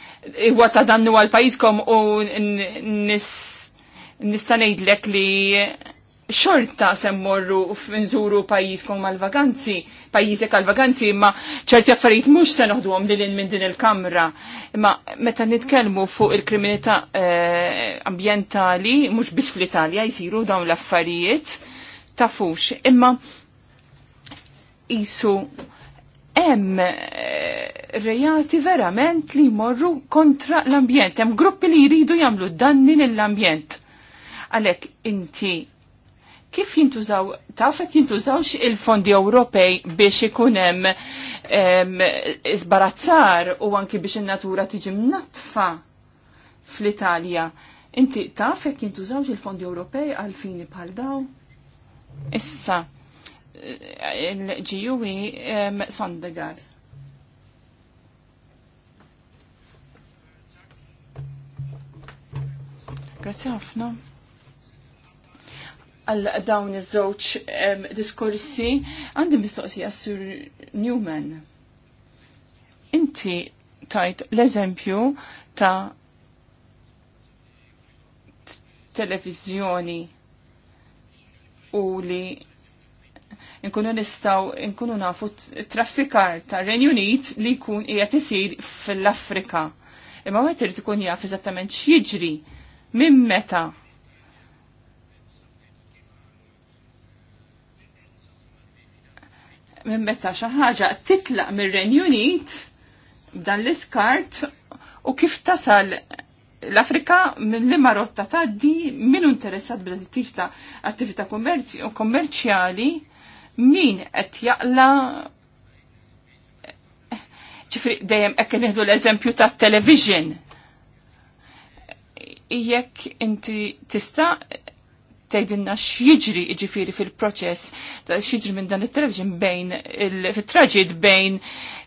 huwa ta' dannu għal pajjiżkom u nista' ngħidlek li xorta semmorru nżuru pajjiżkom għal vaganzi, pajjiżek għal vaganzi, imma ċerti affarijiet mhux se noħduhom lil minn din il-kamra. Imma meta nitkellmu fuq il kriminità ambientali, eh, ambjentali, mhux biss fl-Italja jsiru dawn l-affarijiet tafux, imma isu hemm eh, rejati verament li jmorru kontra l-ambjent, hemm gruppi li jridu jagħmlu danni lill-ambjent. Għalhekk inti kif jintużaw, tafek jintużawx il-fondi Ewropej biex ikun hemm izbarazzar u anki biex in-natura tiġi mnatfa fl-Italja. Inti tafek jintużawx il-fondi Ewropej għal fini bħal daw? Issa, il-ġijuwi Sondegar. Grazie ħafna għal dawn iż-żewġ diskorsi għandi mistoqsija sur Newman. Inti tajt l-eżempju ta' televizjoni u li nkunu nistaw nkunu nafu traffikar ta' Renjunit li jkun qiegħed isir fl-Afrika. Imma wieħed irid ikun jaf eżattament x'jiġri minn meta minn meta xi ħaġa titlaq mir-Renju Unit dan l-iskart u kif tasal l-Afrika minn li marotta taddi minn interessat bil tip ta' attività kommerċjali min qed jaqla ċifri dejjem qed neħdu l-eżempju tat-television. Jekk inti tista' tgħidilna x'jiġri jiġifieri fil-proċess ta' x'jiġri minn dan it-television bejn fit-traġid bejn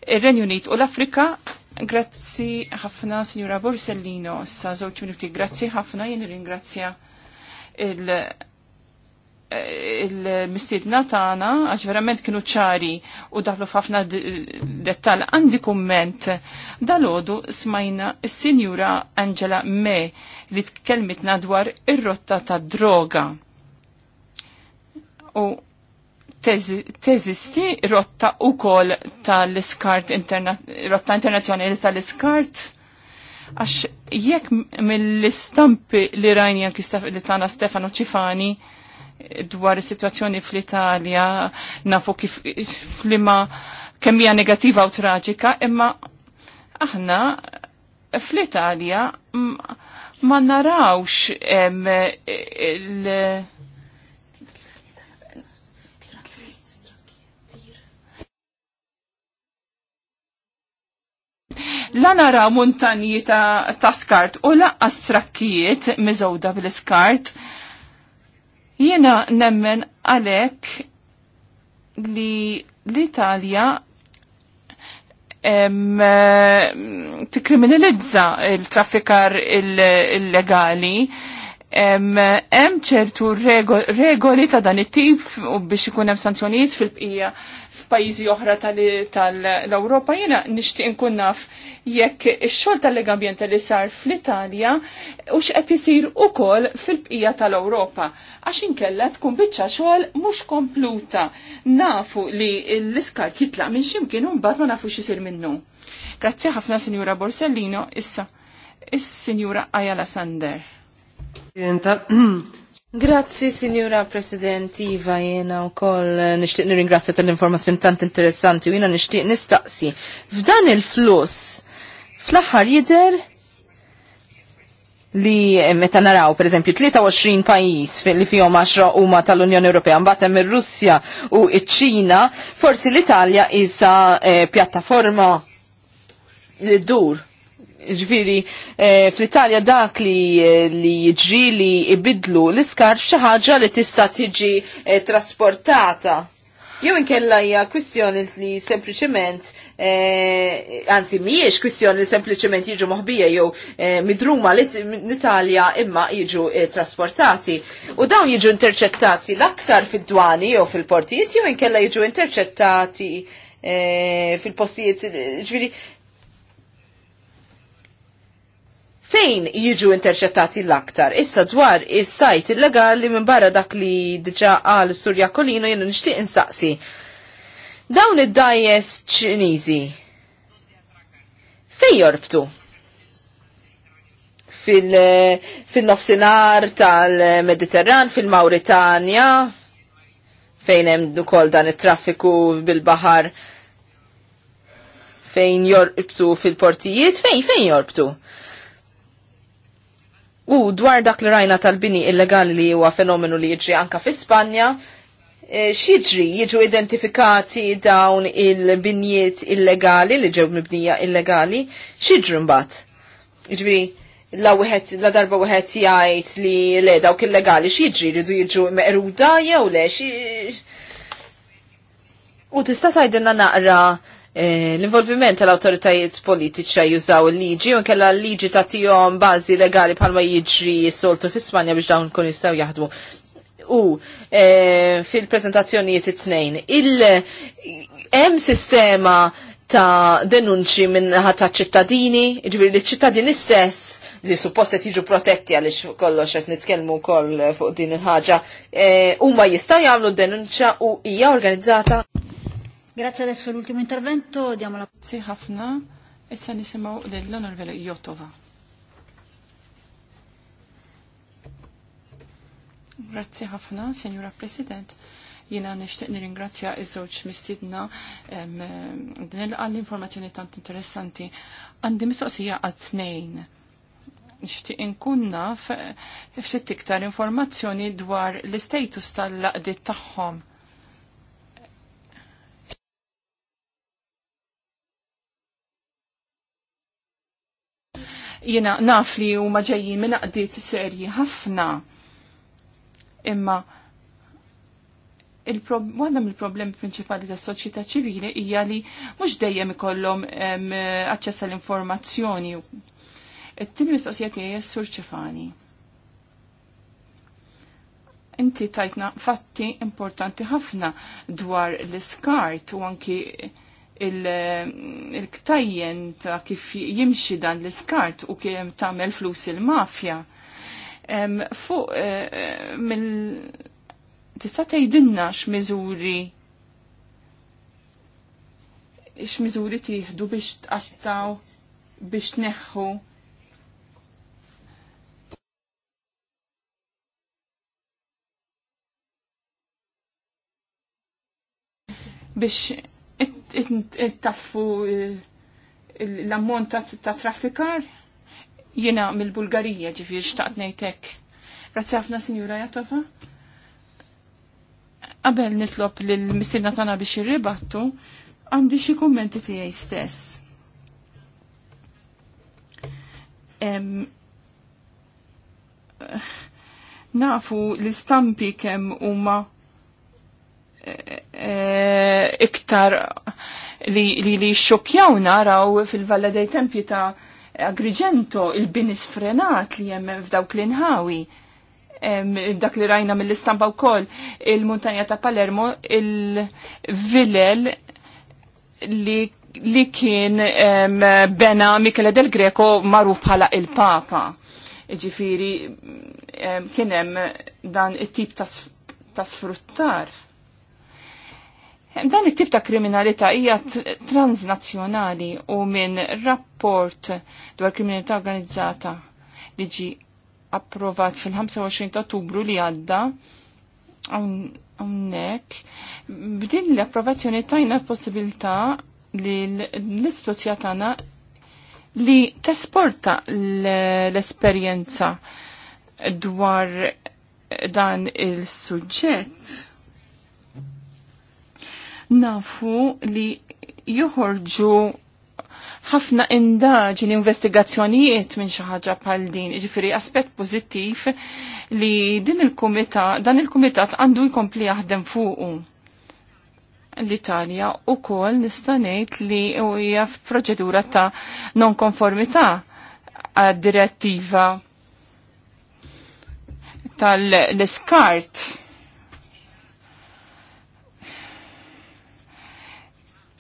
ir-Renju Unit u l-Afrika Grazzi ħafna, Signora Borsellino, sa' zoċ minuti. Grazzi ħafna, jien ringrazzja il- il-mistidna tagħna għax verament kienu ċari u daflu fafna dettal għandi kumment dalodu smajna s-sinjura Angela Me li tkellmitna dwar ir-rotta ta' droga. U teżisti rotta u kol tal-iskart interna rotta internazjonali tal-iskart għax jekk mill-istampi li kistaf li tana Stefano Ċifani dwar is-sitwazzjoni fl-Italja nafu kif flima kemm hija negattiva u traġika, imma aħna fl-Italja ma narawx il la nara muntanji ta' skart u laqqas trakkijiet miżowda bil-skart Jiena nemmen għalhekk li l-Italja eh, tikriminalizza il-traffikar illegali il hemm ċertu regoli ta' dan it-tip u biex ikun hemm sanzjonijiet fil-bqija f'pajjiżi oħra tal-Ewropa jiena nixtieq inkun naf jekk ix-xogħol tal-legambjent li sar fl-Italja u x'qed isir ukoll fil-bqija tal-Ewropa għax inkella tkun biċċa xogħol mhux kompluta nafu li l-iskart jitlaq minn x'imkien u mbagħad ma nafu x'isir minnu. Grazzi ħafna Sinjura Borsellino issa is-Sinjura Ajala Sander.
Grazzi, Signora President Iva, jena u koll nishtiq nirringrazzja tal-informazzjoni tant interessanti u jena nishtiq nistaqsi. F'dan il flus fl-axar jider li meta naraw, per eżempju, 23 pajis li fihom 10 huma tal-Unjoni Ewropea, mbagħad hemm ir-Russja u ċ-Ċina, forsi l-Italja isa eh, pjattaforma li dur ġviri eh, fl-Italja dak li eh, li li ibidlu l-iskar xaħġa li tista tiġi eh, trasportata. Jew inkella hija kwistjoni li sempliċement, anzi mhijiex kwistjoni li sempliċement jiġu moħbija jew Midruma li l-Italja imma jiġu trasportati. U dawn jiġu interċettati l-aktar fid-dwani jew fil-portijiet jew inkella jiġu interċettati fil-postijiet, ġviri, fejn jiġu interċettati l-aktar. Issa dwar is-sajt illegali minn barra dak li diġa għal Surja Kolino jenu nixtieq insaqsi. Dawn id-dajes ċiniżi fej jorbtu? Fil-nofsinar fil nofsinar tal fil-Mauritania, fejn hemm ukoll dan it-traffiku bil-baħar fejn jorbtu fil-portijiet, fejn fejn jorbtu? U dwar dak li rajna tal-bini illegali li huwa fenomenu li jiġri anka fi Spanja, e, xieġri jiġu identifikati dawn il-binjiet illegali li ġew mibnija illegali, xieġri mbatt. Jiġri la, wieħed, la darba wieħed jgħid li le dawk illegali xieġri jridu jiġu meqruda jew le xi. U tista' tgħidilna naqra Eh, l-involviment tal-autoritajiet politiċi jużaw il-liġi u kella l-liġi ta' tijom bazi legali palma jiġri soltu fi Spanja biex dawn kun jistaw jaħdmu. U eh, fil jiet it-tnejn, il-em sistema ta' denunċi minn ħata ċittadini, ġviri li ċittadini stess li suppost qed jiġu protetti għaliex kollox qed nitkellmu wkoll fuq din il-ħaġa, eh, huma jistaw jagħmlu denunċja u hija organizzata
Grazie adesso l'ultimo
intervento, diamo la... Si ħafna, issa nisimaw l dell'onorevole Jotova. Grazie ħafna, Signora President. Jina nishtiq nir-ingrazzja iż-żewġ mistidna din l-informazzjoni tant interessanti. Għandi mistoqsija għat-tnejn. Nishtiq inkun naf eh, ftit iktar informazzjoni dwar l-istatus tal-laqdiet tagħhom jina naf li huma ġejjin minn qdiet serji ħafna. Imma Waħda mill-problemi prinċipali tas soċjetà ċivili hija li mhux dejjem ikollhom għacċess għall informazzjoni It-tieni mistoqsija tiegħi sur ċifani. Inti tajtna fatti importanti ħafna dwar l skart u anki il-ktajjen il ta' kif jimxi dan l-iskart u kiem tamel flus il-mafja. Fuq uh, mill tista' tgħidilna x'miżuri x'miżuri tieħdu biex tqattaw biex tneħħu biex taffu eh, l-ammont ta' traffikar jina mill-Bulgarija ġifir xtaqt nejtek. Grazzi ħafna Sinjura Jatova. Qabel nitlob lill-mistilna tagħna biex irribattu, għandi xi kummenti tiegħi stess. Eh, nafu l-istampi kemm huma eh, Eh, iktar li li xokjawna naraw fil-Valla dei Tempi ta' Agrigento il-bini sfrenat li hemm f'dawk l-inħawi. Dak li rajna mill-istampa wkoll il-muntanja ta' Palermo, il-vilel li li kien bena Michele del Greco maruf bħala il-Papa. Ġifiri, kienem dan it-tip ta' sfruttar. Dan it-tip ta' kriminalità hija transnazzjonali u minn rapport dwar kriminalità organizzata li ġi approvat fil-25 ta' Ottubru li għadda hawnhekk b'din l-approvazzjoni tajna l-possibilità li l-istituzzja tagħna li tesporta l-esperjenza dwar dan il-suġġett nafu li joħorġu ħafna indaġin investigazzjonijiet minn xi ħaġa bħal din, jiġifieri aspett pożittiv li din il-kumita, dan il-kumitat għandu jkompli jaħdem fuqu. L-Italja u kol nistanejt li hija f'proċedura ta' nonkonformità għad-direttiva tal-iskart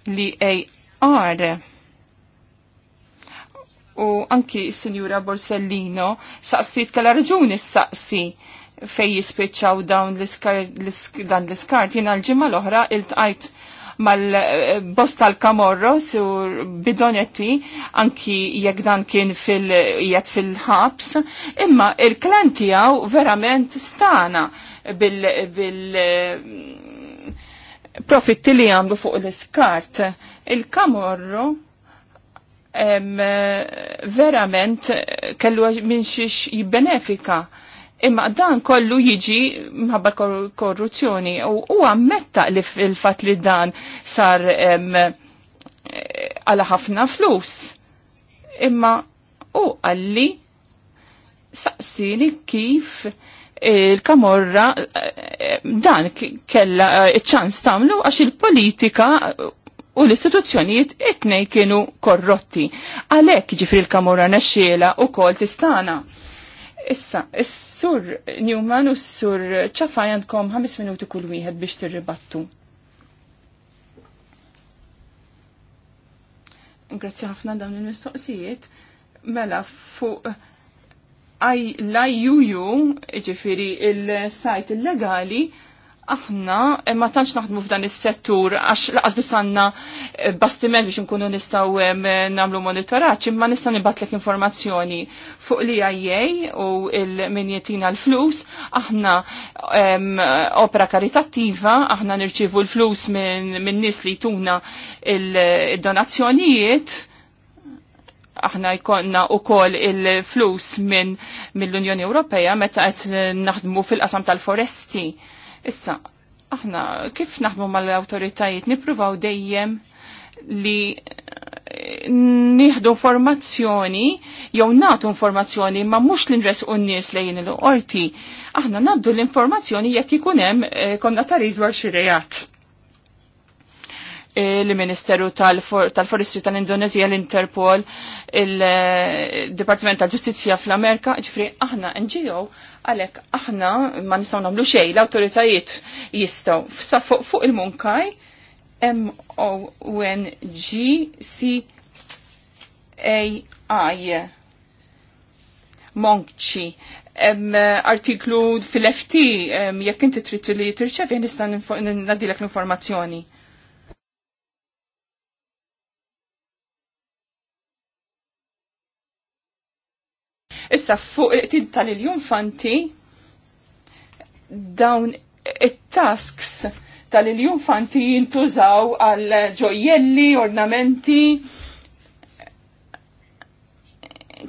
li AR u anki s-Sinjura Borsellino saqsit kalla raġuni saqsi fej jispiċċaw dawn dan l-iskart. Jina l-ġimma l-oħra il-tqajt mal-bost tal-Kamorro su bidonetti anki jekk dan kien fil fil-ħabs, imma il klantijaw verament stana bil-, bil profitti li għamlu fuq l-iskart. Il-kamorru verament kellu minn xiex jibbenefika. Imma dan kollu jiġi mħabba korruzzjoni u u ammetta li fil-fat li dan sar għala ħafna flus. Imma u għalli saqsini kif il-kamorra eh, dan kella eh, ċans tamlu għax il-politika u l-istituzzjonijiet etnej kienu korrotti. Għalek ġifri il kamorra naxxiela u kol tistana. Issa, s-sur Newman u s-sur ċafaj għandkom 5 minuti kull wieħed biex tirribattu. Grazzi ħafna dawn il-mistoqsijiet. Mela, fuq l-IUU, ġifiri il-sajt illegali, aħna eh, ma tantx naħdmu f'dan is-settur għax laqas biss għandna eh, bastiment biex nkunu nistgħu nagħmlu monitoraġġ, imma nista' nibatlek informazzjoni fuq li IA u min jetina l-flus, aħna opera karitattiva, aħna nirċievu l-flus minn nies li tuna il-donazzjonijiet. il-donazzjonijiet aħna jkonna u kol il-flus minn min l-Unjoni Ewropeja meta qed naħdmu fil-qasam tal-foresti. Issa, aħna kif naħdmu mal-autoritajiet nipruvaw dejjem li eh, nieħdu informazzjoni jew nagħtu informazzjoni ma mhux li nresqu n-nies lejn il-qorti. Aħna naddu l-informazzjoni jekk ikun hemm eh, konna tarid dwar xi reat il-Ministeru tal-Forestri tal-Indonezija, l-Interpol, il-Departiment tal-Ġustizja fl-Amerika, ġifri aħna NGO, għalek aħna ma nistaw namlu xej, l-autoritajiet jistaw. Sa fuq il-Munkaj, M-O-N-G-C-A-I. Monkċi artiklu fil-FT, jekk inti trid li tirċevi nista' nadilek l-informazzjoni. Issa fuq il-qtid il dawn it-tasks il jintużaw għal ġojjelli, ornamenti,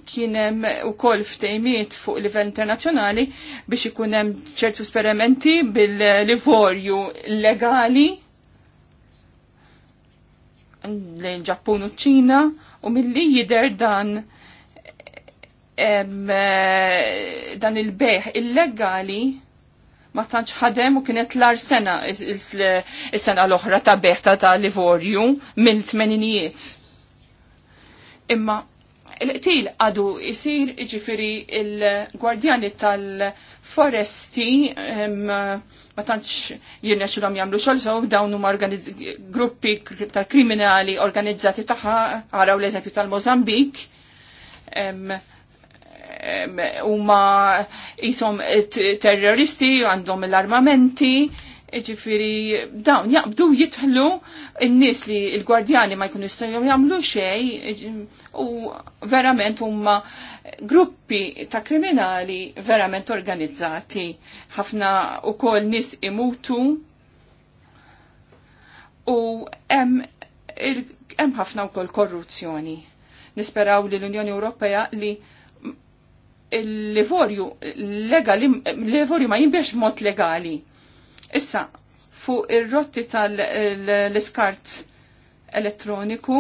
kienem u kol ftejmiet fuq livell internazjonali biex ikunem ċertu sperimenti bil-livorju legali lejn ġappun u ċina u mill-li jider dan Eh, dan il-beħ illegali ma tantx ħadem u kienet l-ar sena is-sena l-oħra ta' beħ ta' ta' Livorju minn tmeninijiet. Imma il-qtil għadu jisir ġifiri il-gwardjani tal-foresti ma tantx jirna xilom jamlu xolso dawn huma gruppi tal-kriminali organizzati taħħa għaraw l-eżempju tal-Mozambik huma jisom terroristi għandhom l-armamenti ġifiri dawn jaqbdu jitħlu n-nis li l-gwardjani ma jkunu jistajom jamlu xej u verament huma gruppi ta' kriminali verament organizzati. ħafna u kol nis imutu u hemm ħafna u kol korruzzjoni. Nisperaw li l-Unjoni Ewropea li il-livorju legali, livorju ma jimbiex mod legali. Issa, fuq ir-rotti tal-iskart elettroniku,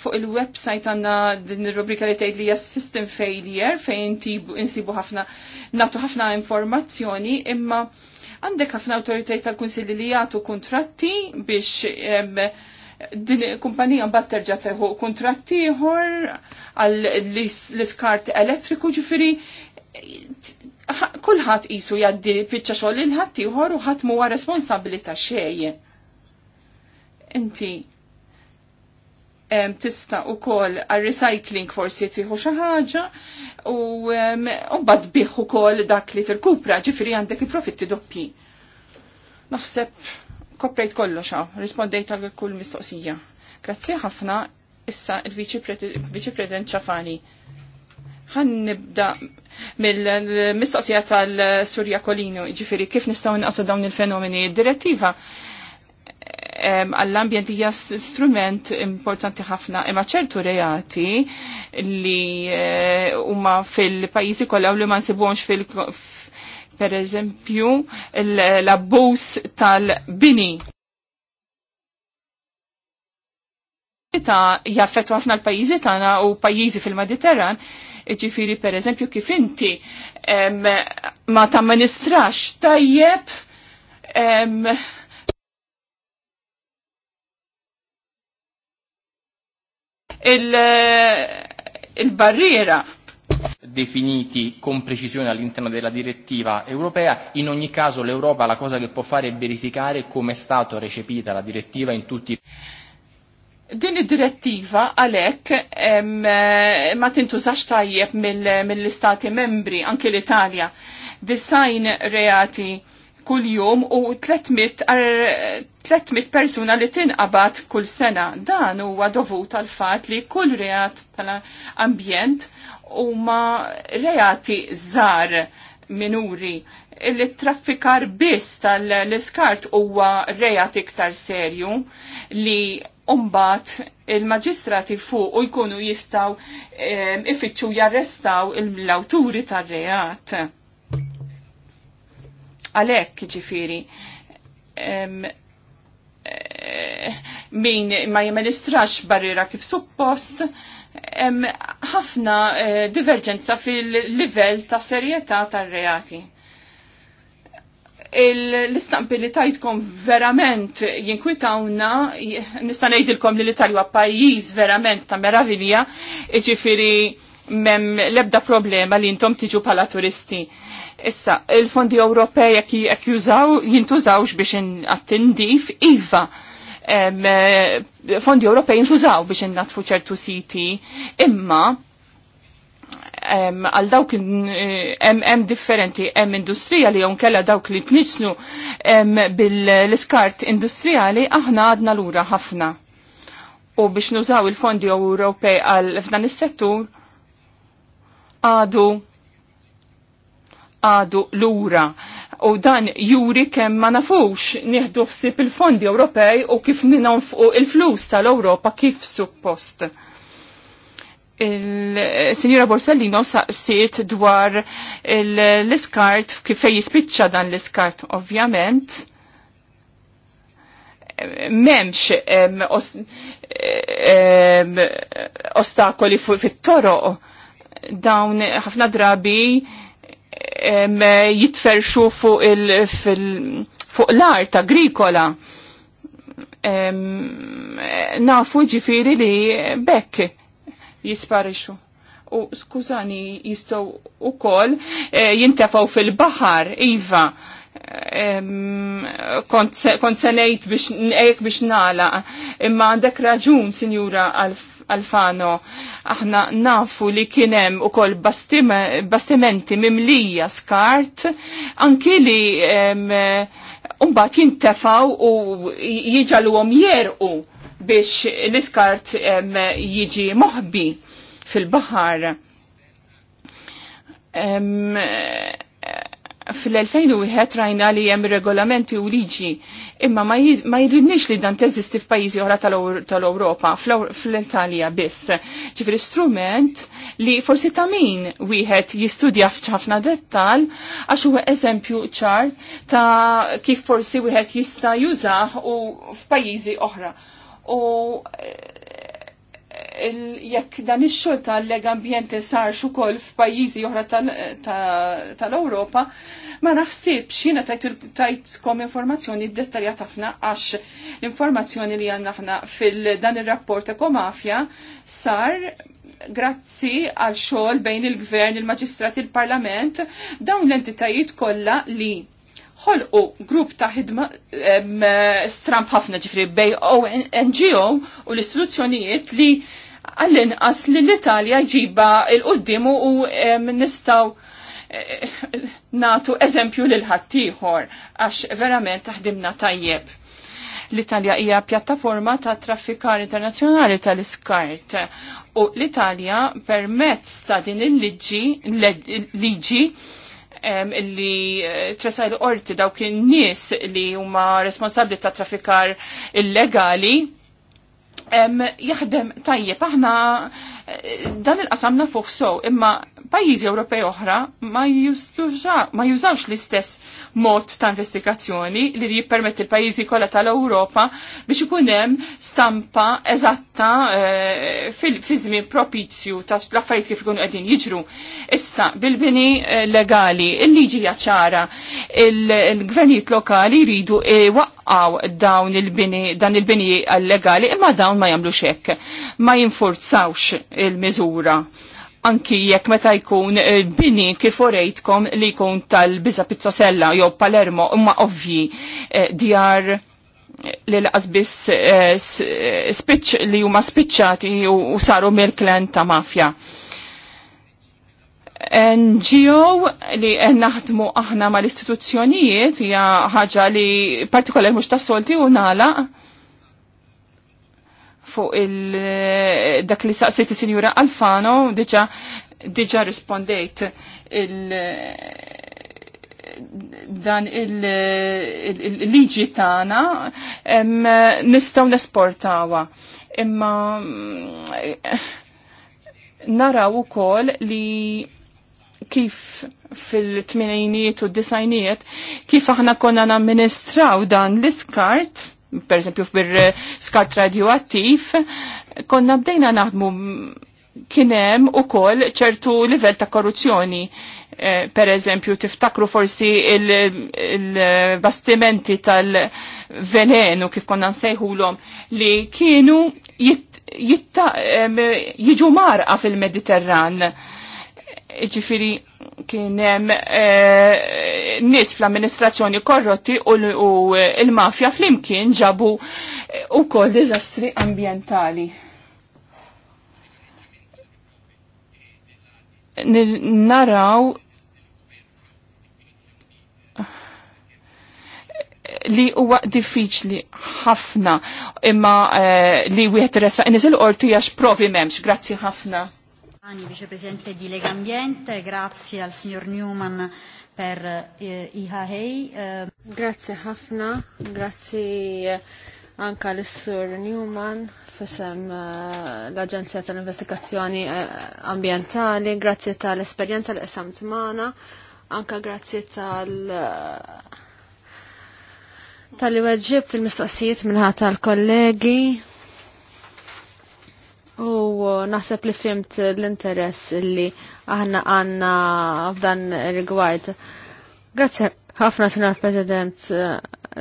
fuq il-website għanna din il-rubrika li tgħid li hija system failure fejn insibu ħafna nagħtu ħafna informazzjoni imma għandek ħafna awtoritajiet tal-kunsilli li jagħtu kuntratti biex din kumpanija mbagħad terġa' teħu kuntratt ieħor għal l-iskart elettriku ġifieri kulħadd qisu jgħaddi piċċa xogħol il ħadd ieħor u ħadd huwa responsabbli ta' Inti tista' ukoll għar-recycling forsi tieħu xi ħaġa u mbagħad bih ukoll dak li tirkupra ġifieri għandek il-profitti doppji. Naħseb koprejt kollox xa, rispondejt għal kull mistoqsija. Grazzi ħafna issa il-Viċi President ċafani. Ħan nibda mill-mistoqsija tal-Surja Kolino, ġifiri kif nistgħu naqsu dawn il-fenomeni. Direttiva għall-ambjent hija strument importanti ħafna imma ċertu reati li eh, huma fil-pajjiżi kollha li ma nsibhomx Per eżempju, l-abbus tal-bini. ta' jaffetwa ħafna l-pajizi tagħna u pajjiżi fil-Mediterran, ġifiri per eżempju kif inti ma ta tamministrax tajjeb il-barriera. Il definiti con precisione all'interno della direttiva europea. In ogni caso l'Europa la cosa che
può fare è verificare come è stata recepita la direttiva in tutti i
din id-direttiva għalek ma tintużax tajjeb mill-istati membri, anke l-Italja. Design reati kull u 300, persuna li tinqabad kull sena. Dan huwa dovut għal fat li kull reat tal-ambjent huma reati żgħar minuri li traffikar biss tal-iskart huwa reati iktar serju li umbat il-maġistrati fuq u jkunu jistaw ifittxu jarrestaw l-awturi tar-reat. Għalhekk ġifiri, eh, min ma jemelistrax barriera kif suppost, ħafna eh, diverġenza fil-livell ta' serjetà tar-reati. L-istampi li tajtkom verament jinkwitawna, nista' ngħidilkom li l-Italja pajjiż verament ta' meravilja, ġifiri mem lebda problema li intom tiġu pala turisti. Issa, il-fondi Ewropej jekk jintużawx biex attendif, iva Eh, fondi Ewropej ntużaw biex innatfu ċertu siti, imma għal dawk hemm eh, differenti hemm industrija li kella dawk li tniġslu bil-iskart industrijali aħna għadna lura ħafna. U biex nużaw il-fondi Ewropej għal f'dan is-settur għadu għadu lura U dan juri kemm ma nafux nieħdu ħsieb il-fondi Ewropej u kif fuq il-flus tal-Ewropa kif suppost. Il-Sinjura Borsellino saqsiet dwar l-iskart kif fej jispiċċa dan l-iskart ovvjament. Memx ostakoli fit-toroq dawn ħafna drabi jitferxu fuq il fuq l-art agrikola. Nafu ġifiri li bekk jisparixu. U skużani jistow u kol eh, jintafaw fil-bahar, Iva, kont senejt biex nala, imma għandek raġun, sinjura, Alf Alfano, aħna nafu li kienem u kol bastimenti mimlija skart, anki li umbat jintefaw u jieġalu għom jerqu biex l-iskart jieġi moħbi fil-bahar fil-2001 rajna li jem regolamenti u liġi, imma ma jirridnix li dan teżisti f'pajjiżi oħra tal-Ewropa, fl italia biss. Ġifri strument li forsi ta' min wieħed jistudja f'ħafna dettal għax huwa eżempju ċar ta' kif forsi wieħed jista' jużah u f'pajjiżi oħra. U eh, jekk dan ix-xogħol tal-leg ambjenti sar ukoll f'pajjiżi oħra tal-Ewropa, ma naħsibx jiena tajtkom informazzjoni dettaljat ħafna għax l-informazzjoni li għandna aħna fil-dan ir-rapport ekomafja sar grazzi għal xogħol bejn il-gvern, il-maġistrat, il-parlament, dawn l-entitajiet kollha li ħolqu grupp ta' ħidma stramp ħafna ġifri bej NGO u l-istituzzjonijiet li għallin inqas li l-Italja ġiba il-qoddimu u nistaw e, natu eżempju lil ħaddieħor għax verament taħdimna tajjeb. L-Italja hija pjattaforma ta' traffikar internazzjonali tal-iskart u l-Italja permezz ta' din il-liġi liġi li e, tresaj l-orti dawk in-nies li huma responsabbli ta' traffikar illegali jaħdem tajjeb. Aħna dan il-qasamna fuq sow, imma pajjiżi Ewropej oħra ma, ma jużawx l-istess mod ta' investigazzjoni li jippermetti l-pajjiżi kollha tal-Ewropa biex ikun hemm stampa eżatta eh, fi żmien propizju ta' l-affarijiet kif ikunu qegħdin jiġru. Issa bil-bini eh, legali, il-liġi hija ċara, il-gvernijiet lokali jridu e, dawn il-bini dan il-bini legali imma dawn ma jagħmlux hekk. Ma jinfurzawx il-miżura anki jekk meta jkun bini kif orejtkom li jkun tal-biza pizzosella jew Palermo imma ovvji eh, djar eh, li l-qasbis eh, spiċ li huma spiċċati u saru mill klen ta' mafja. NGO li naħdmu aħna mal-istituzzjonijiet hija ħaġa li partikolar mhux tas-solti u nagħlaq fuq il eh, dak li saqsit is-Sinjura Alfano diġa diġa rispondejt il eh, dan il-liġi tagħna nistgħu nesportawa. Imma mm, naraw ukoll li kif fil-tminajniet u d-disajniet, kif aħna konna namministraw dan l-iskart, per esempio per eh, skart radioattiv, konna bdejna naħdmu kienem u kol ċertu livell ta' korruzzjoni. Eh, per eżempju, tiftakru forsi il-bastimenti il tal-venenu kif konna nsejħulhom li kienu jiġu marqa fil-Mediterran. Ġifiri, kien hemm e, nies fl-amministrazzjoni korrotti u, u eh, il-mafja flimkien ġabu eh, kol diżastri ambjentali. Naraw li huwa diffiċli ħafna imma e, li wieħed resa' niżil qorti għax provi m'hemmx. Grazzi ħafna.
Anni, vicepresidente di Lega Ambiente, grazie al signor Newman per eh, IHEI. Eh. Grazie Hafna, grazie eh, anche al signor Newman fisem
l-Aġenzija Investigazioni eh, eh Ambientali, grazie tal-esperjenza l-qesam tmana, anka grazie tal- eh, tal-li weġġibt il-mistoqsijiet minnħat tal-kollegi. U naħseb li fimt l-interess li aħna għanna f'dan rigward. Grazie ħafna, Sinar President.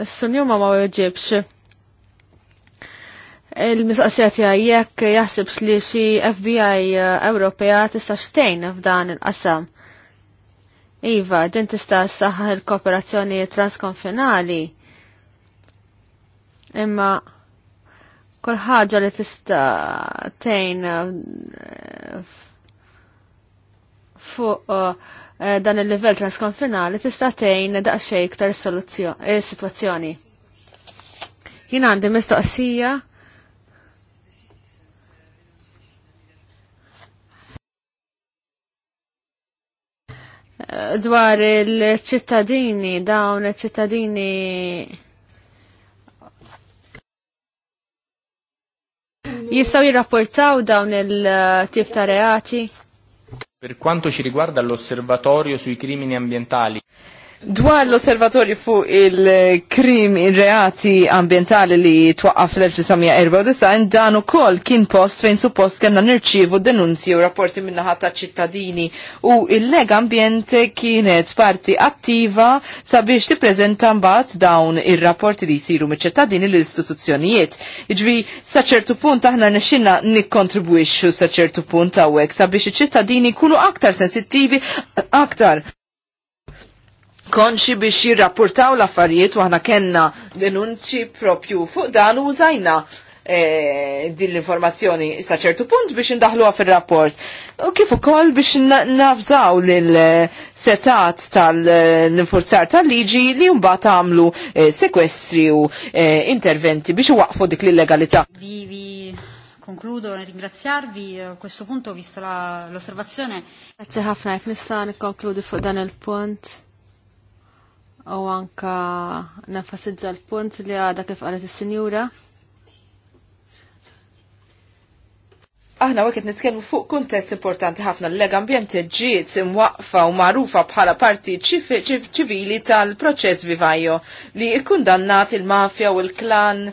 Sunjuma ma weġibx. Il-misqasijat jekk jaħsibx li xi FBI Ewropea tista' xtejn f'dan il-qasam. Iva, din tista' saħħa il-kooperazzjoni transkonfinali. Imma kol ħaġa li tista tejn eh, fuq eh, dan il-level transkonfinali tista tejn daqxej iktar eh, situazzjoni. Jien għandi mistoqsija dwar il-ċittadini, dawn il-ċittadini Jistaw jirrapportaw dawn il-tif ta' reati?
Per quanto ci riguarda l'osservatorio sui crimini ambientali.
Dwar l-osservatorju fuq il-krim il-reati ambientali li twaqqaf fl-1994 dan ukoll kien post fejn suppost kellna nirċievu denunzji u rapporti minnaħat ta' ċittadini u il-Lega Ambjent kienet parti attiva sabiex tippreżenta mbagħad dawn ir-rapporti li jsiru miċ-ċittadini l-istituzzjonijiet. Iġri sa ċertu punt aħna nexxinna nikkontribwixxu sa ċertu punt hawnhekk sabiex iċ-ċittadini jkunu aktar sensittivi aktar konċi biex jirrapportaw l-affarijiet u aħna kena denunċi propju fuq dan u użajna E, din l-informazzjoni sa ċertu punt biex indaħluha fir-rapport. U kif ukoll biex nafżaw lil-setat tal-infurzar tal-liġi li mbagħad għamlu e, sekwestri u e, interventi biex waqfu dik l-illegalità.
Konkludo ringrazzjarvi a questo punto visto l'osservazione. Grazie ħafna, mi nista'
nikkonkludi fuq dan il-punt u anka nafasidza
l-punt li għada kif għalet il-senjura. Aħna għeket nitkellmu fuq kuntest importanti ħafna l-lega ambjenti ġiet imwaqfa u marufa bħala parti ċivili tal-proċess vivajo li ikkundannat il-mafja u l-klan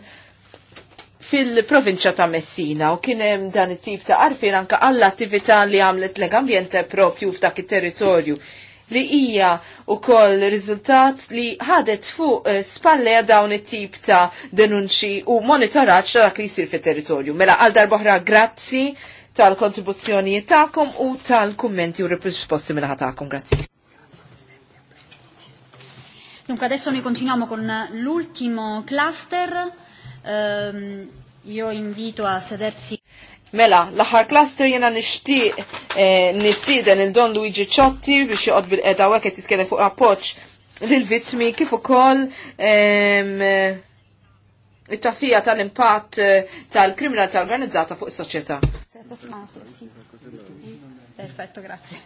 fil-provinċja ta' Messina u kien hemm dan it-tip ta' arfir anka għall-attività li għamlet l-lega ambjente propju f'dak it-territorju li hija wkoll rizultat li ħadet fuq eh, spalleja dawn it-tip ta' denunċi u monitorat dak li jsir fit-territorju. Mela għal darbohra grazzi tal-kontribuzzjonijiet tagħkom u tal-kummenti u risposti mela ħatakom. Grazzi.
Dunque adesso noi continuiamo con
l'ultimo cluster. Um, io invito a sedersi. Mela, l-aħħar cluster jena nishtiq eh, nistiden il-Don Luigi Ciotti biex joqod bil-qeda u qed fuq appoġġ lill-vittmi kif ukoll ehm, eh, il tafija tal-impatt eh, tal-kriminalità organizzata fuq is-soċjetà. Perfetto, grazie.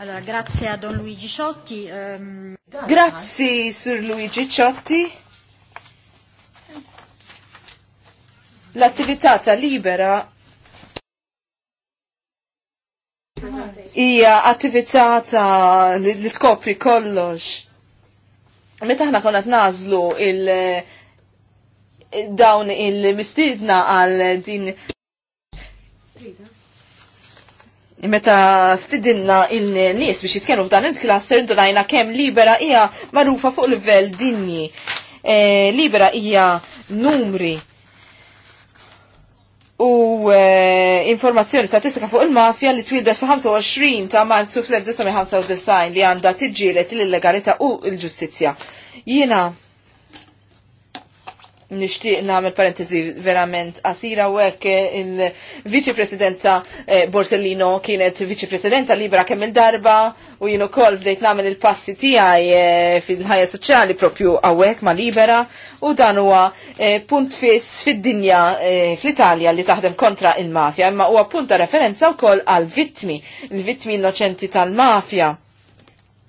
Allora, grazie a Don Luigi Ciotti. Um... Ehm, grazie,
Sir Luigi Ciotti. L-attività ta' libera hija attività ta' li tkopri kollox. Meta aħna konna nażlu il- dawn il-mistidna għal din meta stidinna il-nies biex jitkenu f'dan il-cluster durajna kemm libera hija magħrufa fuq livell dinji. E, libera hija numri u e, informazzjoni statistika fuq il-mafja li twildet fil-25 ta' marzu fl-1995 li għandha tiġġielet l-illegalità u l-ġustizzja. Jiena nishtiq namel parentesi verament asira u hekk il-Viċi Presidenta eh, Borsellino kienet Viċi Presidenta libera kemm il-darba u jien ukoll bdejt nagħmel il-passi tiegħi eh, fil-ħajja soċjali propju awek ma' libera u dan huwa eh, punt fis fid-dinja fl-Italja li taħdem kontra il-mafja imma huwa punta referenza referenza wkoll għal vittmi, il-vittmi innoċenti tal-mafja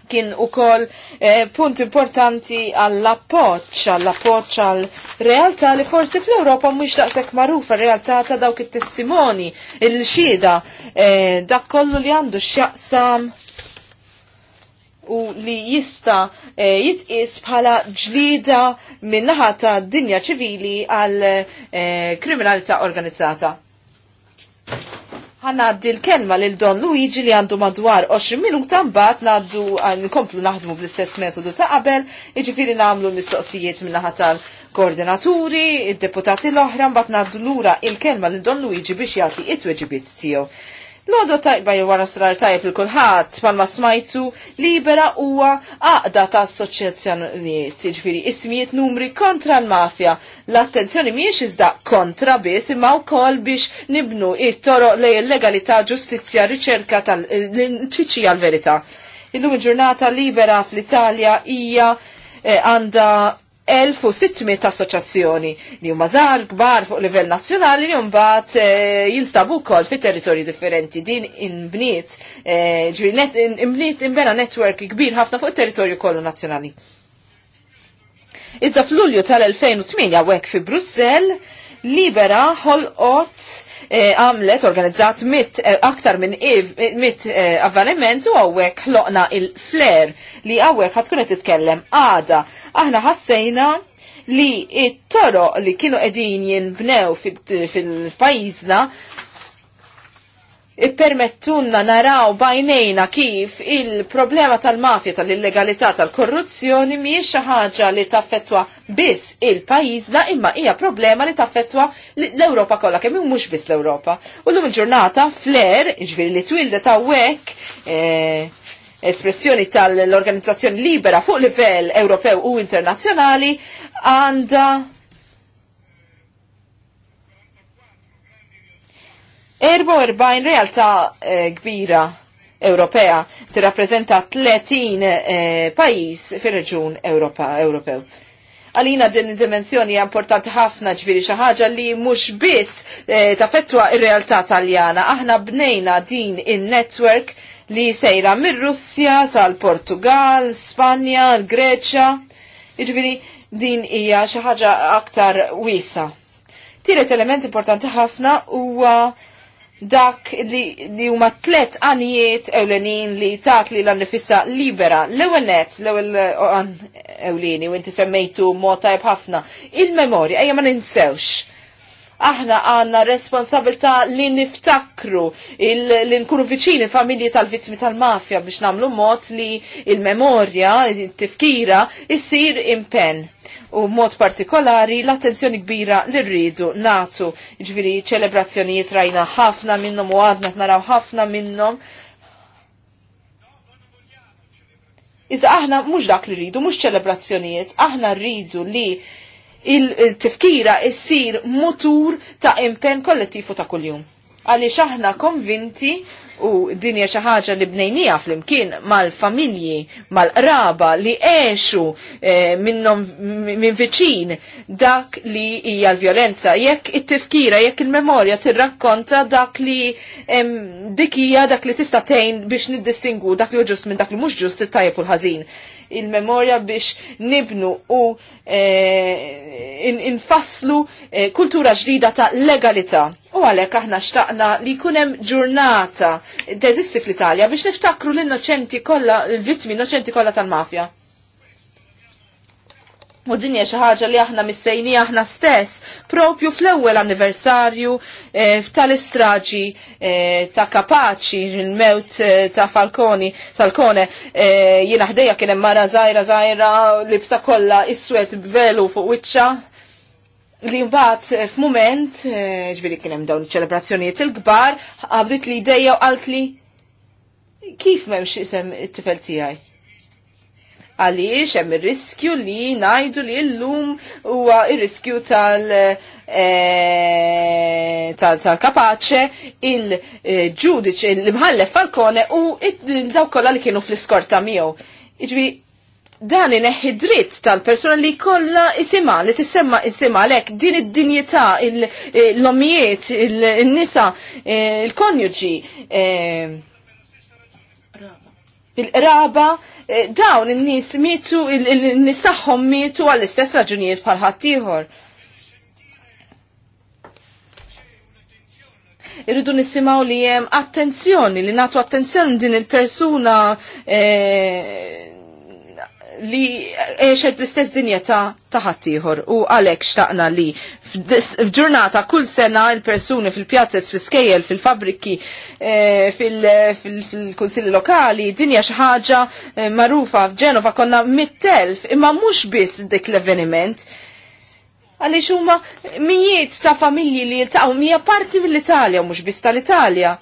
kien u kol eh, punt importanti għall-appoċ, għall-appoċ għall-realtà li forsi fl-Europa mux daqsek marufa realtà ta' dawk il-testimoni, il-xida, eh, dak kollu li għandu xjaqsam u li jista eh, jitqis bħala ġlida minnaħa ta' dinja ċivili għall eh, kriminalità organizzata ħanaddi l-kelma lil Don Luigi li għandu madwar 20 minuta mbagħad ngħaddu nkomplu naħdmu bl-istess metodu ta' qabel, jiġifieri nagħmlu mistoqsijiet mill naħa tal-koordinaturi, id-deputati l-oħra mbagħad ngħaddu lura il-kelma lil Don Luigi biex jagħti it-tweġibiet tiegħu. L-għodra tajba jew wara srar tajb il kulħadd ma smajtu libera huwa għaqda ta' assoċjazzjonijiet, jiġifieri ismijiet numri kontra l-mafja. L-attenzjoni mhijiex iżda kontra biss imma wkoll biex nibnu il toroq lej il-legalità, ġustizzja, riċerka tal-ċiċi għal-verità. Illum il-ġurnata libera fl-Italja hija eh, għanda 1600 assoċjazzjoni li huma żgħar kbar fuq livell nazzjonali li mbagħad eh, jinstabu wkoll fit territorji differenti din inbniet eh, ġifieri inbniet inbena network kbir ħafna fuq it territorju kollu nazzjonali. Iżda f'Lulju tal-2008 hawnhekk fi Brussell libera ħolqot Eh, għamlet, organizzat mit eh, aktar minn mit eh, avveniment u għawek ħloqna il-flair li għawek ħatkunet titkellem għada. Aħna ħassejna li it-toro li kienu edin jinbnew fil-pajizna ippermettunna naraw bajnejna kif il-problema tal-mafja tal-illegalità tal-korruzzjoni mhijiex xi ħaġa li taffettwa biss il-pajjiżna imma hija problema li taffettwa l-Ewropa kollha kemm mhux biss l-Ewropa. U llum il-ġurnata fler, jiġifieri li twilda hawnhekk eh, espressjoni tal-organizzazzjoni libera fuq livell Ewropew u internazzjonali għandha 44 realtà eh, kbira Ewropea tirrappreżenta 30 eh, pajjiż fir-reġun Ewropew. Għalina din id-dimensjoni hija importanti ħafna ġviri xi ħaġa li mhux biss eh, tafettwa il realtà Taljana. Aħna bnejna din in-network li sejra mir-Russja sal-Portugal, Spanja, l-Greċja. Jiġifieri din hija xi ħaġa aktar wiesa. Tiret element importanti ħafna huwa uh, dak li huma tlet għanijiet ewlenin li tat li l-annifissa libera. l ewwel net, l-ewel uh, ewlieni u inti semmejtu mod tajb ħafna. Il-memorja, ejja ma ninsewx aħna għanna responsabilta li niftakru li nkunu viċini familji tal-vittmi tal-mafja biex namlu mod li il-memorja, il-tifkira, jissir impen. U mod partikolari l-attenzjoni kbira li rridu natu, ġviri ċelebrazzjonijiet rajna ħafna minnom u għadna naraw ħafna minnom. Iżda aħna mhux dak li rridu, mhux ċelebrazzjonijiet, aħna rridu li il-tifkira issir mutur ta' impen kollettifu ta' kuljum. Għaliex aħna konvinti u din hija xi ħaġa li bnejnija flimkien mal-familji, mal-qraba li għexu eh, minnhom minn viċin dak li hija l-vjolenza. Jekk it-tifkira, jekk il-memorja tirrakkonta dak li dik hija dak li tista' tgħin biex niddistingu dak li hu ġust minn dak li mhux ġust it-tajjeb u l-ħażin il-memoria biex nibnu u e, infasslu in eh, e, kultura ġdida ta' legalità. U għalek aħna xtaqna li kunem ġurnata teżisti fl-Italja biex niftakru l-innoċenti kolla, l-vittmi innoċenti kolla tal-mafja. U dinja xaħġa li aħna missejni aħna stess, propju fl-ewwel anniversarju eh, tal-istraġi eh, ta' Kapaċi, il-mewt eh, ta' Falconi, Falcone, jiena jina kien kienem mara zaħira zaħira libsa kolla iswet velu fuq wiċċa, li mbagħad eh, f'mument, moment eh, kien hemm dawn iċ-ċelebrazzjonijiet il-kbar, għabdit li idejja u għalt li kif m'hemmx isem it-tifel tiegħi. Għaliex hemm ir-riskju li ngħidu li llum huwa il riskju tal- eh, tal il ġudic il-mħallef falkone u daw kollha li kienu fl-iskorta miegħu. Iġbi, dan ineħħi dritt tal-persona li kolla isima, li tisemma isima lek din id-dinjità, eh, l-omijiet, il-nisa, eh, il-konjuġi, eh, il-qraba, dawn in-nies mitu, il nies mitu mietu għall-istess raġunijiet bħal ħaddieħor. irridu nisimaw li jem attenzjoni, li natu attenzjoni din il-persuna eh, li eħxed bl-istess dinja ta' taħattijħor u għalek xtaqna li fġurnata kull sena il-persuni fil-pjazzet fil-skejjel, fil-fabriki, eh, fil-konsilli lokali, dinja xaħġa eh, marufa f'Ġenova konna mittelf, imma mux biss dik l eveniment Għalli xumma mijiet ta' familji li jiltaqaw mija parti mill-Italja, mux biss tal-Italja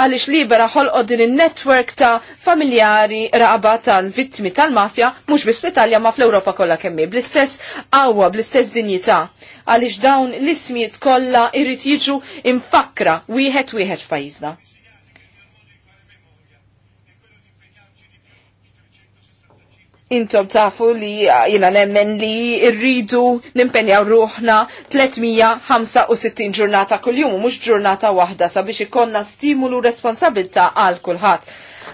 għalix libera ħolqod din il-network ta' familjari raqba tal-vittmi tal-mafja, mux bis l-Italja ma fl-Europa kolla kemmi, bl-istess għawa, bl-istess dinjita, għalix dawn l-ismiet kolla irrit jiġu imfakra wieħed wieħed f'pajizna. Intom tafu li jina nemmen li rridu nimpenjaw ruħna 365 ġurnata kull-jum, mux ġurnata wahda sabiex ikonna stimulu responsabilta għal kulħadd.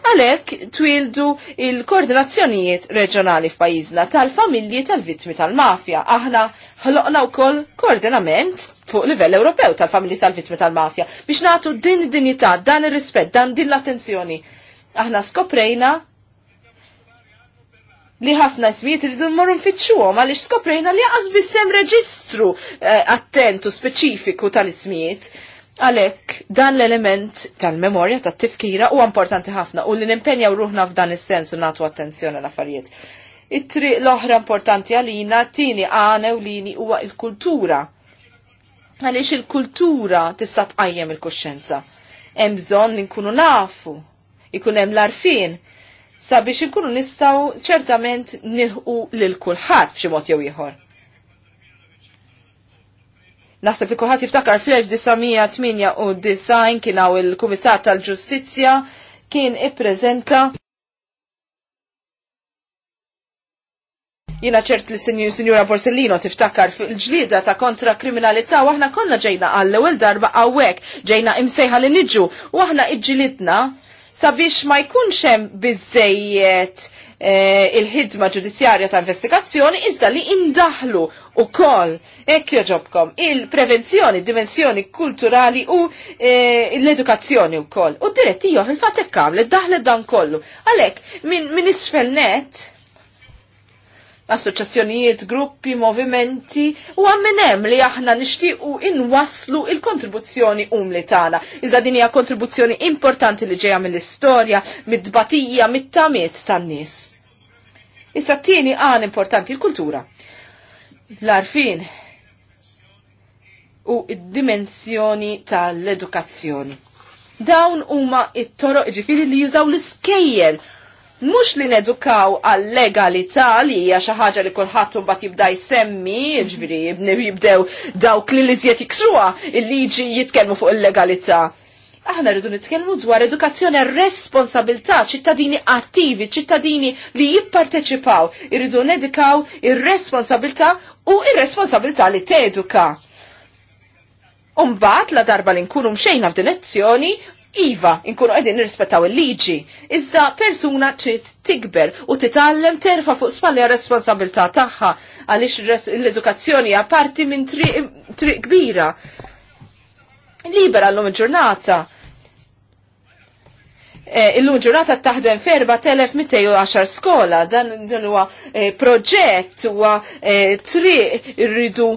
Għalek twildu il-koordinazzjonijiet reġjonali f'pajjiżna tal-familji tal-vittmi tal-mafja. Aħna ħloqna wkoll koordinament fuq livell Ewropew tal-familji tal-vittmi tal-mafja biex nagħtu din id-dinjità, dan ir-rispett, dan din l-attenzjoni. Aħna skoprejna li ħafna smiet li d-mmorru nfittxuhom għaliex skoprejna li għaz bissem reġistru eh, attentu speċifiku tal-ismiet. Għalek, dan l-element tal-memorja, tat-tifkira, u importanti ħafna, u li nimpenjaw ruħna f'dan is sensu natu attenzjoni l-affarijiet. It-triq l-oħra importanti għalina, tini għana u lini huwa il-kultura. Għaliex il-kultura tista' tqajjem il-kuxxenza. Hemm bżonn li nkunu nafu, ikun hemm l-arfin, sabiex inkunu nistaw ċertament nilħu lil kulħadd b'xi mod jew ieħor. Naħseb li kulħadd jiftakar fl-1998 kien hawn il-Kumitat tal-Ġustizzja kien ippreżenta jina ċert li sinjur sinjura Borsellino tiftakar fil-ġlida ta' kontra kriminalità u aħna konna ġejna għall ewwel darba għawek ġejna imsejħa li niġu u aħna iġġilidna sabiex ma jkunx hemm biżejjed eh, il-ħidma ġudizzjarja ta' investigazzjoni iżda li indaħlu kol ekk joġobkom il-prevenzjoni, dimensjoni kulturali u eh, l-edukazzjoni wkoll. U d-diretti joħ il-fatt hekk għamlet daħle dan kollu. Għalhekk min isfel net assoċjazzjonijiet, gruppi, movimenti u għammenem li aħna nishtiqu inwaslu il-kontribuzzjoni umli tagħna. Iżda din hija kontribuzzjoni importanti li ġejja mill-istorja, mid-dbatija, mit-tamiet tan-nies. Issa t-tieni għan importanti l-kultura. L-arfin u id-dimensjoni tal-edukazzjoni. Dawn huma it-toroq ġifiri li jużaw l-iskejjel mhux li nedukaw għal legalità li hija xi ħaġa li kulħadd imbagħad jibda jsemmi, jiġifieri jibdew dawk li liżjed iksuha il-liġi jitkellmu fuq il-legalità. Aħna rridu nitkellmu dwar edukazzjoni responsabilità, ċittadini attivi, ċittadini li jipparteċipaw, irridu nedikaw ir-responsabilità u ir-responsabilità li teduka. Umbat la darba li nkunu mxejna f'direzzjoni Iva, inkunu għedin nirrispettaw il-liġi, iżda persuna trid tikber u titgħallem terfa fuq spallja responsabilità tagħha għaliex l-edukazzjoni hija parti minn triq kbira. Libera l-lum il-ġurnata Eh, illum ġurata taħdem f 4210 skola, dan huwa eh, proġett huwa eh, triq irridu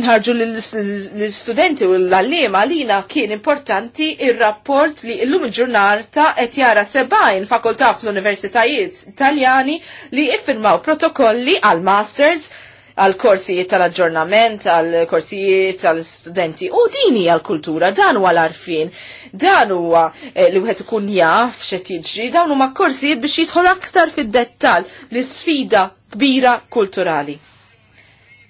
nħarġu l-studenti u l-allima għalina kien importanti ir-rapport li illum il-ġurnata qed jara sebajn fakultà fl-Universitajiet Italjani li iffirmaw protokolli għal-masters għal korsijiet tal-aġġornament, għal korsijiet tal studenti U dini għal kultura, dan huwa l-arfin, dan huwa eh, li wieħed ikun jaf x'qed jiġri, dan huma korsijiet biex jidħol aktar fid-dettall l-isfida kbira kulturali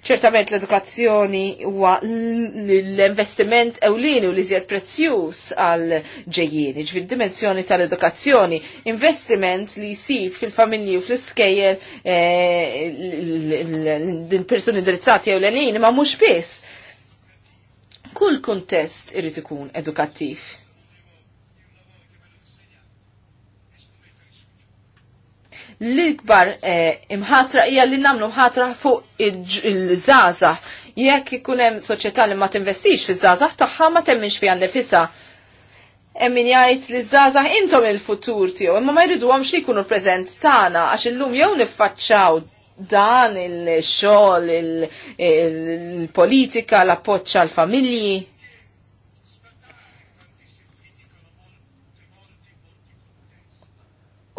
ċertament l-edukazzjoni huwa l-investiment ewlieni u li zjed prezzjuż għal ġejjini, ġvid dimensjoni tal-edukazzjoni, investiment li jsib fil-familji u fl-iskejjel eh, l-persuni indirizzati ewlenin ma mhux biss. Kull kuntest irid ikun edukattiv l-ikbar eh, imħatra hija li namlu mħatra fuq il-żaza. Jekk ikun hemm soċjetà li ma tinvestix fiż-żazax tagħha ma temmix fiha nifisha. Hemm min jgħid li żgħażagħ intom il-futur tiegħu, imma ma jridhomx li jkunu preżent tagħna għax illum jew niffaċċaw dan il-xogħol, il-politika, l-appoġġ għall-familji.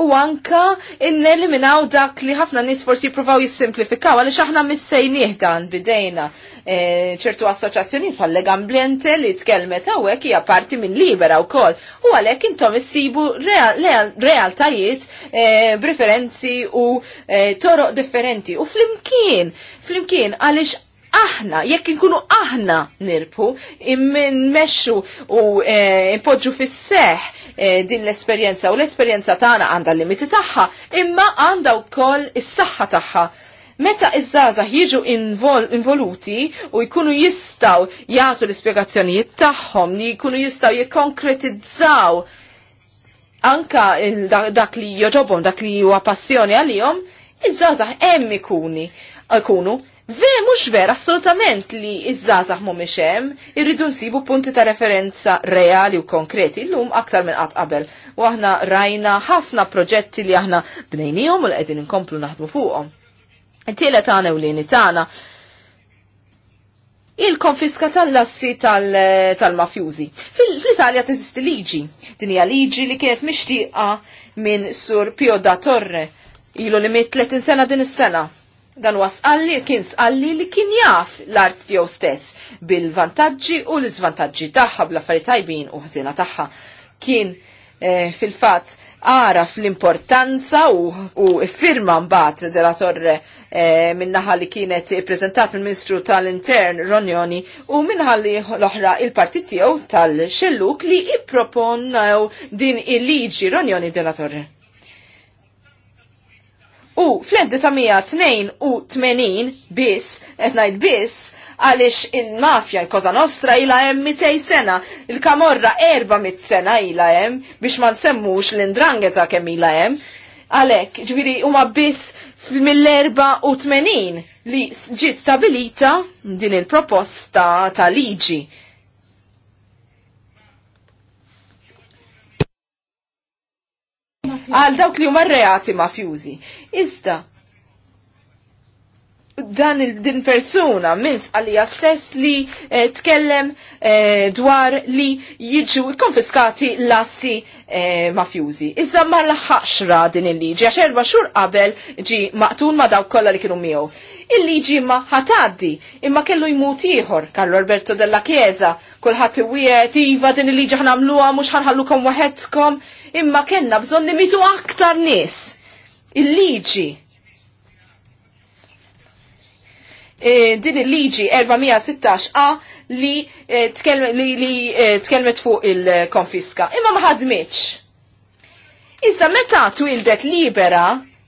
u anka inneliminaw dak li ħafna nis forsi jipruvaw jissimplifikaw għaliex aħna missejnieh dan bidejna e, ċertu assoċjazzjonijiet bħal Legan li tkellmet għawek hija parti minn libera wkoll u għalhekk intom issibu realtajiet preferenzi e, u e, toroq differenti u flimkien flimkien għaliex aħna, jekk inkunu aħna nirpu, meċu u e, fis-seħ e, din l-esperjenza u l-esperjenza tagħna għandha l-limiti tagħha, imma għandha wkoll is-saħħa tagħha. Meta iż-żgħażagħ jiġu invol involuti u jkunu jistgħu jagħtu l-ispjegazzjonijiet tagħhom li jkunu jistgħu jikkonkretizzaw anka dak li joġobhom dak li huwa passjoni għalihom, iż-żgħażagħ hemm ikuni ikunu Ve, mux ver, assolutament li iż-żazax mhumiex irridu nsibu punti ta' referenza reali u konkreti llum aktar minn qatt qabel. U aħna rajna ħafna proġetti li aħna bnejnijom u l qegħdin inkomplu naħdmu fuqhom. Tielet tagħna u lini tagħna. Il-konfiska tal-lassi tal-mafjużi. Fil-Italja teżisti liġi. Din hija liġi li kienet mixtieqa minn Sur Pio da Torre. Ilu li mit 30 sena din is-sena Dan wasqalli kien sqalli li kien jaf l-art tiegħu stess bil-vantaġġi u l-iżvantaġġi tagħha bl-affarijiet tajbin u ħsiena tagħha. Kien eh, fil-fatt ara fl-importanza u, firma mbagħad della Torre eh, minnaħa li kienet ippreżentat mill-Ministru tal-Intern Ronjoni u minnaħa li l-oħra il-partit tiegħu tal-Xelluk li ipproponew din il-liġi Ronjoni della Torre. U fl-1982 biss, etnajt biss, għalix il-mafja il-Koza Nostra ila jem 200 sena, il-Kamorra 400 sena ila jem, biex ma nsemmux l-indrangeta kem ila jem, għalek, ġviri, huma biss mill-84 li ġiet stabilita din il-proposta ta' liġi għal dawk li huma reati mafjużi. Iżda dan din persuna minns għalija stess li eh, tkellem eh, dwar li jiġu konfiskati lassi eh, mafjuzi. Iżda ma ħaxra din il-liġi, għax erba xur qabel ġi maqtun ma daw kolla li kienu miegħu. Il-liġi ma ħataddi, imma kellu jmut ieħor, Karlo Alberto della Chiesa, kulħadd iwiet iva din il-liġi ħnamluha mhux ħanħallukom waħedkom, imma kellna bżonn nimitu aktar nies. Il-liġi Eh, din il-liġi 416a li eh, eh, tkellmet fuq il-konfiska. Imma ma Iżda meta twildet libera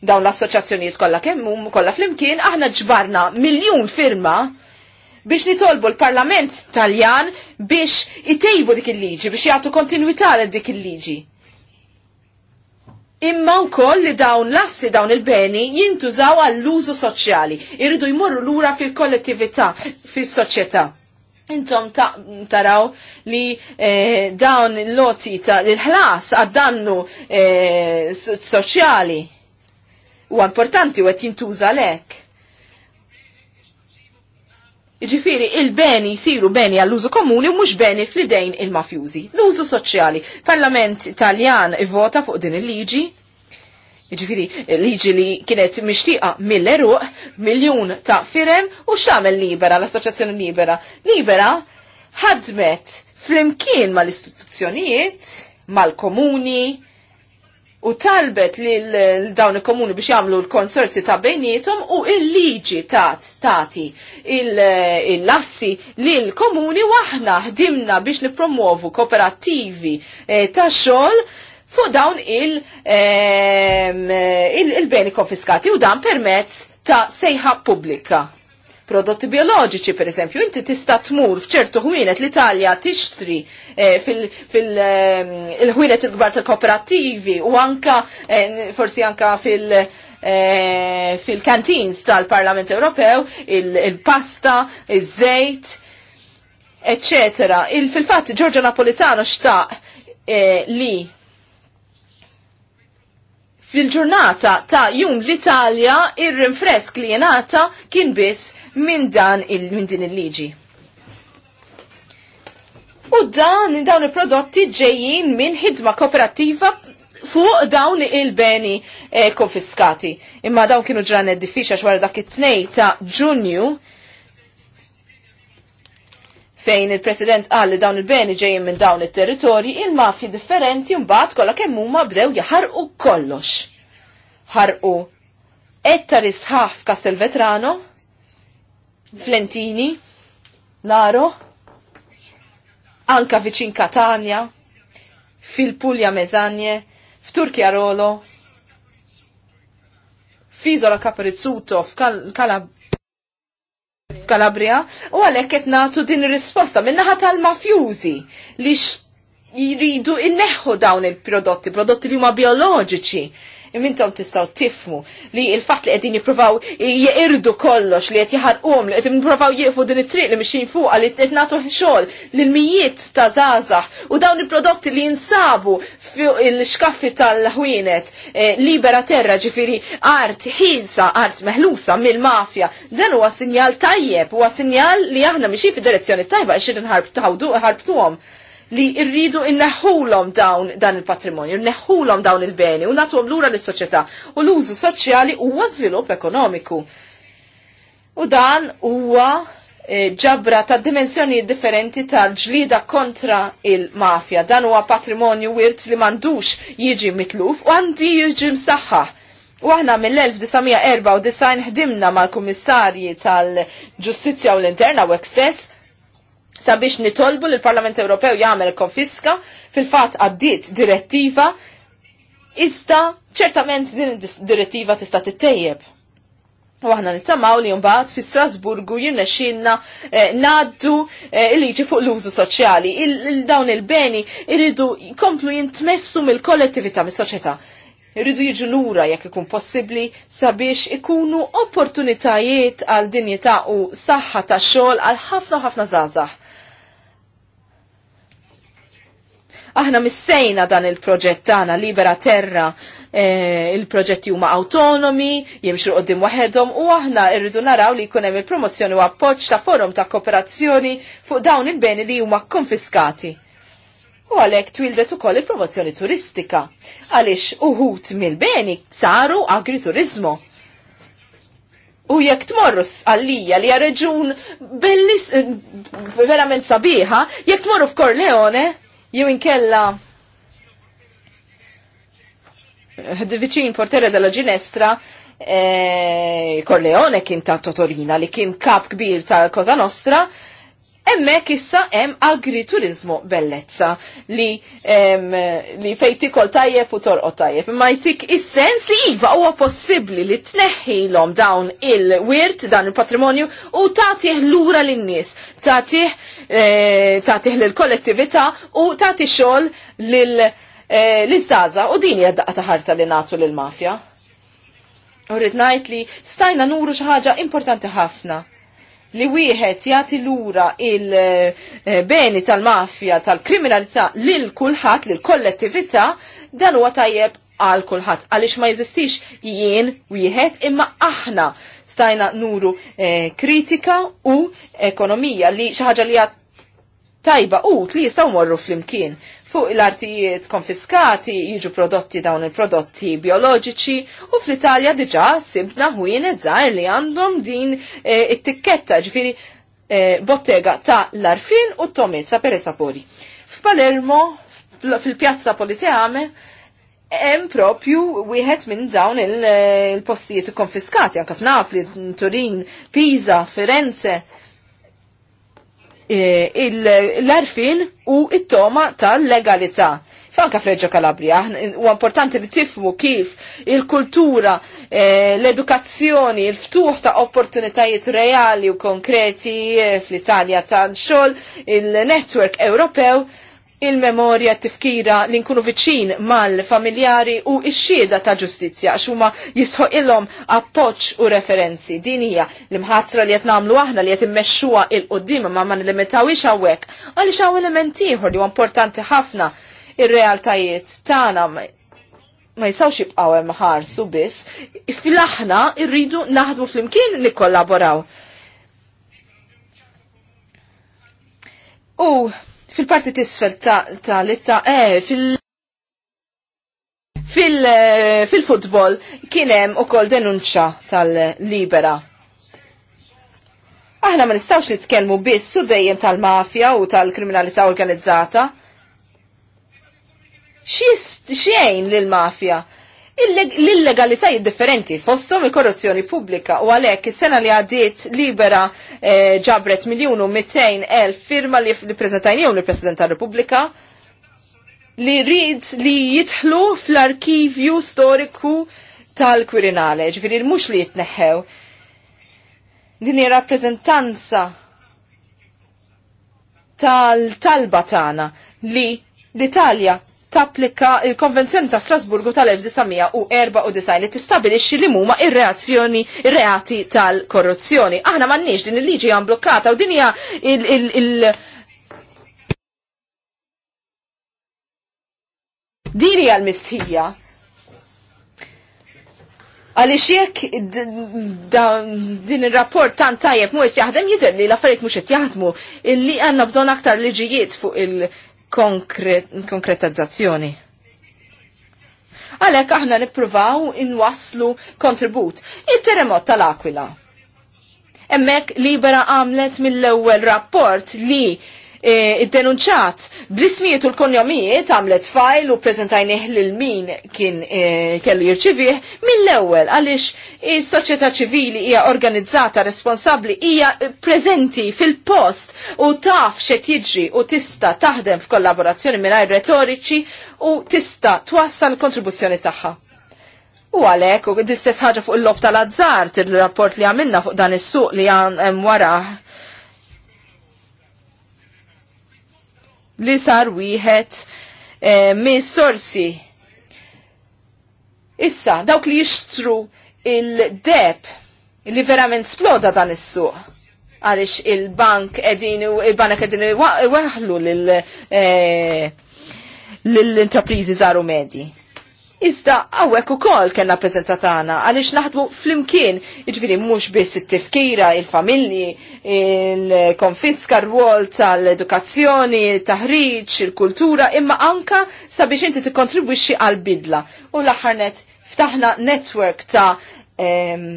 dawn l-assoċjazzjonijiet kollha kemm kollha flimkien aħna ġbarna miljun firma biex nitolbu l-Parlament Taljan biex itejbu dik il-liġi, biex jagħtu kontinwità dik il-liġi imma wkoll li dawn lassi dawn il-beni jintużaw għall-użu soċjali, irridu jmorru lura fil-kollettività, fis-soċjetà. Intom ta taraw li eh, dawn il-loti ta' l ħlas għad-dannu eh, soċjali u importanti u għet jintuża lek. Ġifiri, il-beni jisiru beni għall-użu komuni u mux beni fl-idejn il-mafjużi. L-użu soċjali. Parlament Taljan vota fuq din il-liġi. Ġifiri, liġi li kienet mixtieqa mill-eruq, miljun ta' firem u xamel libera, l-Assoċjazzjoni Libera. Libera ħadmet fl-imkien mal-istituzzjonijiet, mal-komuni, u talbet li l-dawn il-komuni biex jagħmlu l-konsorzi ta' bejnietom u il-liġi tati il-lassi li l-komuni waħna ħdimna biex nipromuovu kooperattivi eh, ta' xogħol fuq dawn eh, il-beni konfiskati u dan permezz ta' sejħa pubblika prodotti bioloġiċi per eżempju, inti tista' tmur f'ċertu ħwienet l-Italja tixtri eh, fil-ħwienet eh, il-gbar tal-kooperativi u anka eh, forsi anka fil- fil-kantins tal-Parlament Ewropew, il-pasta, il-żejt, eccetera. Il, Fil-fatt Giorgio Napolitano xtaq li fil-ġurnata ta' jum l-Italja ir-rinfresk li jenata kien biss minn dan il min din il-liġi. U dan dawn il-prodotti ġejjin minn ħidma kooperattiva fuq dawn il-beni eh, konfiskati. Imma dawn kienu ġranet diffiċa xwara dak it-tnej ta' ġunju fejn il-President qal li dawn il-beni ġejjin minn dawn it-territorji, il-mafji differenti mbagħad kollha kemm huma bdew jaħarqu kollox. Ħarqu ettari sħaf Castelvetrano, Flentini, Laro, anka viċin Katania, fil-Puglia Mezzanie, f'Turkja Rolo, f'iżola Caperizzuto, f'Kalabria u għalhekk qed nagħtu din ir-risposta min-naħa tal-mafjużi li jridu inneħħu dawn il-prodotti, prodotti li huma bioloġiċi Imintom tistaw tifmu li il-fat li għedin jiprofaw jirdu kollox li għed jħarqom li għed jiprofaw jifu din it-triq li mxin fuq li għed natu xol l-mijiet ta' zazax u dawn il-prodotti li jinsabu il-xkaffi tal-ħwienet eh, libera terra ġifiri art ħilsa, art meħlusa mill-mafja. Dan huwa sinjal tajjeb, huwa sinjal li aħna mxin fi direzzjoni tajba xi ħarbtu ħarbtuhom li irridu inneħulom dawn dan il-patrimonju, inneħulom dawn il-beni u nagħtuhom lura lis-soċjetà u l-użu soċjali huwa żvilupp ekonomiku. U dan huwa eh, ġabra ta' dimensjoni differenti tal-ġlida kontra il-mafja. Dan huwa patrimonju wirt li mandux jiġi mitluf u għandi jiġi msaħħa. U aħna mill-1994 ħdimna mal-Kummissarji tal-Ġustizzja u l-Interna u stess sabiex nitolbu li l-Parlament Ewropew jagħmel konfiska fil-fatt għaddiet direttiva iżda ċertament din id-direttiva tista' tittejjeb. U aħna nittamaw li mbagħad fi Strasburgu jirnexxinna eh, ngħaddu eh, il-liġi fuq l-użu soċjali. Il-dawn il-beni irridu jkomplu jintmessu mill-kollettività mis-soċjetà irridu jiġu lura jekk ikun possibbli sabiex ikunu opportunitajiet għal dinjità u saħħa ta' xogħol għal ħafna ħafna żgħażagħ. Aħna missejna dan il-proġett tagħna Libera Terra eh, il-proġetti huma autonomi, jimxu qoddim waħedhom u aħna rridu naraw li jkun hemm il-promozzjoni u appoġġ ta' forum ta' kooperazzjoni fuq dawn il-beni li huma konfiskati u għalhekk twildet ukoll il-promozzjoni turistika, għaliex uħut mill-beni saru agriturizmo. U jekk tmorru għallija li reġun verament sabiħa, jekk tmorru f'Korleone, jew inkella viċin portera della Ginestra e, Corleone kien ta' Totorina li kien kap kbir ta' Cosa Nostra Emmek issa hemm agriturizmu bellezza li em, li fejn tikol tajjeb u torqod tajjeb. Imma jtik is-sens li iva huwa possibbli li tneħħilhom dawn il-wirt dan il-patrimonju u tagħtih lura lin-nies, tagħtih eh, tagħtih lill-kollettività u tagħti xogħol lil eh, l-istaza u din hija daqqa ta' ħarta li nagħtu lill-mafja. U ngħid li stajna nuru xi ħaġa importanti ħafna li wieħed jagħti lura il-beni eh, tal-mafja tal-kriminalità lil kulħadd lil kollettività dan huwa tajjeb għal kulħadd għaliex ma jeżistix jien wieħed imma aħna stajna nuru eh, kritika u ekonomija li xi ħaġa li tajba ut li jistaw morru flimkien. fuq l-artijiet konfiskati jiġu prodotti dawn il-prodotti bioloġiċi u fl-Italja diġa sibna ħwienet zaħir li għandhom din e, it-tikketta ġifiri e, bottega ta' l-arfin u t-tomezza per esapori. F'Palermo, fil-pjazza Politeame, hemm propju wieħed minn dawn eh, il-postijiet konfiskati anke f'Napli, Turin, Pisa, Firenze Eh, l-arfin u it-toma tal-legalità. Fanka f'reġo Kalabria, u importanti li tifmu kif il-kultura, eh, l-edukazzjoni, il-ftuħ ta' opportunitajiet reali u konkreti eh, fl-Italja ta' xol, il-network Ewropew il-memorja tifkira li nkunu viċin mal-familjari u ix-xieda ta' ġustizzja x'uma huma jisħu ilhom appoġġ u referenzi. Din hija l-imħazzra li qed nagħmlu aħna li qed immexxuha il qudiem ma ma nlimitawix hawnhekk għaliex hawn element ieħor li huwa importanti ħafna ir-realtajiet tagħna ma jistawx jibqaw hemm ħarsu biss, fil-aħna rridu naħdmu flimkien nikkollaboraw. U fil-parti tisfel ta' litta, eh, fil- eh, fil-futbol kienem u kol denunċa tal-libera. Aħna ma nistawx li biss u dejjem tal-mafja u tal-kriminalità organizzata. jgħin lil-mafja l illegalità differenti fostom il-korruzzjoni pubblika u għalhekk is-sena li għaddiet libera eh, ġabret miljun u elf firma li preżentajnihom lill-President tal repubblika li rrid li jidħlu fl-arkivju storiku tal-Quirinale, ġifieri mhux li jitneħħew. Din hi rappreżentanza tal-talba tagħna li l-Italja tapplika il-Konvenzjoni ta' Strasburgu tal-1994 li tistabilixxi li huma ir-reazzjoni reati tal-korruzzjoni. Aħna m'għandniex din il-liġi għan mblukkata u din hija il- Dini għal-mistħija. Għalix jekk din il-rapport tant tajjeb mu jaħdem jidher li l-affarijiet mhux qed jaħdmu illi għandna bżonn aktar liġijiet fuq il- konkretizzazzjoni. Għalek aħna nippruvaw inwaslu kontribut. Il-terremot tal-Aquila. Emmek libera għamlet mill-ewwel rapport li E, id-denunċat bl-ismijiet u l-konjomijiet għamlet fajl u prezentajnih lil min kien e, kellu jirċivih mill-ewwel għaliex is-soċjetà ċivili hija organizzata responsabbli hija preżenti fil-post u taf xed jiġri u tista' taħdem f'kollaborazzjoni mingħajr retoriċi u tista' twassal kontribuzzjoni tagħha. U għalek, u d-istess ħagġa fuq il-lob tal-azzar, il-rapport li għamilna fuq dan is-suq li għan wara li sar wieħed eh, mis sorsi. Issa, dawk li jixtru il-deb li verament sploda dan is-suq għalix il-bank edin u il-bank edin waħlu eh, l-intraprizi zaru medji. Iżda għawek u kol kena prezentatana, għalix naħdmu fl-imkien, iġviri mux biss it-tifkira, il-familji, il-konfiska, r-wol tal-edukazzjoni, taħriċ, il-kultura, imma anka sabiex inti t-kontribwixi għal-bidla. U laħarnet ftaħna network ta' em,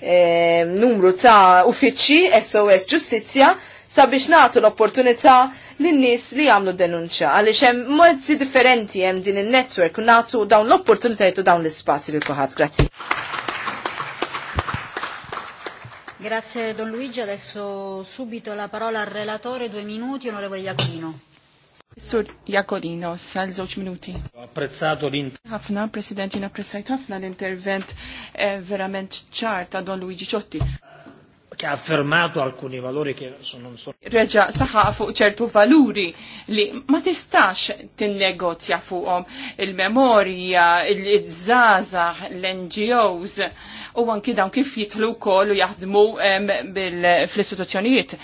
em, numru ta' uffiċi SOS Ġustizja sabiex natu l-opportunità l-nis li għamlu denunċja għaliex hemm mozzi differenti hemm din in-netwerk u natu dawn l opportunità u dawn l-ispazji lil kulħadd. Grazzi.
Grazie Don Luigi, adesso subito la parola al relatore, due minuti, onorevole Iacolino.
Professor Iacolino, sal zoċ minuti.
Ho Apprezzato l'intervento.
int Ħafna, Presidenti, napprezzajt ħafna l-intervent eh, verament ċar Don Luigi Ciotti
che ha affermato alcuni valori che sono, non sono.
Reġa saħa fuq ċertu valuri li ma tistax tinnegozja fuqhom il-memorja, il-żaza, l-NGOs u anki dawn kif jitlu wkoll u jaħdmu fl-istituzzjonijiet.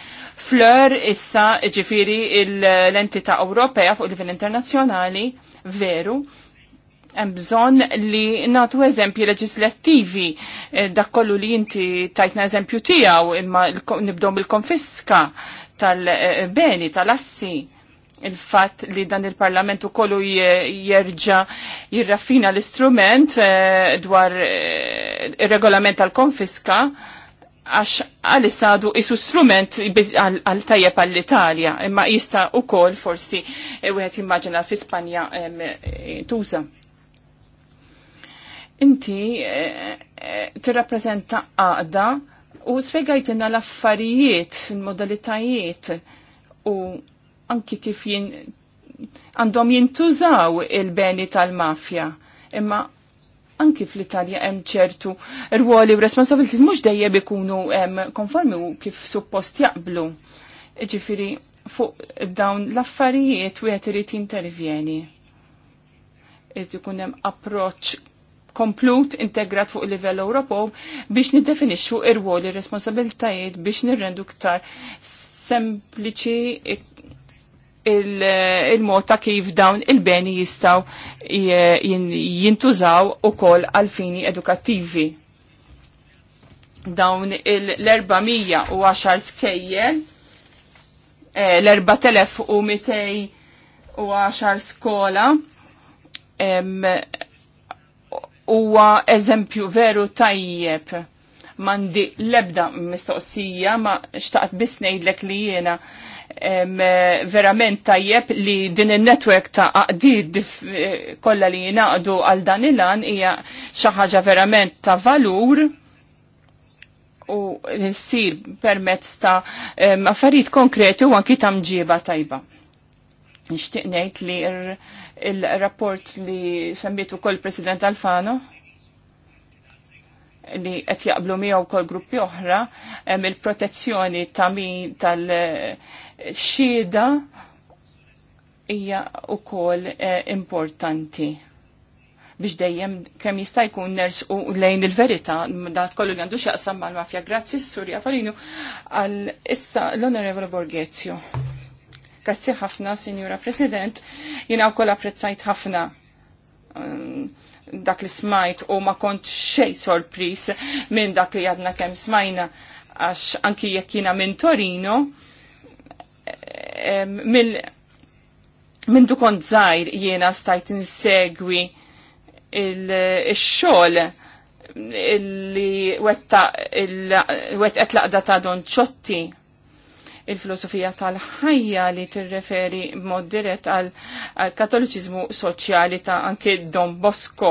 Fleur issa ġifiri l-entità Ewropea fuq livell internazzjonali veru hemm bżonn li nagħtu eżempji leġislattivi eh, dak kollu li inti tajtna eżempju tiegħu imma nibdom bil-konfiska tal-beni, tal-assi il-fatt li dan il-parlament u kollu jerġa jirraffina l-istrument eh, dwar eh, il-regolament tal-konfiska għax għal għadu isu strument għal tajjeb għall-Italja, imma jista u kol forsi u għet immaġina fi Spanja tuża. Inti eh, eh, tirrappreżenta għaqda u spiegajtina l-affarijiet, il-modalitajiet u anki kif jien għandhom jintużaw il-beni tal-mafja. Imma anki fl-Italja hemm ċertu rwoli u responsabiliti mhux dejjem ikunu konformi u kif suppost jaqblu. Ġifiri, fuq dawn l-affarijiet wieħed irid jintervjeni. Irid ikun hemm approċċ komplut integrat fuq il livell Ewropew biex niddefinixxu ir-wol ir-responsabiltajiet biex nirrendu ktar sempliċi il-mod ta' kif dawn il-beni jistaw jintużaw u kol għal-fini edukattivi. Dawn l-410 skejjel, eh, l-4210 skola, huwa eżempju veru tajjeb mandi lebda mistoqsija ma xtaqt bisnejdlek li jena verament tajjeb li din il-netwerk ta' għaqdid kolla li jinaqdu għal dan il-an hija xi ħaġa verament ta' valur u l-sir permezz ta' affarijiet konkreti u anki ta' mġiba tajba. Nixtieq ngħid li il-rapport li sembietu kol President Alfano li qed jaqblu miegħu kol gruppi oħra hemm il-protezzjoni ta' min tal-xhieda hija wkoll eh, importanti biex dejjem kemm jista' jkun nersqu lejn il-verità dak kollu li għandu x'jaqsam mal-mafja. Grazzi Surja Farinu għal issa l-Onorevole Borghezio. Grazzi ħafna, Sinjura President, jina u koll apprezzajt ħafna um, dak li smajt u ma kont xej sorpris minn dak li għadna kem smajna għax anki jekk jina minn Torino, minn min dukont zaħir jiena stajt insegwi il-xol il li wetta il-wet etlaqda ta' Don Ciotti il-filosofija tal-ħajja li tirreferi b'mod dirett għal katoliċiżmu soċjali ta' anke Don Bosco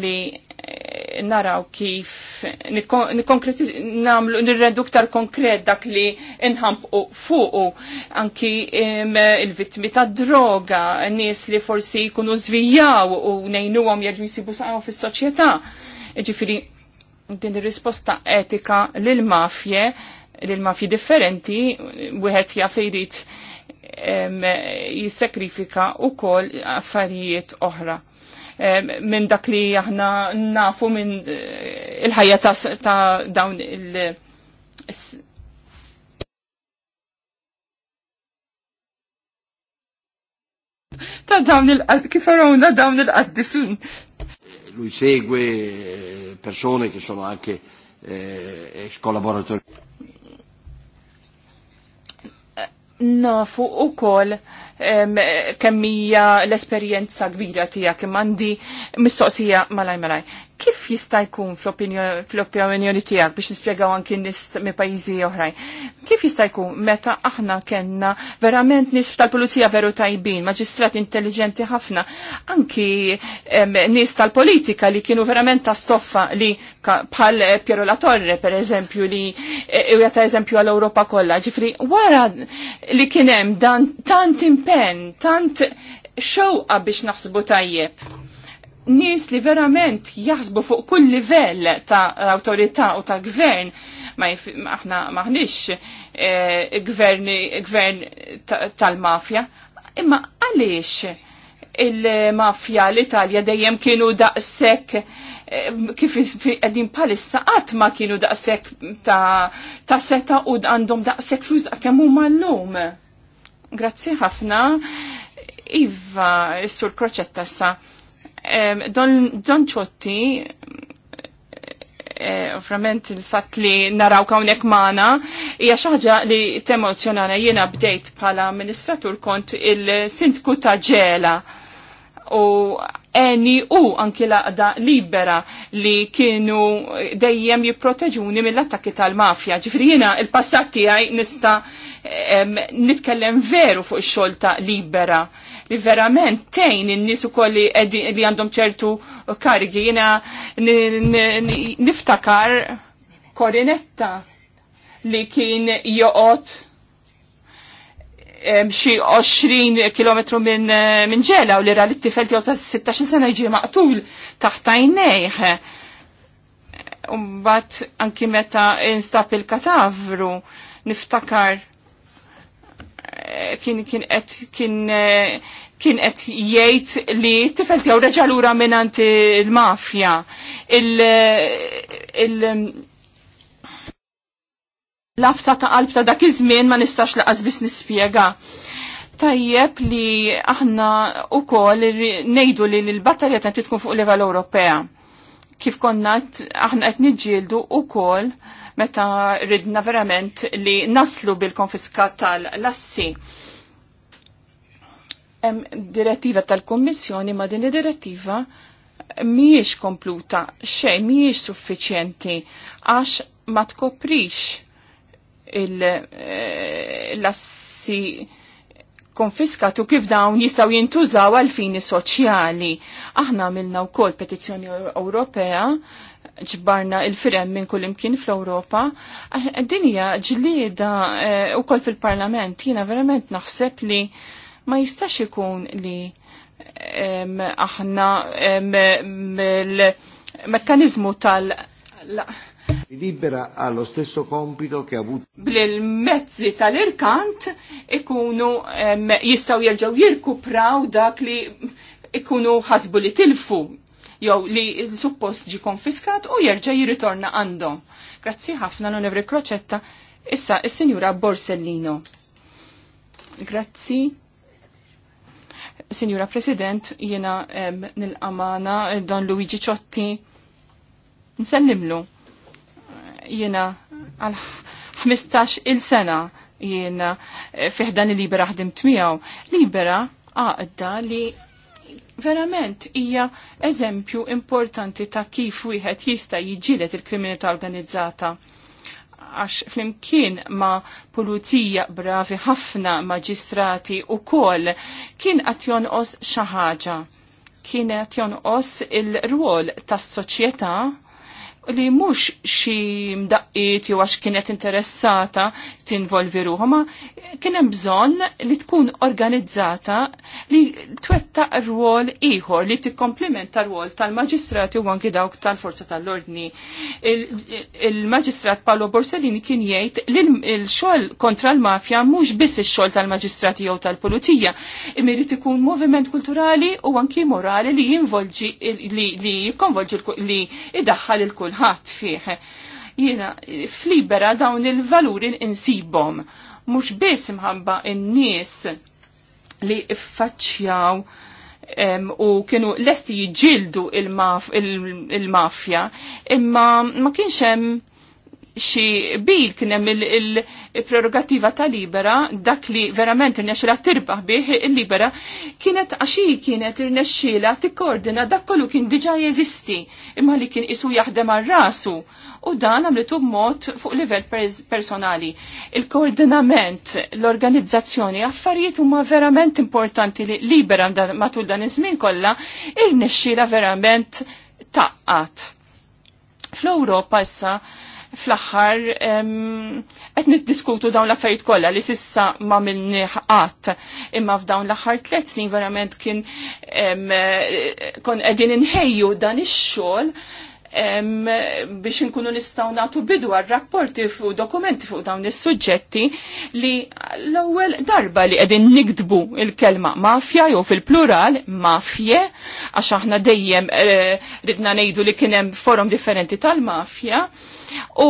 li eh, naraw kif namlu nirredu konkret dak li inħampu fuqu anki il-vittmi ta' droga, nies li forsi jkunu zvijaw u nejnu għom jirġu jisibu sa' fis soċjetà Ġifiri, din risposta etika lil mafje l-mafji differenti, wieħed jaf jrid jissakrifika wkoll affarijiet oħra. Minn dak li aħna nafu minn eh, il-ħajja ta' dawn il- ta' dawn il-qad, kif arawna dawn il disun. Lui segwe eh, persone
che sono anche eh, ex collaboratori.
nafu u kol kemmija l-esperienza kbira tijak mandi mistoqsija malaj malaj. Kif jista' jkun fl-opinjoni tijak biex nispjegaw anki nist me pajjiżi oħrajn? Kif jista' jkun meta aħna kenna verament nis tal-pulizija veru tajbin, maġistrat intelligenti ħafna, anki nis tal-politika li kienu verament ta' stoffa li bħal Piero La Torre, per eżempju, li e, e, u jata eżempju għall-Europa kollha, ġifri wara li kienem dan tant impen, tant xewqa biex naħsbu tajjeb. Nis li verament jaħsbu fuq kull livell ta' autorità u ta' gvern, ma' aħna maħnix eh, gvern, gvern tal-mafja, imma għaliex il-mafja l-Italja dejjem kienu daqsek eh, kif għedin palissa qatt ma kienu daqsek ta', seta u għandhom daqsek flus kemm huma llum. Grazzi ħafna. Iva, sur kroċetta sa. Don, ċotti, eh, ovvjament il-fatt li naraw kawnek mana, hija xi ħaġa li temozjonana jiena bdejt bħala amministratur kont il-sindku ta' ġela u eni u anki laqda libera li kienu dejjem jipproteġuni mill-attakki tal-mafja. Ġifri jina il-passati għaj nista em, nitkellem veru fuq xolta libera li verament tejn in-nies ukoll li għandhom ċertu kargi jina niftakar korinetta li kien joqot xi 20 km minn eh, min ġela u li ra l-tifel tiegħu ta' 16 sena jiġi maqtul taħt għajnejh. Umbat anki meta instab il-katavru niftakar eh, kien kien qed kien eh, kien qed jgħid li t-tifel tiegħu reġa' lura minn il-mafja. il, il lafsa ta' qalb ta' dak iż-żmien ma nistax laqas biss nispjega. Tajjeb li aħna wkoll ngħidu li l-battalja ta' tkun fuq level Ewropea. Kif konna aħna qed niġġieldu wkoll meta ridna verament li naslu bil konfiska tal-lassi. Direttiva tal-Kommissjoni ma din id-direttiva mhijiex kompluta, xejn mhijiex suffiċjenti għax ma tkoprix Eh, l-assi konfiskatu kif dawn jistaw jintużaw għal-fini soċjali. Aħna għamilna u kol petizjoni Ewropea ġbarna il-firem minn kull imkien fl-Europa. Eh, Dinja ġlieda u eh, kol fil-parlament jina verament naħseb li ma jistax ikun li aħna mekkanizmu tal-
Libera allo stesso compito che ha avuto.
Bil-mezzi tal-irkant ikunu jistaw jerġaw jirkupraw dak li ikunu ħasbu li tilfu jew li suppost ġi konfiskat u jerġa' jirritorna għandhom. Grazzi ħafna l-Onevri Kroċetta, issa is-Sinjura Borsellino. Grazzi. Sinjura President, jiena nil-amana eh, Don Luigi Ciotti. Nsellimlu jiena għal 15 il-sena jiena eh, fiħdan il-libera ħdimt miegħu. Libera għadda li verament hija eżempju importanti ta' kif wieħed jista' jiġilet il-kriminalità organizzata għax flimkien ma pulizija bravi ħafna maġistrati u kol kien qed jonqos xi ħaġa. Kien qed jonqos il-rwol tas-soċjetà li mhux xi mdaqqiet jew għax kienet interessata tinvolvi ruħoma, kien hemm bżonn li tkun organizzata li twettaq rwol ieħor li tikkomplimenta rwol tal-maġistrati u anki dawk tal-forza tal-ordni. Il-maġistrat Paolo Borsellini kien jgħid li l-xogħol kontra l-mafja mhux biss ix-xogħol tal-maġistrati jew tal-pulizija, imirid ikun moviment kulturali u anki morali li jinvolġi li jikkonvolġi li idaħħal il-kulħadd fih Jiena flibera dawn il-valuri insibhom. Mhux biss imħabba n nies li iffaċċjaw um, u kienu lesti jġildu il-mafja, il imma ma kienx hemm xi bil kien hemm il-prerogativa ta' libera dak li verament irnexxila tirbaħ bih il-libera kienet għaxi kienet irnexxila tikkoordina dak kollu kien diġà jeżisti imma li kien isu jaħdem għal rasu u dan għamlitu b'mod fuq livell personali. Il-koordinament, l-organizzazzjoni, affarijiet huma verament importanti li libera matul dan iż-żmien kollha irnexxila verament taqqat. Fl-Ewropa issa fl-axħar qed niddiskutu dawn l-affarijiet kollha li sissa ma minni qatt imma f'dawn l-aħħar tliet snin verament kien kon qegħdin inħejju dan ix-xogħol biex nkunu nistgħu natu bidu rapporti fuq dokumenti fuq dawn is-suġġetti li l-ewwel darba li qegħdin nikdbu il-kelma mafja jew fil-plural mafje għax aħna dejjem eh, ridna ngħidu li kien hemm forum differenti tal-mafja u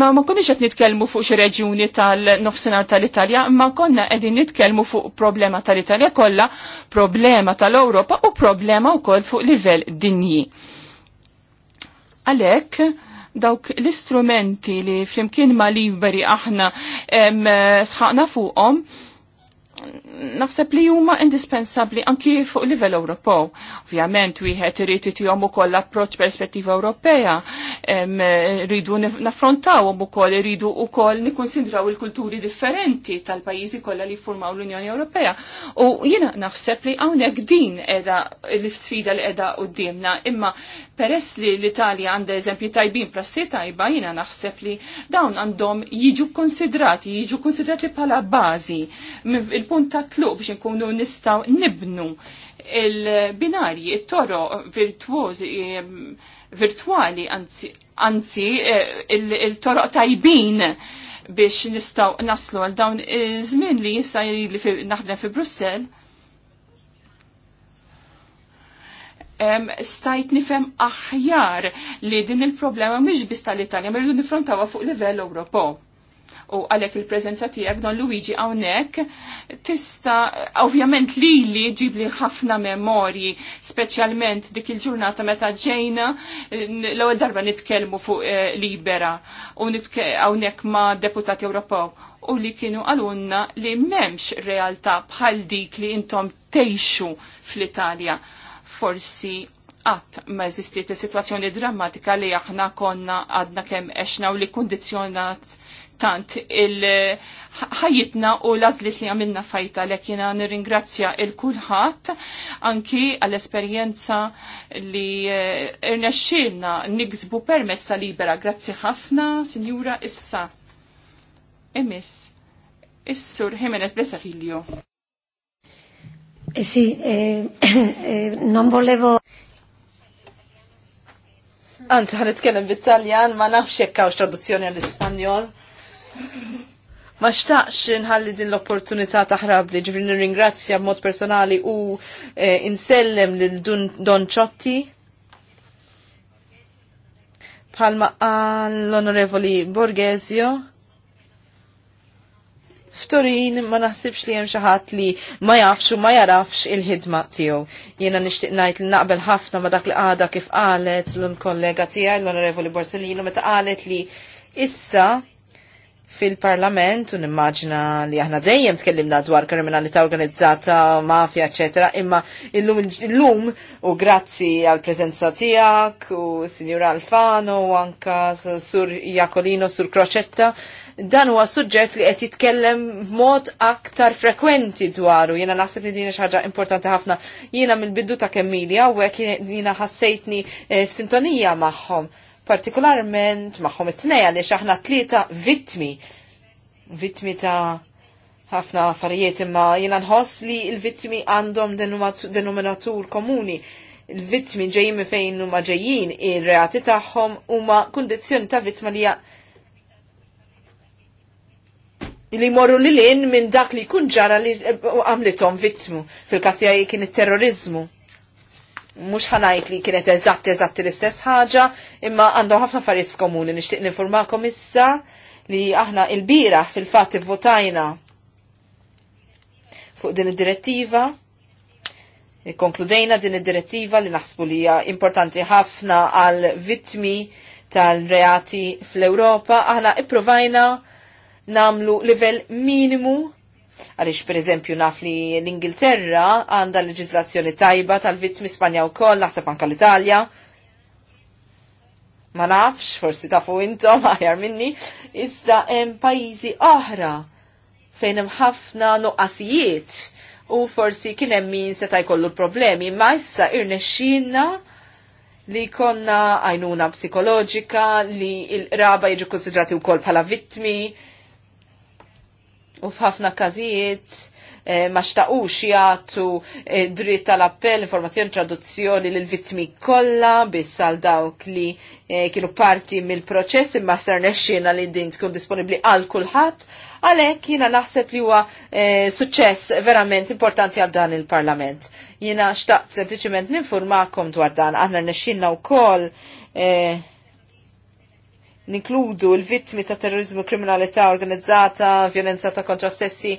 ma konniex qed nitkellmu fuq xi reġjuni tal-nofsinhar tal-Italja, ma konna qegħdin nitkellmu fuq problema tal-Italja kollha, problema tal-Ewropa u problema wkoll fuq livell dinji Għalek, dawk l-istrumenti li flimkien ma liberi aħna sħaqna fuqom, naħseb li huma indispensabbli anki fuq livell Ewropew. Ovvjament wieħed irid itihom ukoll approċċ perspettiva Ewropea, rridu naffrontawhom ukoll iridu wkoll nikkunsidraw il-kulturi differenti tal-pajjiżi kollha li jiffurmaw l-Unjoni Ewropea. U jiena naħseb li hawnhekk din qiegħda l-sfida li qiegħda quddiemna, imma peress li l-Italja għandha eżempji tajbin prassi tajba, jiena naħseb li dawn għandhom jiġu konsidrati, jiġu konsidrati bħala bażi nkun ta' biex nkunu nistaw nibnu il-binarji, il-toro virtuosi, virtuali, anzi, eh, il-toro tajbin biex nistaw naslu għal dawn iż-żmien li jissa li naħdem fi Brussel. stajt nifem aħjar li din il-problema mhix bista l italja merridu nifrontawa fuq livell Ewropew u għalek il-prezenza tijak Don Luigi għawnek, tista, ovvjament li li ġib li ħafna memorji, specialment dik il-ġurnata meta ġejna, l ewwel darba nitkelmu fuq eh, Libera, u għawnek ma deputati Ewropew, u li kienu għalunna li memx realtà bħal dik li intom teixu fl-Italja. Forsi għat ma eżistiet situazzjoni drammatika li aħna konna għadna kem eċna u li kondizjonat tant il-ħajitna u lażlit li għamilna fajta lek jena nirringrazzja il-kulħat anki għall-esperjenza li eh, irnexxilna nigzbu permezz ta' libera. Grazzi ħafna, Sinjura issa. Emis, Issur Jimenez Besa Filio.
Eh sì, eh,
eh, non volevo Anzi, għan bit-Taljan, ma nafx jekk hawnx traduzzjoni għall-Ispanjol ma xtaqx nħalli din l-opportunità taħrab li ġifri nirringrazzja b'mod personali u eh, insellem lil Don Ciotti bħalma għall onorevoli Borgesio. F'Turin ma naħsibx li hemm xi ħadd li ma jafx u ma jarafx il-ħidma tiegħu. Jiena nixtieq ngħid li naqbel ħafna ma dak li għada kif qalet l-kollega tiegħi l-Onorevoli Borsellino meta qalet li issa fil-parlament u nimmaġina li aħna dejjem tkellimna dwar kriminalità organizzata, mafja, eccetera, imma il-lum u grazzi għal prezenza tijak u signor Alfano u anka sur Jacolino, sur Crocetta, dan huwa suġġett li qed jitkellem mod aktar frekwenti dwaru. Jiena naħseb li din ħaġa importanti ħafna. Jiena mill-biddu ta' Kemmilja u hekk jiena ħassejtni eh, f'sintonija magħhom partikolarment magħhom it-tnej għaliex aħna tlieta vittmi. Vittmi ta' ħafna affarijiet imma jiena nħoss li l-vittmi għandhom denominatur komuni il-vittmi ġejjin fejn huma ġejjin, ir-reati tagħhom huma kundizzjoni ta' vittma li li morru li lin minn dak li jkun ġara li għamlitom vittmu. Fil-kas tiegħi kien it-terrorizmu mux ħanajt li kienet eżatt eżatt l-istess ħaġa, imma għandhom ħafna affarijiet f'komuni. Nixtieq informakom issa li aħna il-bira fil-fatt votajna fuq din id-direttiva. Konkludejna din id-direttiva li naħsbu li hija importanti ħafna għal vittmi tal-reati fl-Ewropa. Aħna ipprovajna namlu livell minimu Għalix, per eżempju, naf li l-Ingilterra għanda leġizlazzjoni tajba tal-vittmi Spanja u koll, naħseb anka l-Italja. Ma nafx, forsi tafu intom, aħjar minni, issa hemm pajjiżi oħra fejn hemm ħafna nuqqasijiet u forsi kien hemm min seta' jkollu problemi, ma issa irnexxinna li konna għajnuna psikoloġika li l raba jiġu konsidrati wkoll bħala vittmi u f'ħafna każijiet eh, ma xtaqux jagħtu eh, dritt tal-appell, informazzjoni, traduzzjoni l vittmi kollha biss għal dawk li eh, kienu parti mill-proċess imma sar nexxina li din tkun disponibbli għal kulħadd, għalhekk jiena naħseb li huwa suċċess verament importanti għal dan il-Parlament. Jiena xtaqt sempliċement ninformakom dwar dan, aħna nexxinna wkoll ninkludu l-vittmi ta' terrorizmu, kriminalità organizzata, violenza ta' kontra sessi,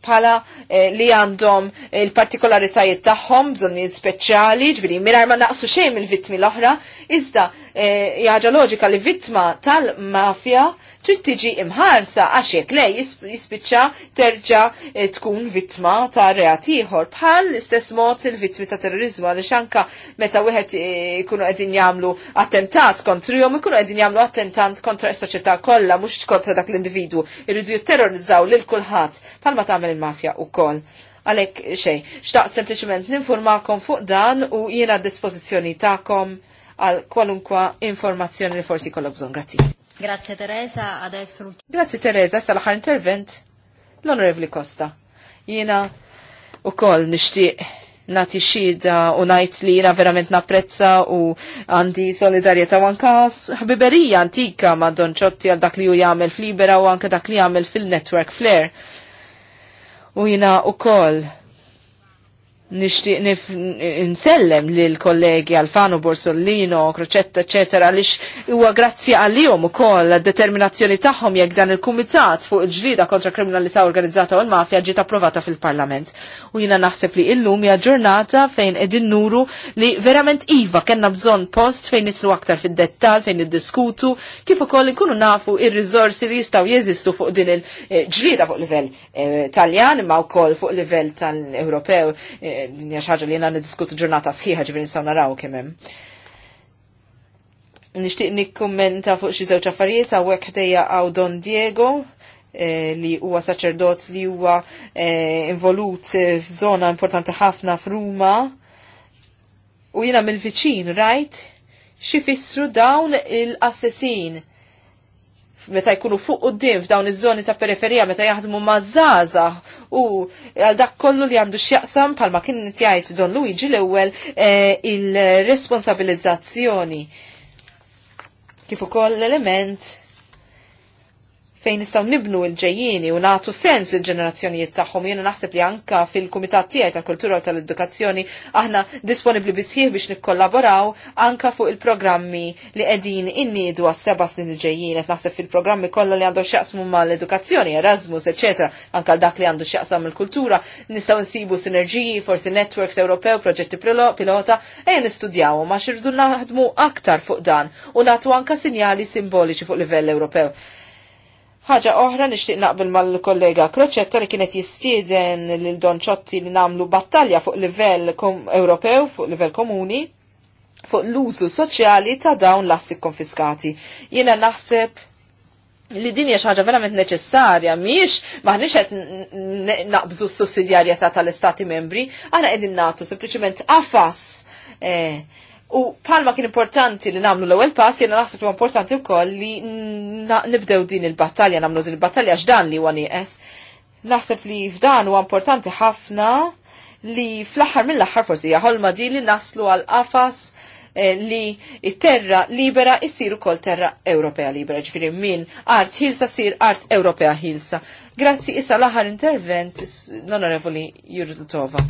pala eh, li għandhom il-partikolaritajiet tagħhom bżonnijiet speċjali, ġviri mirar ma naqsu xejn il-vittmi l-oħra, iżda eh, jaġa loġika li vittma tal-mafja trid tiġi imħarsa għax jekk lej jispiċċa terġa eh, tkun vittma ta' reat ieħor bħal l-istess mod il-vittmi ta' terrorizmu għaliex anka meta wieħed eh, ikunu qegħdin jagħmlu attentat kontrihom ikunu qegħdin jagħmlu attentat kontra s-soċjetà kollha mhux kontra dak l-individwu jridu jitterrorizzaw lil kulħadd bħalma tagħmel il-mafja wkoll għalek xej, xtaqt sempliċement ninformakom fuq dan u jiena d dispożizzjoni tagħkom għal kwalunkwa informazzjoni li forsi kollok bżon. Grazie.
Grazie Teresa, adesso
Grazie Teresa, sal-ħar intervent l-Onorevli Costa. Jiena u koll nishtiq nati xida u najt li jina verament napprezza u għandi solidarieta u anka ħbiberija antika ma' ċotti għal dak li ju jgħamil fl-Libera u anka dak li jgħamil fil-Network Flair. U jina u koll nishtiq nsellem li l kollegi Alfano Borsolino, Crocetta, eccetera, lix huwa grazzi għalihom ukoll determinazzjoni tagħhom jekk dan il-kumitat fuq il-ġlida kontra kriminalità organizzata u l-mafja ġiet approvata fil-Parlament. U jiena naħseb li illum hija ġurnata fejn qegħdin nuru li verament iva kellna bżonn post fejn nitlu aktar fid-dettall, fejn niddiskutu, kif ukoll nkunu nafu ir rizorsi li jistgħu jeżistu fuq din il-ġlida fuq livell eh, Taljan imma wkoll fuq livell tal-Ewropew eh, Dinja xaġa li jiena niddiskutu ġurnata sħiħa ġifieri nistaw naraw kemm hemm. Nixtieq nikkummenta fuq xi żewġ affarijiet hawnhekk ħdejja għaw Don Diego eh, li huwa saċerdot li huwa eh, involut f'żona importanti ħafna f'Ruma u jiena mill-viċin rajt xifissru dawn il-assessin meta jkunu fuq qudiem f'dawn iż-żoni ta' periferija meta jaħdmu mażaza u għal dak kollu li għandu x'jaqsam bħalma kien jgħid Don Luigi l-ewwel eh, il-responsabilizzazzjoni. Kif ukoll l-element fejn nistgħu nibnu l ġejjini u nagħtu sens il-ġenerazzjonijiet tagħhom. Jiena naħseb li anka fil-Kumitat tiegħi tal-Kultura u tal-Edukazzjoni aħna disponibbli bisħieħ biex nikkollaboraw anka fuq il-programmi li qegħdin inniedu għas-seba' snin il-ġejjien qed naħseb fil-programmi kollha li għandhom x'jaqsmu mal-edukazzjoni, Erasmus, eċetera, anka dak li għandu x'jaqsam mill kultura nistgħu nsibu sinerġiji, forsi networks Ewropew, proġetti pilota, ejja nistudjawhom ma xirdu naħdmu aktar fuq dan u nagħtu anka sinjali simboliċi fuq livell Ewropew ħaġa oħra nixtieq naqbel mal-kollega Kroċetta li kienet jistieden lil Don li nagħmlu battalja fuq livell Ewropew, fuq livell komuni, fuq l-użu soċjali ta' dawn l-assi konfiskati. Jiena naħseb li din hija ħaġa verament neċessarja miex maħniex qed naqbżu s-sussidjarjetà tal-istati membri, aħna qegħdin nagħtu sempliċement qafas eh, U palma kien importanti li namlu l-ewwel pass, jiena naħseb huwa importanti wkoll li nibdew din il-battalja, namlu din il-battalja x'dan li huwa nieqes. Naħseb li f'dan huwa importanti ħafna li fl-aħħar mill-aħħar forsi hija ħolma din li naslu għal qafas Eh, li terra libera jissir ukoll terra Ewropea libera, ġifieri min art ħilsa sir art Ewropea ħilsa. Grazzi issa l-aħħar intervent l-Onorevoli Jurdutova.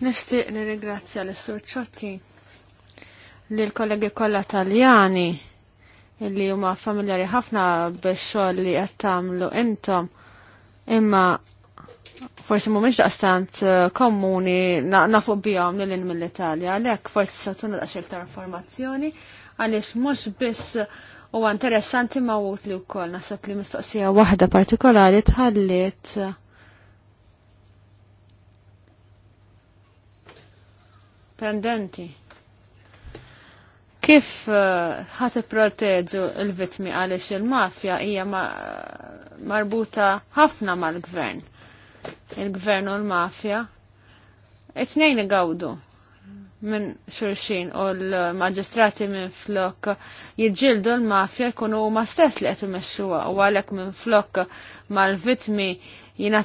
Nixtieq nirringrazzja l-Sur Ċotti li l-kollegi kollha Taljani li huma familjari ħafna biex xogħol li qed tagħmlu intom imma forsi mhumiex daqstant uh, komuni nafu bihom in mill-Italja, għalhekk forsi se tuna daqs iktar informazzjoni għaliex mhux biss huwa interessanti ma u wkoll naħseb li mistoqsija waħda partikolari tħallit uh, pendenti. Kif uh, ħat uh, proteġu l-vitmi għaliex il-mafja hija marbuta ħafna mal-gvern? il-gvern u l-mafja, it-nejn gawdu minn xurxin u l-maġistrati minn flok jġildu l-mafja jkunu ma stess li għetim meċxuwa u għalek minn flok mal-vitmi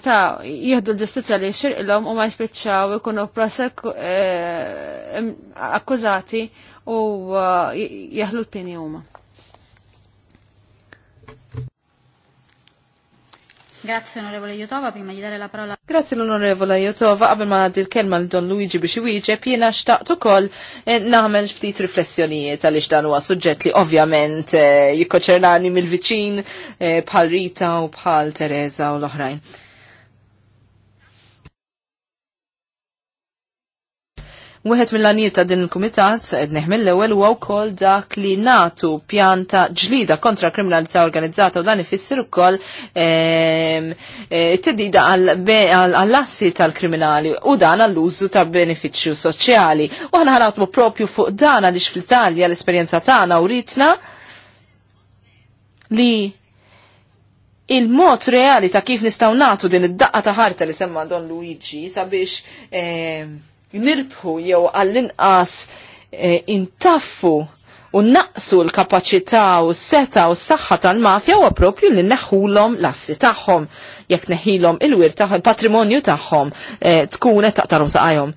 ta' jihdu l-ġustizja li l-om u ma jispiċċaw jkunu prosek eh, akkużati u eh, jahlu l-pini huma.
Grazie onorevole Jotova, prima di dare la parola.
Grazie l-onorevole Jotova, qabel ma għaddi l-kelma l Don Luigi biex iwieġeb, jiena xtaqt ukoll eh, nagħmel ftit riflessjonijiet għaliex dan huwa suġġett li ovvjament eh, jikkoċernani mill-viċin eh, bħal Rita u bħal Teresa u l-oħrajn. Wieħed mill-għaniet ta' din il-kumitat qed neħmel l-ewwel huwa wkoll dak li natu pjanta ġlida kontra kriminalità organizzata u dan ifisser ukoll ehm, e, it-tedida għall-assi tal-kriminali u dan għall-użu ta' benefiċċju soċjali. U aħna ħanatmu propju fuq dan għaliex fl-Italja l-esperjenza tagħna u ritna li il-mod reali ta' kif nistaw natu din id-daqqa ta' ħarta li semma Don Luigi sabiex ehm, nirbħu jew għall-inqas eh, intaffu u naqsu l-kapacità u s-seta u s-saxħa tal-mafja u għapropju li neħulom l-assi taħħom, jek neħilom il-wir taħħom, il-patrimonju taħħom, eh, tkun et taqtarum saqajom.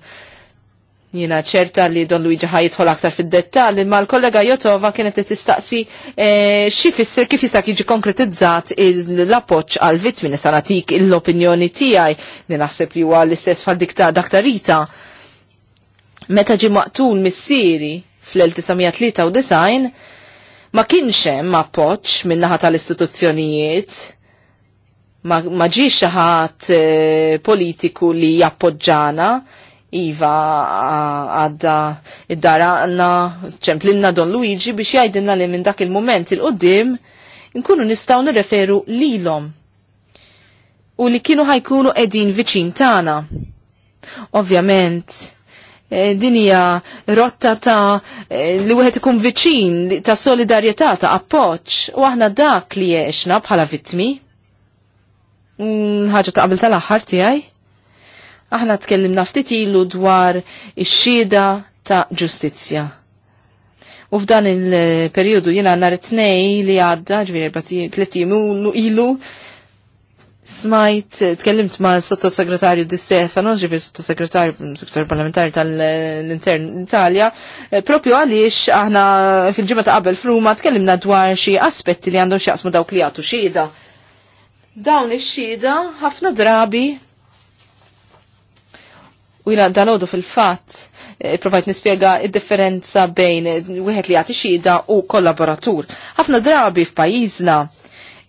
Jina ċerta li Don Luigi ħajitħol aktar fid-dettal, imma l-kollega Jotova kienet tistaqsi eh, xi fisser kif jista' jiġi konkretizzat l-appoġġ għal vittmi sanatik l-opinjoni tiegħi li naħseb li huwa l-istess fal dik ta' daktarita. Rita meta ġi maqtul missieri fl-1993 ma kienx hemm appoġġ min-naħa tal-istituzzjonijiet ma, ma ġiex ħadd e, politiku li jappoġġana Iva għadda id-dara għanna ċemplinna Don Luigi biex jajdinna li minn dak il-moment il-qoddim nkunu nistaw nirreferu lilom u li kienu ħajkunu edin viċin tana. Ovvjament, Eh, dinja rotta ta' eh, li wieħed ikun viċin ta' solidarjetà ta' appoġġ u aħna dak li jgħixna bħala vittmi. Mm, ħaġa ta' qabel tal-aħħar tiegħi. Aħna tkellimna ftit ilu dwar ix-xhieda ta' ġustizzja. U f'dan il-perjodu jiena nhar it tnejn li għadda ġviri 30 ilu smajt, tkellimt ma' sottosegretarju Di Stefano, ġifi sottosegretarju sektor parlamentari tal-intern Italia, eh, propju għalix aħna fil-ġimma ta' qabel fruma tkellimna dwar xi aspetti li għandhom xjaqsmu dawk li għatu xhieda. Dawn ix-xhieda ħafna drabi u jina dalodu fil-fatt eh, provajt nispiega id-differenza bejn wieħed li jagħti xhieda u kollaboratur. Ħafna drabi f'pajjiżna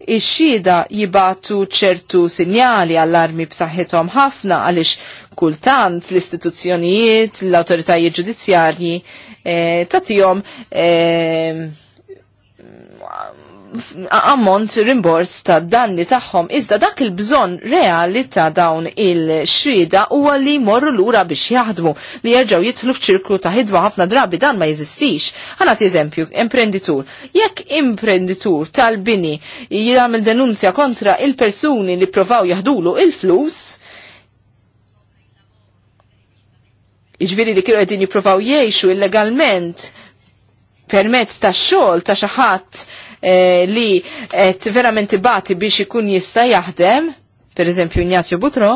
ix-xhieda jibatu ċertu sinjali allarmi b'saħħithom ħafna għaliex kultant l-istituzzjonijiet, l-awtoritajiet ġudizzjarji eh, eh, ammont rimbors ta' danni tagħhom iżda dak il-bżonn reali ta' dawn il-xrieda huwa li morru lura biex jaħdmu li jerġgħu jidħlu f'ċirklu ta' ħidma ħafna drabi dan ma jeżistix. Ħana eżempju, imprenditur. Jekk imprenditur tal-bini jagħmel denunzja kontra il-persuni li provaw jaħdulu il-flus, iġviri li kienu għedin jiprofaw jiexu illegalment permezz ta' xogħol ta' xi ħadd eh, li qed verament ibati biex ikun jista' jaħdem, pereżempju Ignazio Butro,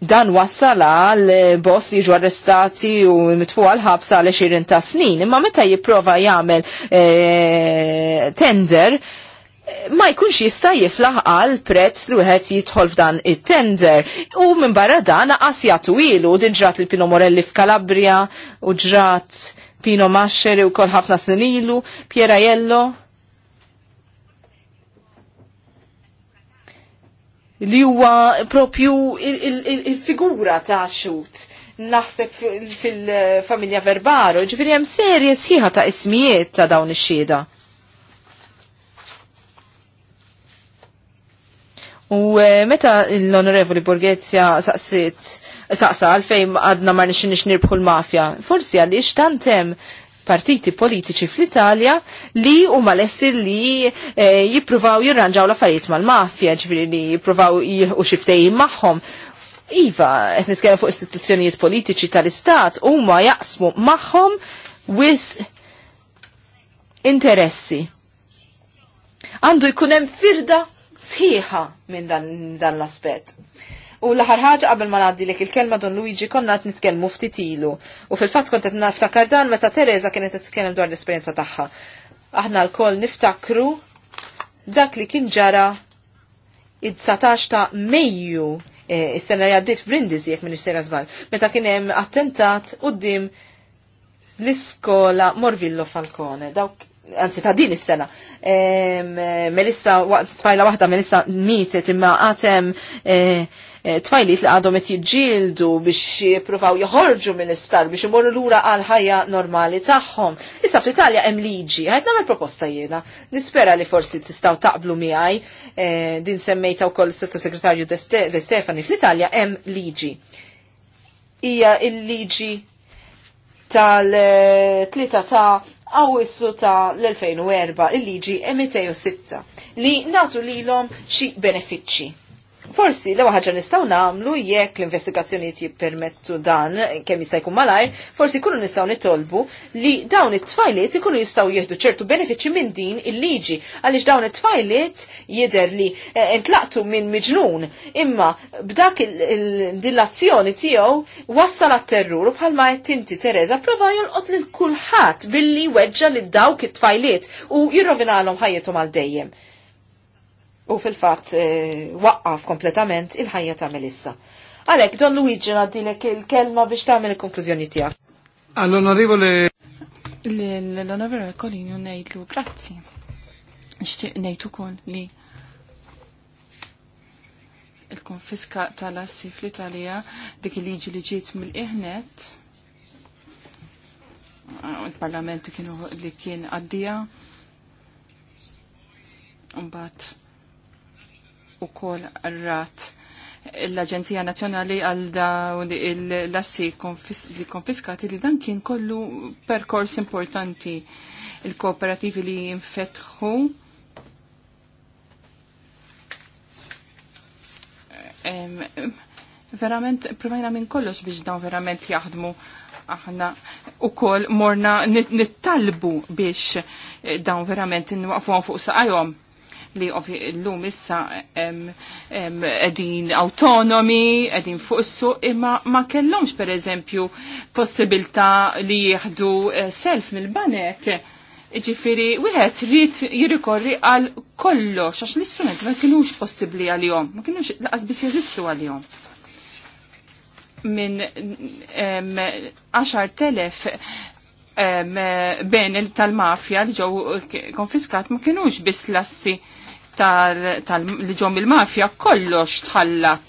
dan wassal għal boss li ġu arrestati u mitfu għal ħabsa għal 20 ta' snin. Imma meta jipprova jagħmel eh, tender, ma jkunx jista' jiflaħ għal prezz li wieħed jidħol f'dan it-tender. U minn barra dan qas jagħtu ilu din ġrat il-Pino Morelli f'Kalabria u ġrat Pino Masceri u kol ħafna snin ilu, Piera Jello. Li huwa propju il-figura ta' xut naħseb fil-familja verbaro, ġifiri hemm serje sħiħa ta' ismijiet ta' dawn ix-xieda. U eh, meta l-Onorevoli Borgezja saqsit, saqsa għalfejn għadna ma nixinix nirbħu l-mafja, forsi għaliex tantem partiti politiċi fl-Italja li huma lessi li e, jippruvaw jirranġaw l-affarijiet mal-mafja, ġviri li jippruvaw jilħu xi maħħom. magħhom. Iva, qed nitkellem fuq istituzzjonijiet politiċi tal-Istat huma jaqsmu magħhom wis interessi. Għandu jkun hemm firda sħiħa minn dan, dan l-aspet. U l-aħħar ħaġa qabel ma ngħaddi lek il-kelma Don Luigi konna qed nitkellmu ftit ilu. U fil-fatt kont qed naftakar dan meta Teresa kienet tkellem dwar l-esperjenza tagħha. Aħna l-koll niftakru dak li kien ġara id-19 ta' Mejju e, is-sena li għaddiet f'Brindisi jekk minn sejra żball. Meta kien hemm attentat quddiem l-iskola Morvillo Falcone. Dawk anzi ta' din is-sena. Melissa, tfajla waħda Melissa mietet imma għatem e, e, tfajlit li għadhom qed jiġġieldu biex jippruvaw joħorġu mill-isptar biex imorru lura għal ħajja normali tagħhom. Issa fl-Italja hemm liġi, ħajt nagħmel proposta jiena. Nispera li forsi tistgħu taqblu miegħi e, din semmejta wkoll is-Sottosegretarju De Stefani fl-Italja hemm liġi. Hija il-liġi tal-tlita ta' għawissu ta' l-2004 il-liġi 206 li natu l-om xi benefiċċi. Forsi l ħagġa nistgħu nagħmlu jekk l-investigazzjonijiet jippermettu dan kemm jista' jkun malajr, forsi jkunu nistgħu nitolbu li dawn it-tfajliet ikunu jistgħu jieħdu ċertu benefiċċji minn din il-liġi għaliex dawn it-tfajliet jidher li eh, entlaqtu minn miġnun imma b'dak il-dilazzjoni tiegħu wassal għat-terrur u bħalma qed inti Tereża prova jolqot lil kulħadd billi weġġa li dawk it-tfajliet u jirrovinalhom ħajjithom għal dejjem u fil-fat eh, waqqaf kompletament il-ħajja ta' Melissa. Għalek, Don Luigi għaddilek il-kelma biex tagħmel il-konklużjoni tiegħek.
All-onorevole
l-onorevole kolinju ngħidlu grazzi.
Nixtieq ngħid ukoll li il-konfiska tal-assi fl-Italja dik il-liġi li ġiet mill-iħnet ah, il-parlament kienu li kien għaddija Mbagħad kol rat l-Aġenzija Nazzjonali għal dawn l-assi li konfiskati li dan kien kollu perkors importanti il-kooperativi li jinfetħu verament provajna minn kollox biex dawn verament jaħdmu aħna u koll morna nittalbu biex eh, dawn verament nwaqfu fuq saqajom li l-lum issa edin autonomi, edin fuq imma ma kellomx per eżempju possibilta li jieħdu eh, self mill-banek. Ġifiri, wieħed rrit jirikorri għal kollox, għax l istrument ma kienux possibli għal-jom, ma kienux laqas bis jazistu għal-jom minn 10.000 ben tal-mafja li ġew konfiskat ma kienux biss lassi tal-li ġom il-mafja kollox tħallat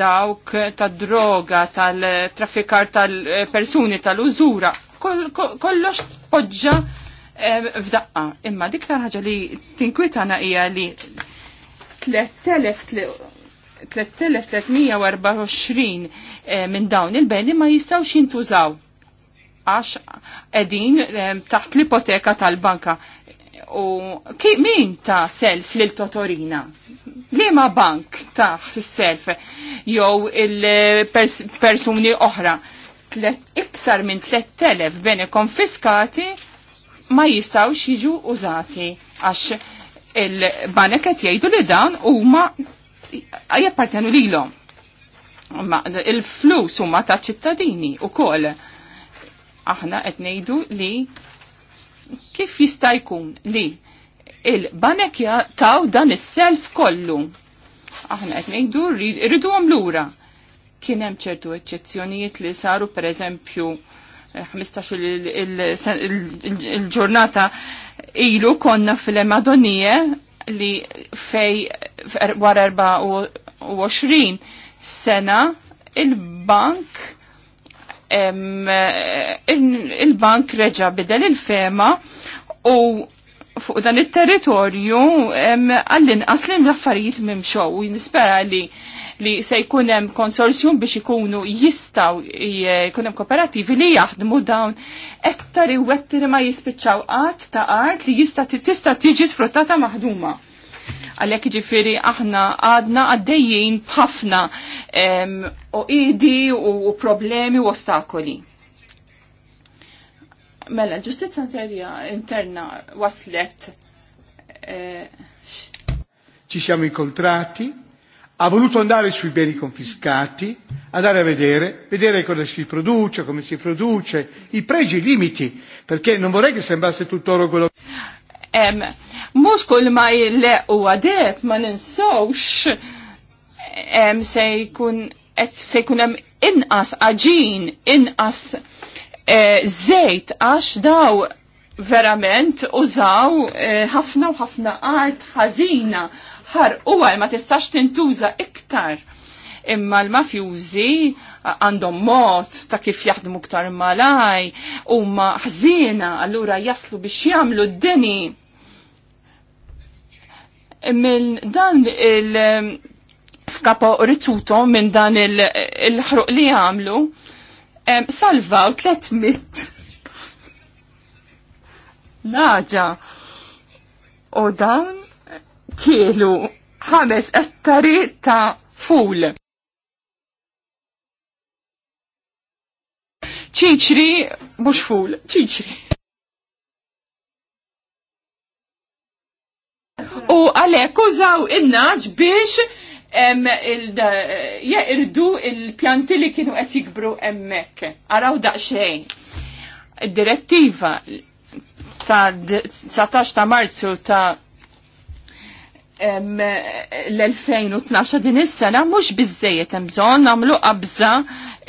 dawk tad droga tal-traffikar tal-persuni eh, tal-użura kollox poġġa eh, f'daqqa. Imma dik ħaġa li tinkwitana hija li 3324 eh, minn dawn il-beni ma jistawx jintużaw għax edin taħt l-ipoteka tal-banka u min ta' self lil Totorina? Lima bank ta' self jew il-persuni oħra? Iktar minn 3000 bene konfiskati ma jistawx jiġu użati għax il-banek qed jgħidu li dan huma jappartjenu lilhom. il-flus huma ta' ċittadini kol. Aħna qed ngħidu li kif jista' jkun li il-banek taw dan is-self kollu. Aħna qed ngħidu rriduhom lura. Kien hemm ċertu eċċezzjonijiet li saru pereżempju 15 il-ġurnata ilu konna fil-Madonije li fej wara 24 sena il-bank il-bank reġa bidel il-fema u fuq dan il-territorju għall-inqas li l-affarijiet mimxow, nispera li li se jkun hemm biex ikunu jistaw jkun hemm kooperativi li jaħdmu dawn ettari u ettari ma jispiċċaw għat ta' art li jista' tista' tiġi sfruttata maħduma. Għalek ġifiri aħna għadna għaddejjien bħafna u idi u problemi u ostakoli. Mela, l-ġustizza interna waslet. Eh,
Ci siamo incontrati, ha voluto andare sui beni confiscati, andare a vedere, vedere cosa si produce, come si
produce, i pregi e i limiti, perché non vorrei che sembrasse tutt'oro quello che... Um, Mux kull ma jilleq u għadeb ma ninsawx se jkun se hemm inqas aġin, inqas e, eh, zejt għax daw verament użaw eh, ħafna u ħafna art ħażina ħar u ma tistax tintuża iktar. Imma l-mafjużi għandhom mod ta' kif jaħdmu ktar malaj u ma ħżina allura jaslu biex jagħmlu d-deni mill dan il- um, f'kapo rizzuto minn dan il-ħruq li għamlu, salvaw 300 naġa. U dan kielu ħames ettari ta' ful. ċiċri, mux ful, ċiċri. u għalhekk użaw il naġ biex jeqirdu il-pjanti li kienu qed jikbru hemmhekk. Araw daqsxejn. direttiva ta' 19 ta' Marzu ta' l-2012 din is-sena mhux biżejjed hemm bżonn nagħmlu qabża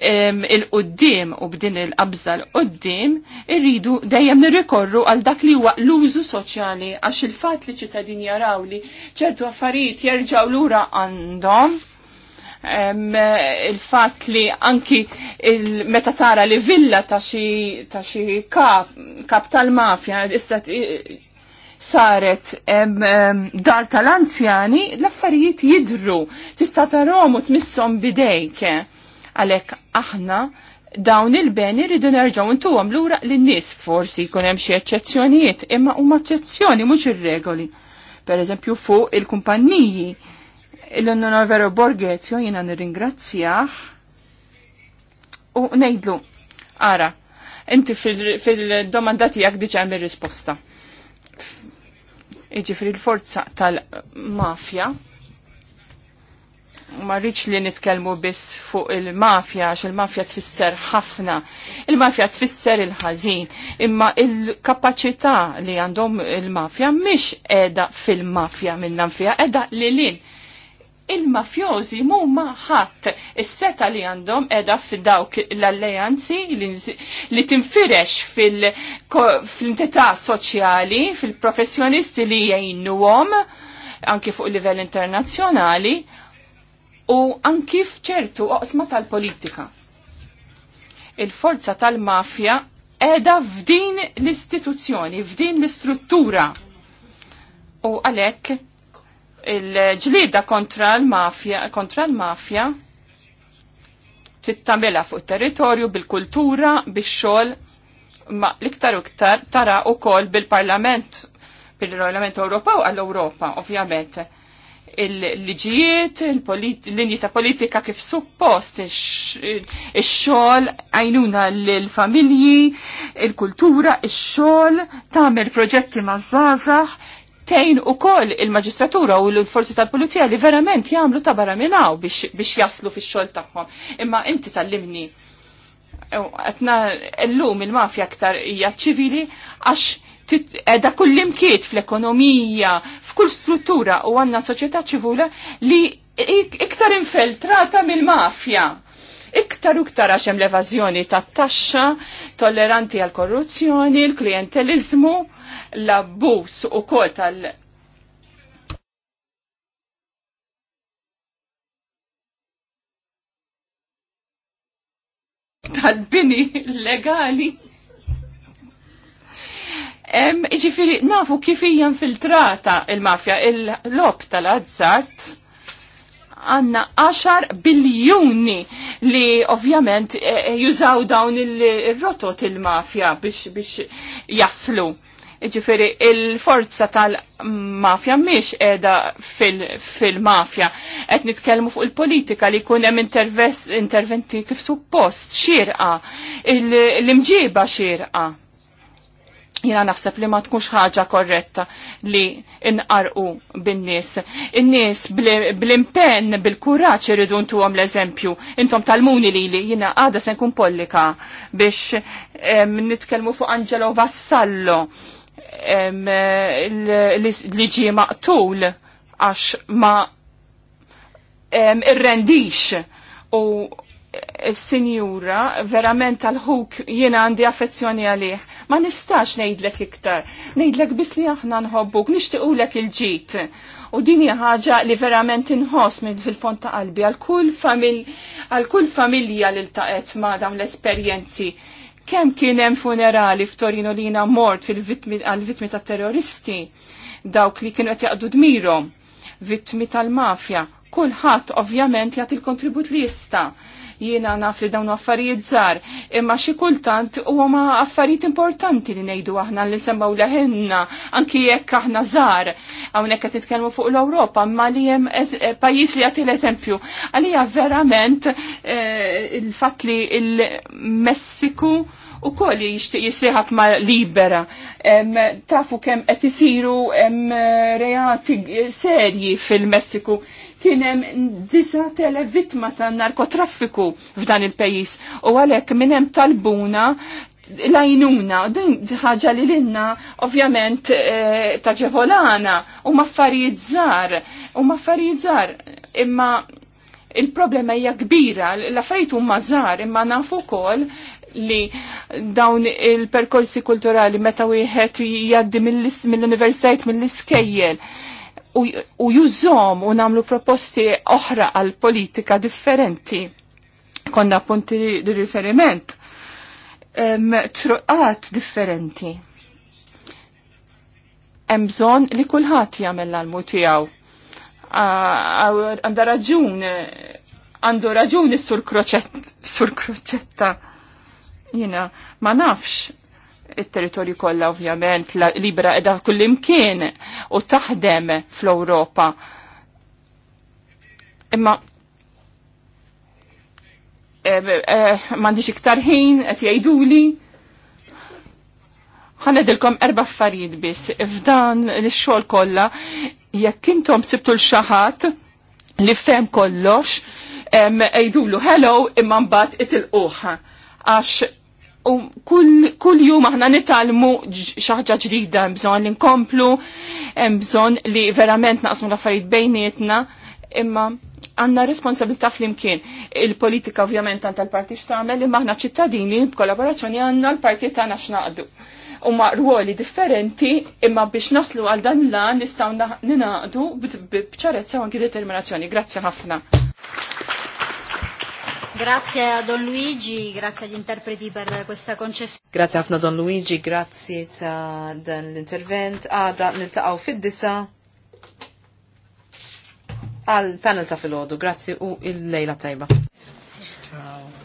il-qoddim u b'din il-qabża l-qoddim irridu dejjem nirrikorru għal dak li huwa l-użu soċjali għax il-fatt li ċittadini jaraw li ċertu affarijiet jerġgħu lura għandhom il-fat li anki meta tara li villa ta' xi kap, kap tal-mafja issa saret em, em, dar tal-anzjani, l-affarijiet jidru, tista tarom u tmissom bidejk. Għalhekk aħna dawn il-beni rridu nerġgħu l lura lin-nies forsi jkun hemm xi eċċezzjonijiet, imma huma eċċezzjoni mhux ir-regoli. Pereżempju fuq il-kumpanniji l-Onorevole Vero Borghezio jiena nirringrazzjah u ngħidlu ara inti fil-domanda fil tiegħek diġà ir-risposta. Iġi l-forza tal-mafja ma rridx li nitkellmu biss fuq il-mafja, għax il-mafja tfisser ħafna. Il-mafja tfisser il-ħażin, imma il-kapaċità li għandhom il-mafja mhix qiegħda fil-mafja minnhom fiha, qiegħda lilin. Il-mafjożi mumma ħadd is-seta li għandhom qiegħda f'dawk l-alleanzi li tinfirex fil-entità soċjali, fil-professjonisti li jgħinuhom anke fuq livell internazzjonali, u anki fċertu oqsma tal-politika. Il-forza tal-mafja edha f'din l-istituzzjoni, f'din l-istruttura. U għalek il-ġlida kontra l-mafja, kontra l-mafja, tittamela fuq territorju bil-kultura, bil-xol, ma l-iktar u iktar tara u kol bil-parlament, bil-parlament Ewropew għall-Europa, ovvjament il-liġijiet, l-linji ta' politika kif suppost, il-xol, għajnuna l-familji, il-kultura, il-xol, tamer proġetti mażazax, tejn u koll il-magistratura u l-forzi tal-polizija li verament jamlu ta' minnaw biex jaslu fi xol taħħom. Imma inti tal-limni. Għatna l-lum il-mafja ktar hija ċivili għax edha kullimkiet fl-ekonomija, f'kull struttura u għanna soċjetà ċivula li iktar infiltrata mill-mafja. Iktar u iktar għaxem l-evazjoni ta' taxxa, tolleranti għal korruzzjoni, l-klientelizmu, l-abbus u kol tal tal-bini legali Ġifiri, nafu kif hija infiltrata il-mafja, il-lob tal-azzart għanna 10 biljuni li ovvjament eh, eh, jużaw dawn il-rotot il-mafja biex, biex jaslu. Ġifiri, il-forza tal-mafja miex edha fil-mafja. Et nitkelmu fuq il-politika li kun hemm interventi kif suppost, xirqa, l-imġiba xirqa jina naħseb li ma tkunx ħaġa korretta li inqarqu bin-nies. In-nies bl-impenn, bil-kuraġġ iridu ntuhom l-eżempju. Intom talmuni li li jina għada se nkun pollika biex nitkellmu fuq Angelo Vassallo li ġie maqtul għax ma irrendix u il-sinjura verament tal-ħuk jiena għandi affezzjoni għalih. Ma nistax nejdlek iktar. Nejdlek bis li aħna nħobbuk, nishtiqulek il-ġit. U dini ħaġa li verament inħoss minn fil-fond ta' qalbi għal-kull famil, familja li l-taqet ma' dawn l-esperjenzi. Kem kien hemm funerali f'Torino li jiena mort għal-vitmi ta' terroristi dawk li kienu qed jaqdu dmirhom, vittmi tal-mafja, kulħadd ovvjament jagħti l-kontribut li jista' Jiena naf li dawn affarijiet żgħar, imma xi kultant huma affarijiet importanti li ngħidu aħna li semmaw leħenna, anki jekk aħna żgħar. Hawnhekk qed titkellmu fuq l-Ewropa, imma li hemm eh, pajjiż li jagħti l-eżempju. Għalija verament eh, il-fatt li l messiku u koll jishtiq jisriħab ma libera. Em, tafu kem qed isiru reati serji fil-Messiku kienem tele vittma ta' narkotraffiku f'dan il-pejis u għalek minem talbuna lajnuna, din ħaġa li l-inna ovvjament e, eh, taġevolana u maffarijiet zar, u maffarijiet zar, imma il-problema hija kbira, l-affarijiet huma żgħar, imma nafu wkoll li dawn il-perkorsi kulturali meta wieħed jgħaddi mill-universitajt mill-iskejjel u jużom u namlu proposti oħra għal politika differenti. Konna punti di riferiment um, truqqat differenti. Hemm bżonn li kulħadd jagħmel l-almu tiegħu. Għandha raġun għandu raġuni sur kroċetta. Jina, ma nafx il-territorju kollha ovvjament l-libra edha kullimkien u taħdem fl-Ewropa. Imma e, m'għandix iktar ħin qed jgħiduli ħanedilkom erba' affarijiet biss f'dan ix-xogħol kollha jekk intom sibtu l-xaħat li fem kollox ejdulu hello imma mbagħad uħa għax u kull jum aħna nitalmu xaħġa ġdida, bżon li nkomplu, bżon li verament naqsmu l-affarijiet bejnietna, imma għanna responsabilità fl-imkien. Il-politika ovvjament għanta l parti xtamel, imma aħna ċittadini b'kollaborazzjoni għanna l-partij tagħna x'naqdu. ma' ruoli differenti imma biex naslu għal dan l-għan nistaw ninaqdu b'ċarezza u anki determinazzjoni. Grazzi ħafna.
Grazie a Don Luigi, grazie agli interpreti per questa
concessione. Grazie a Don Luigi, grazie ta' dan l-intervent. Għada ah, nil-taqaw fid-disa panel ta' fil Grazie u il-lejla tajba. Grazie.
Ciao.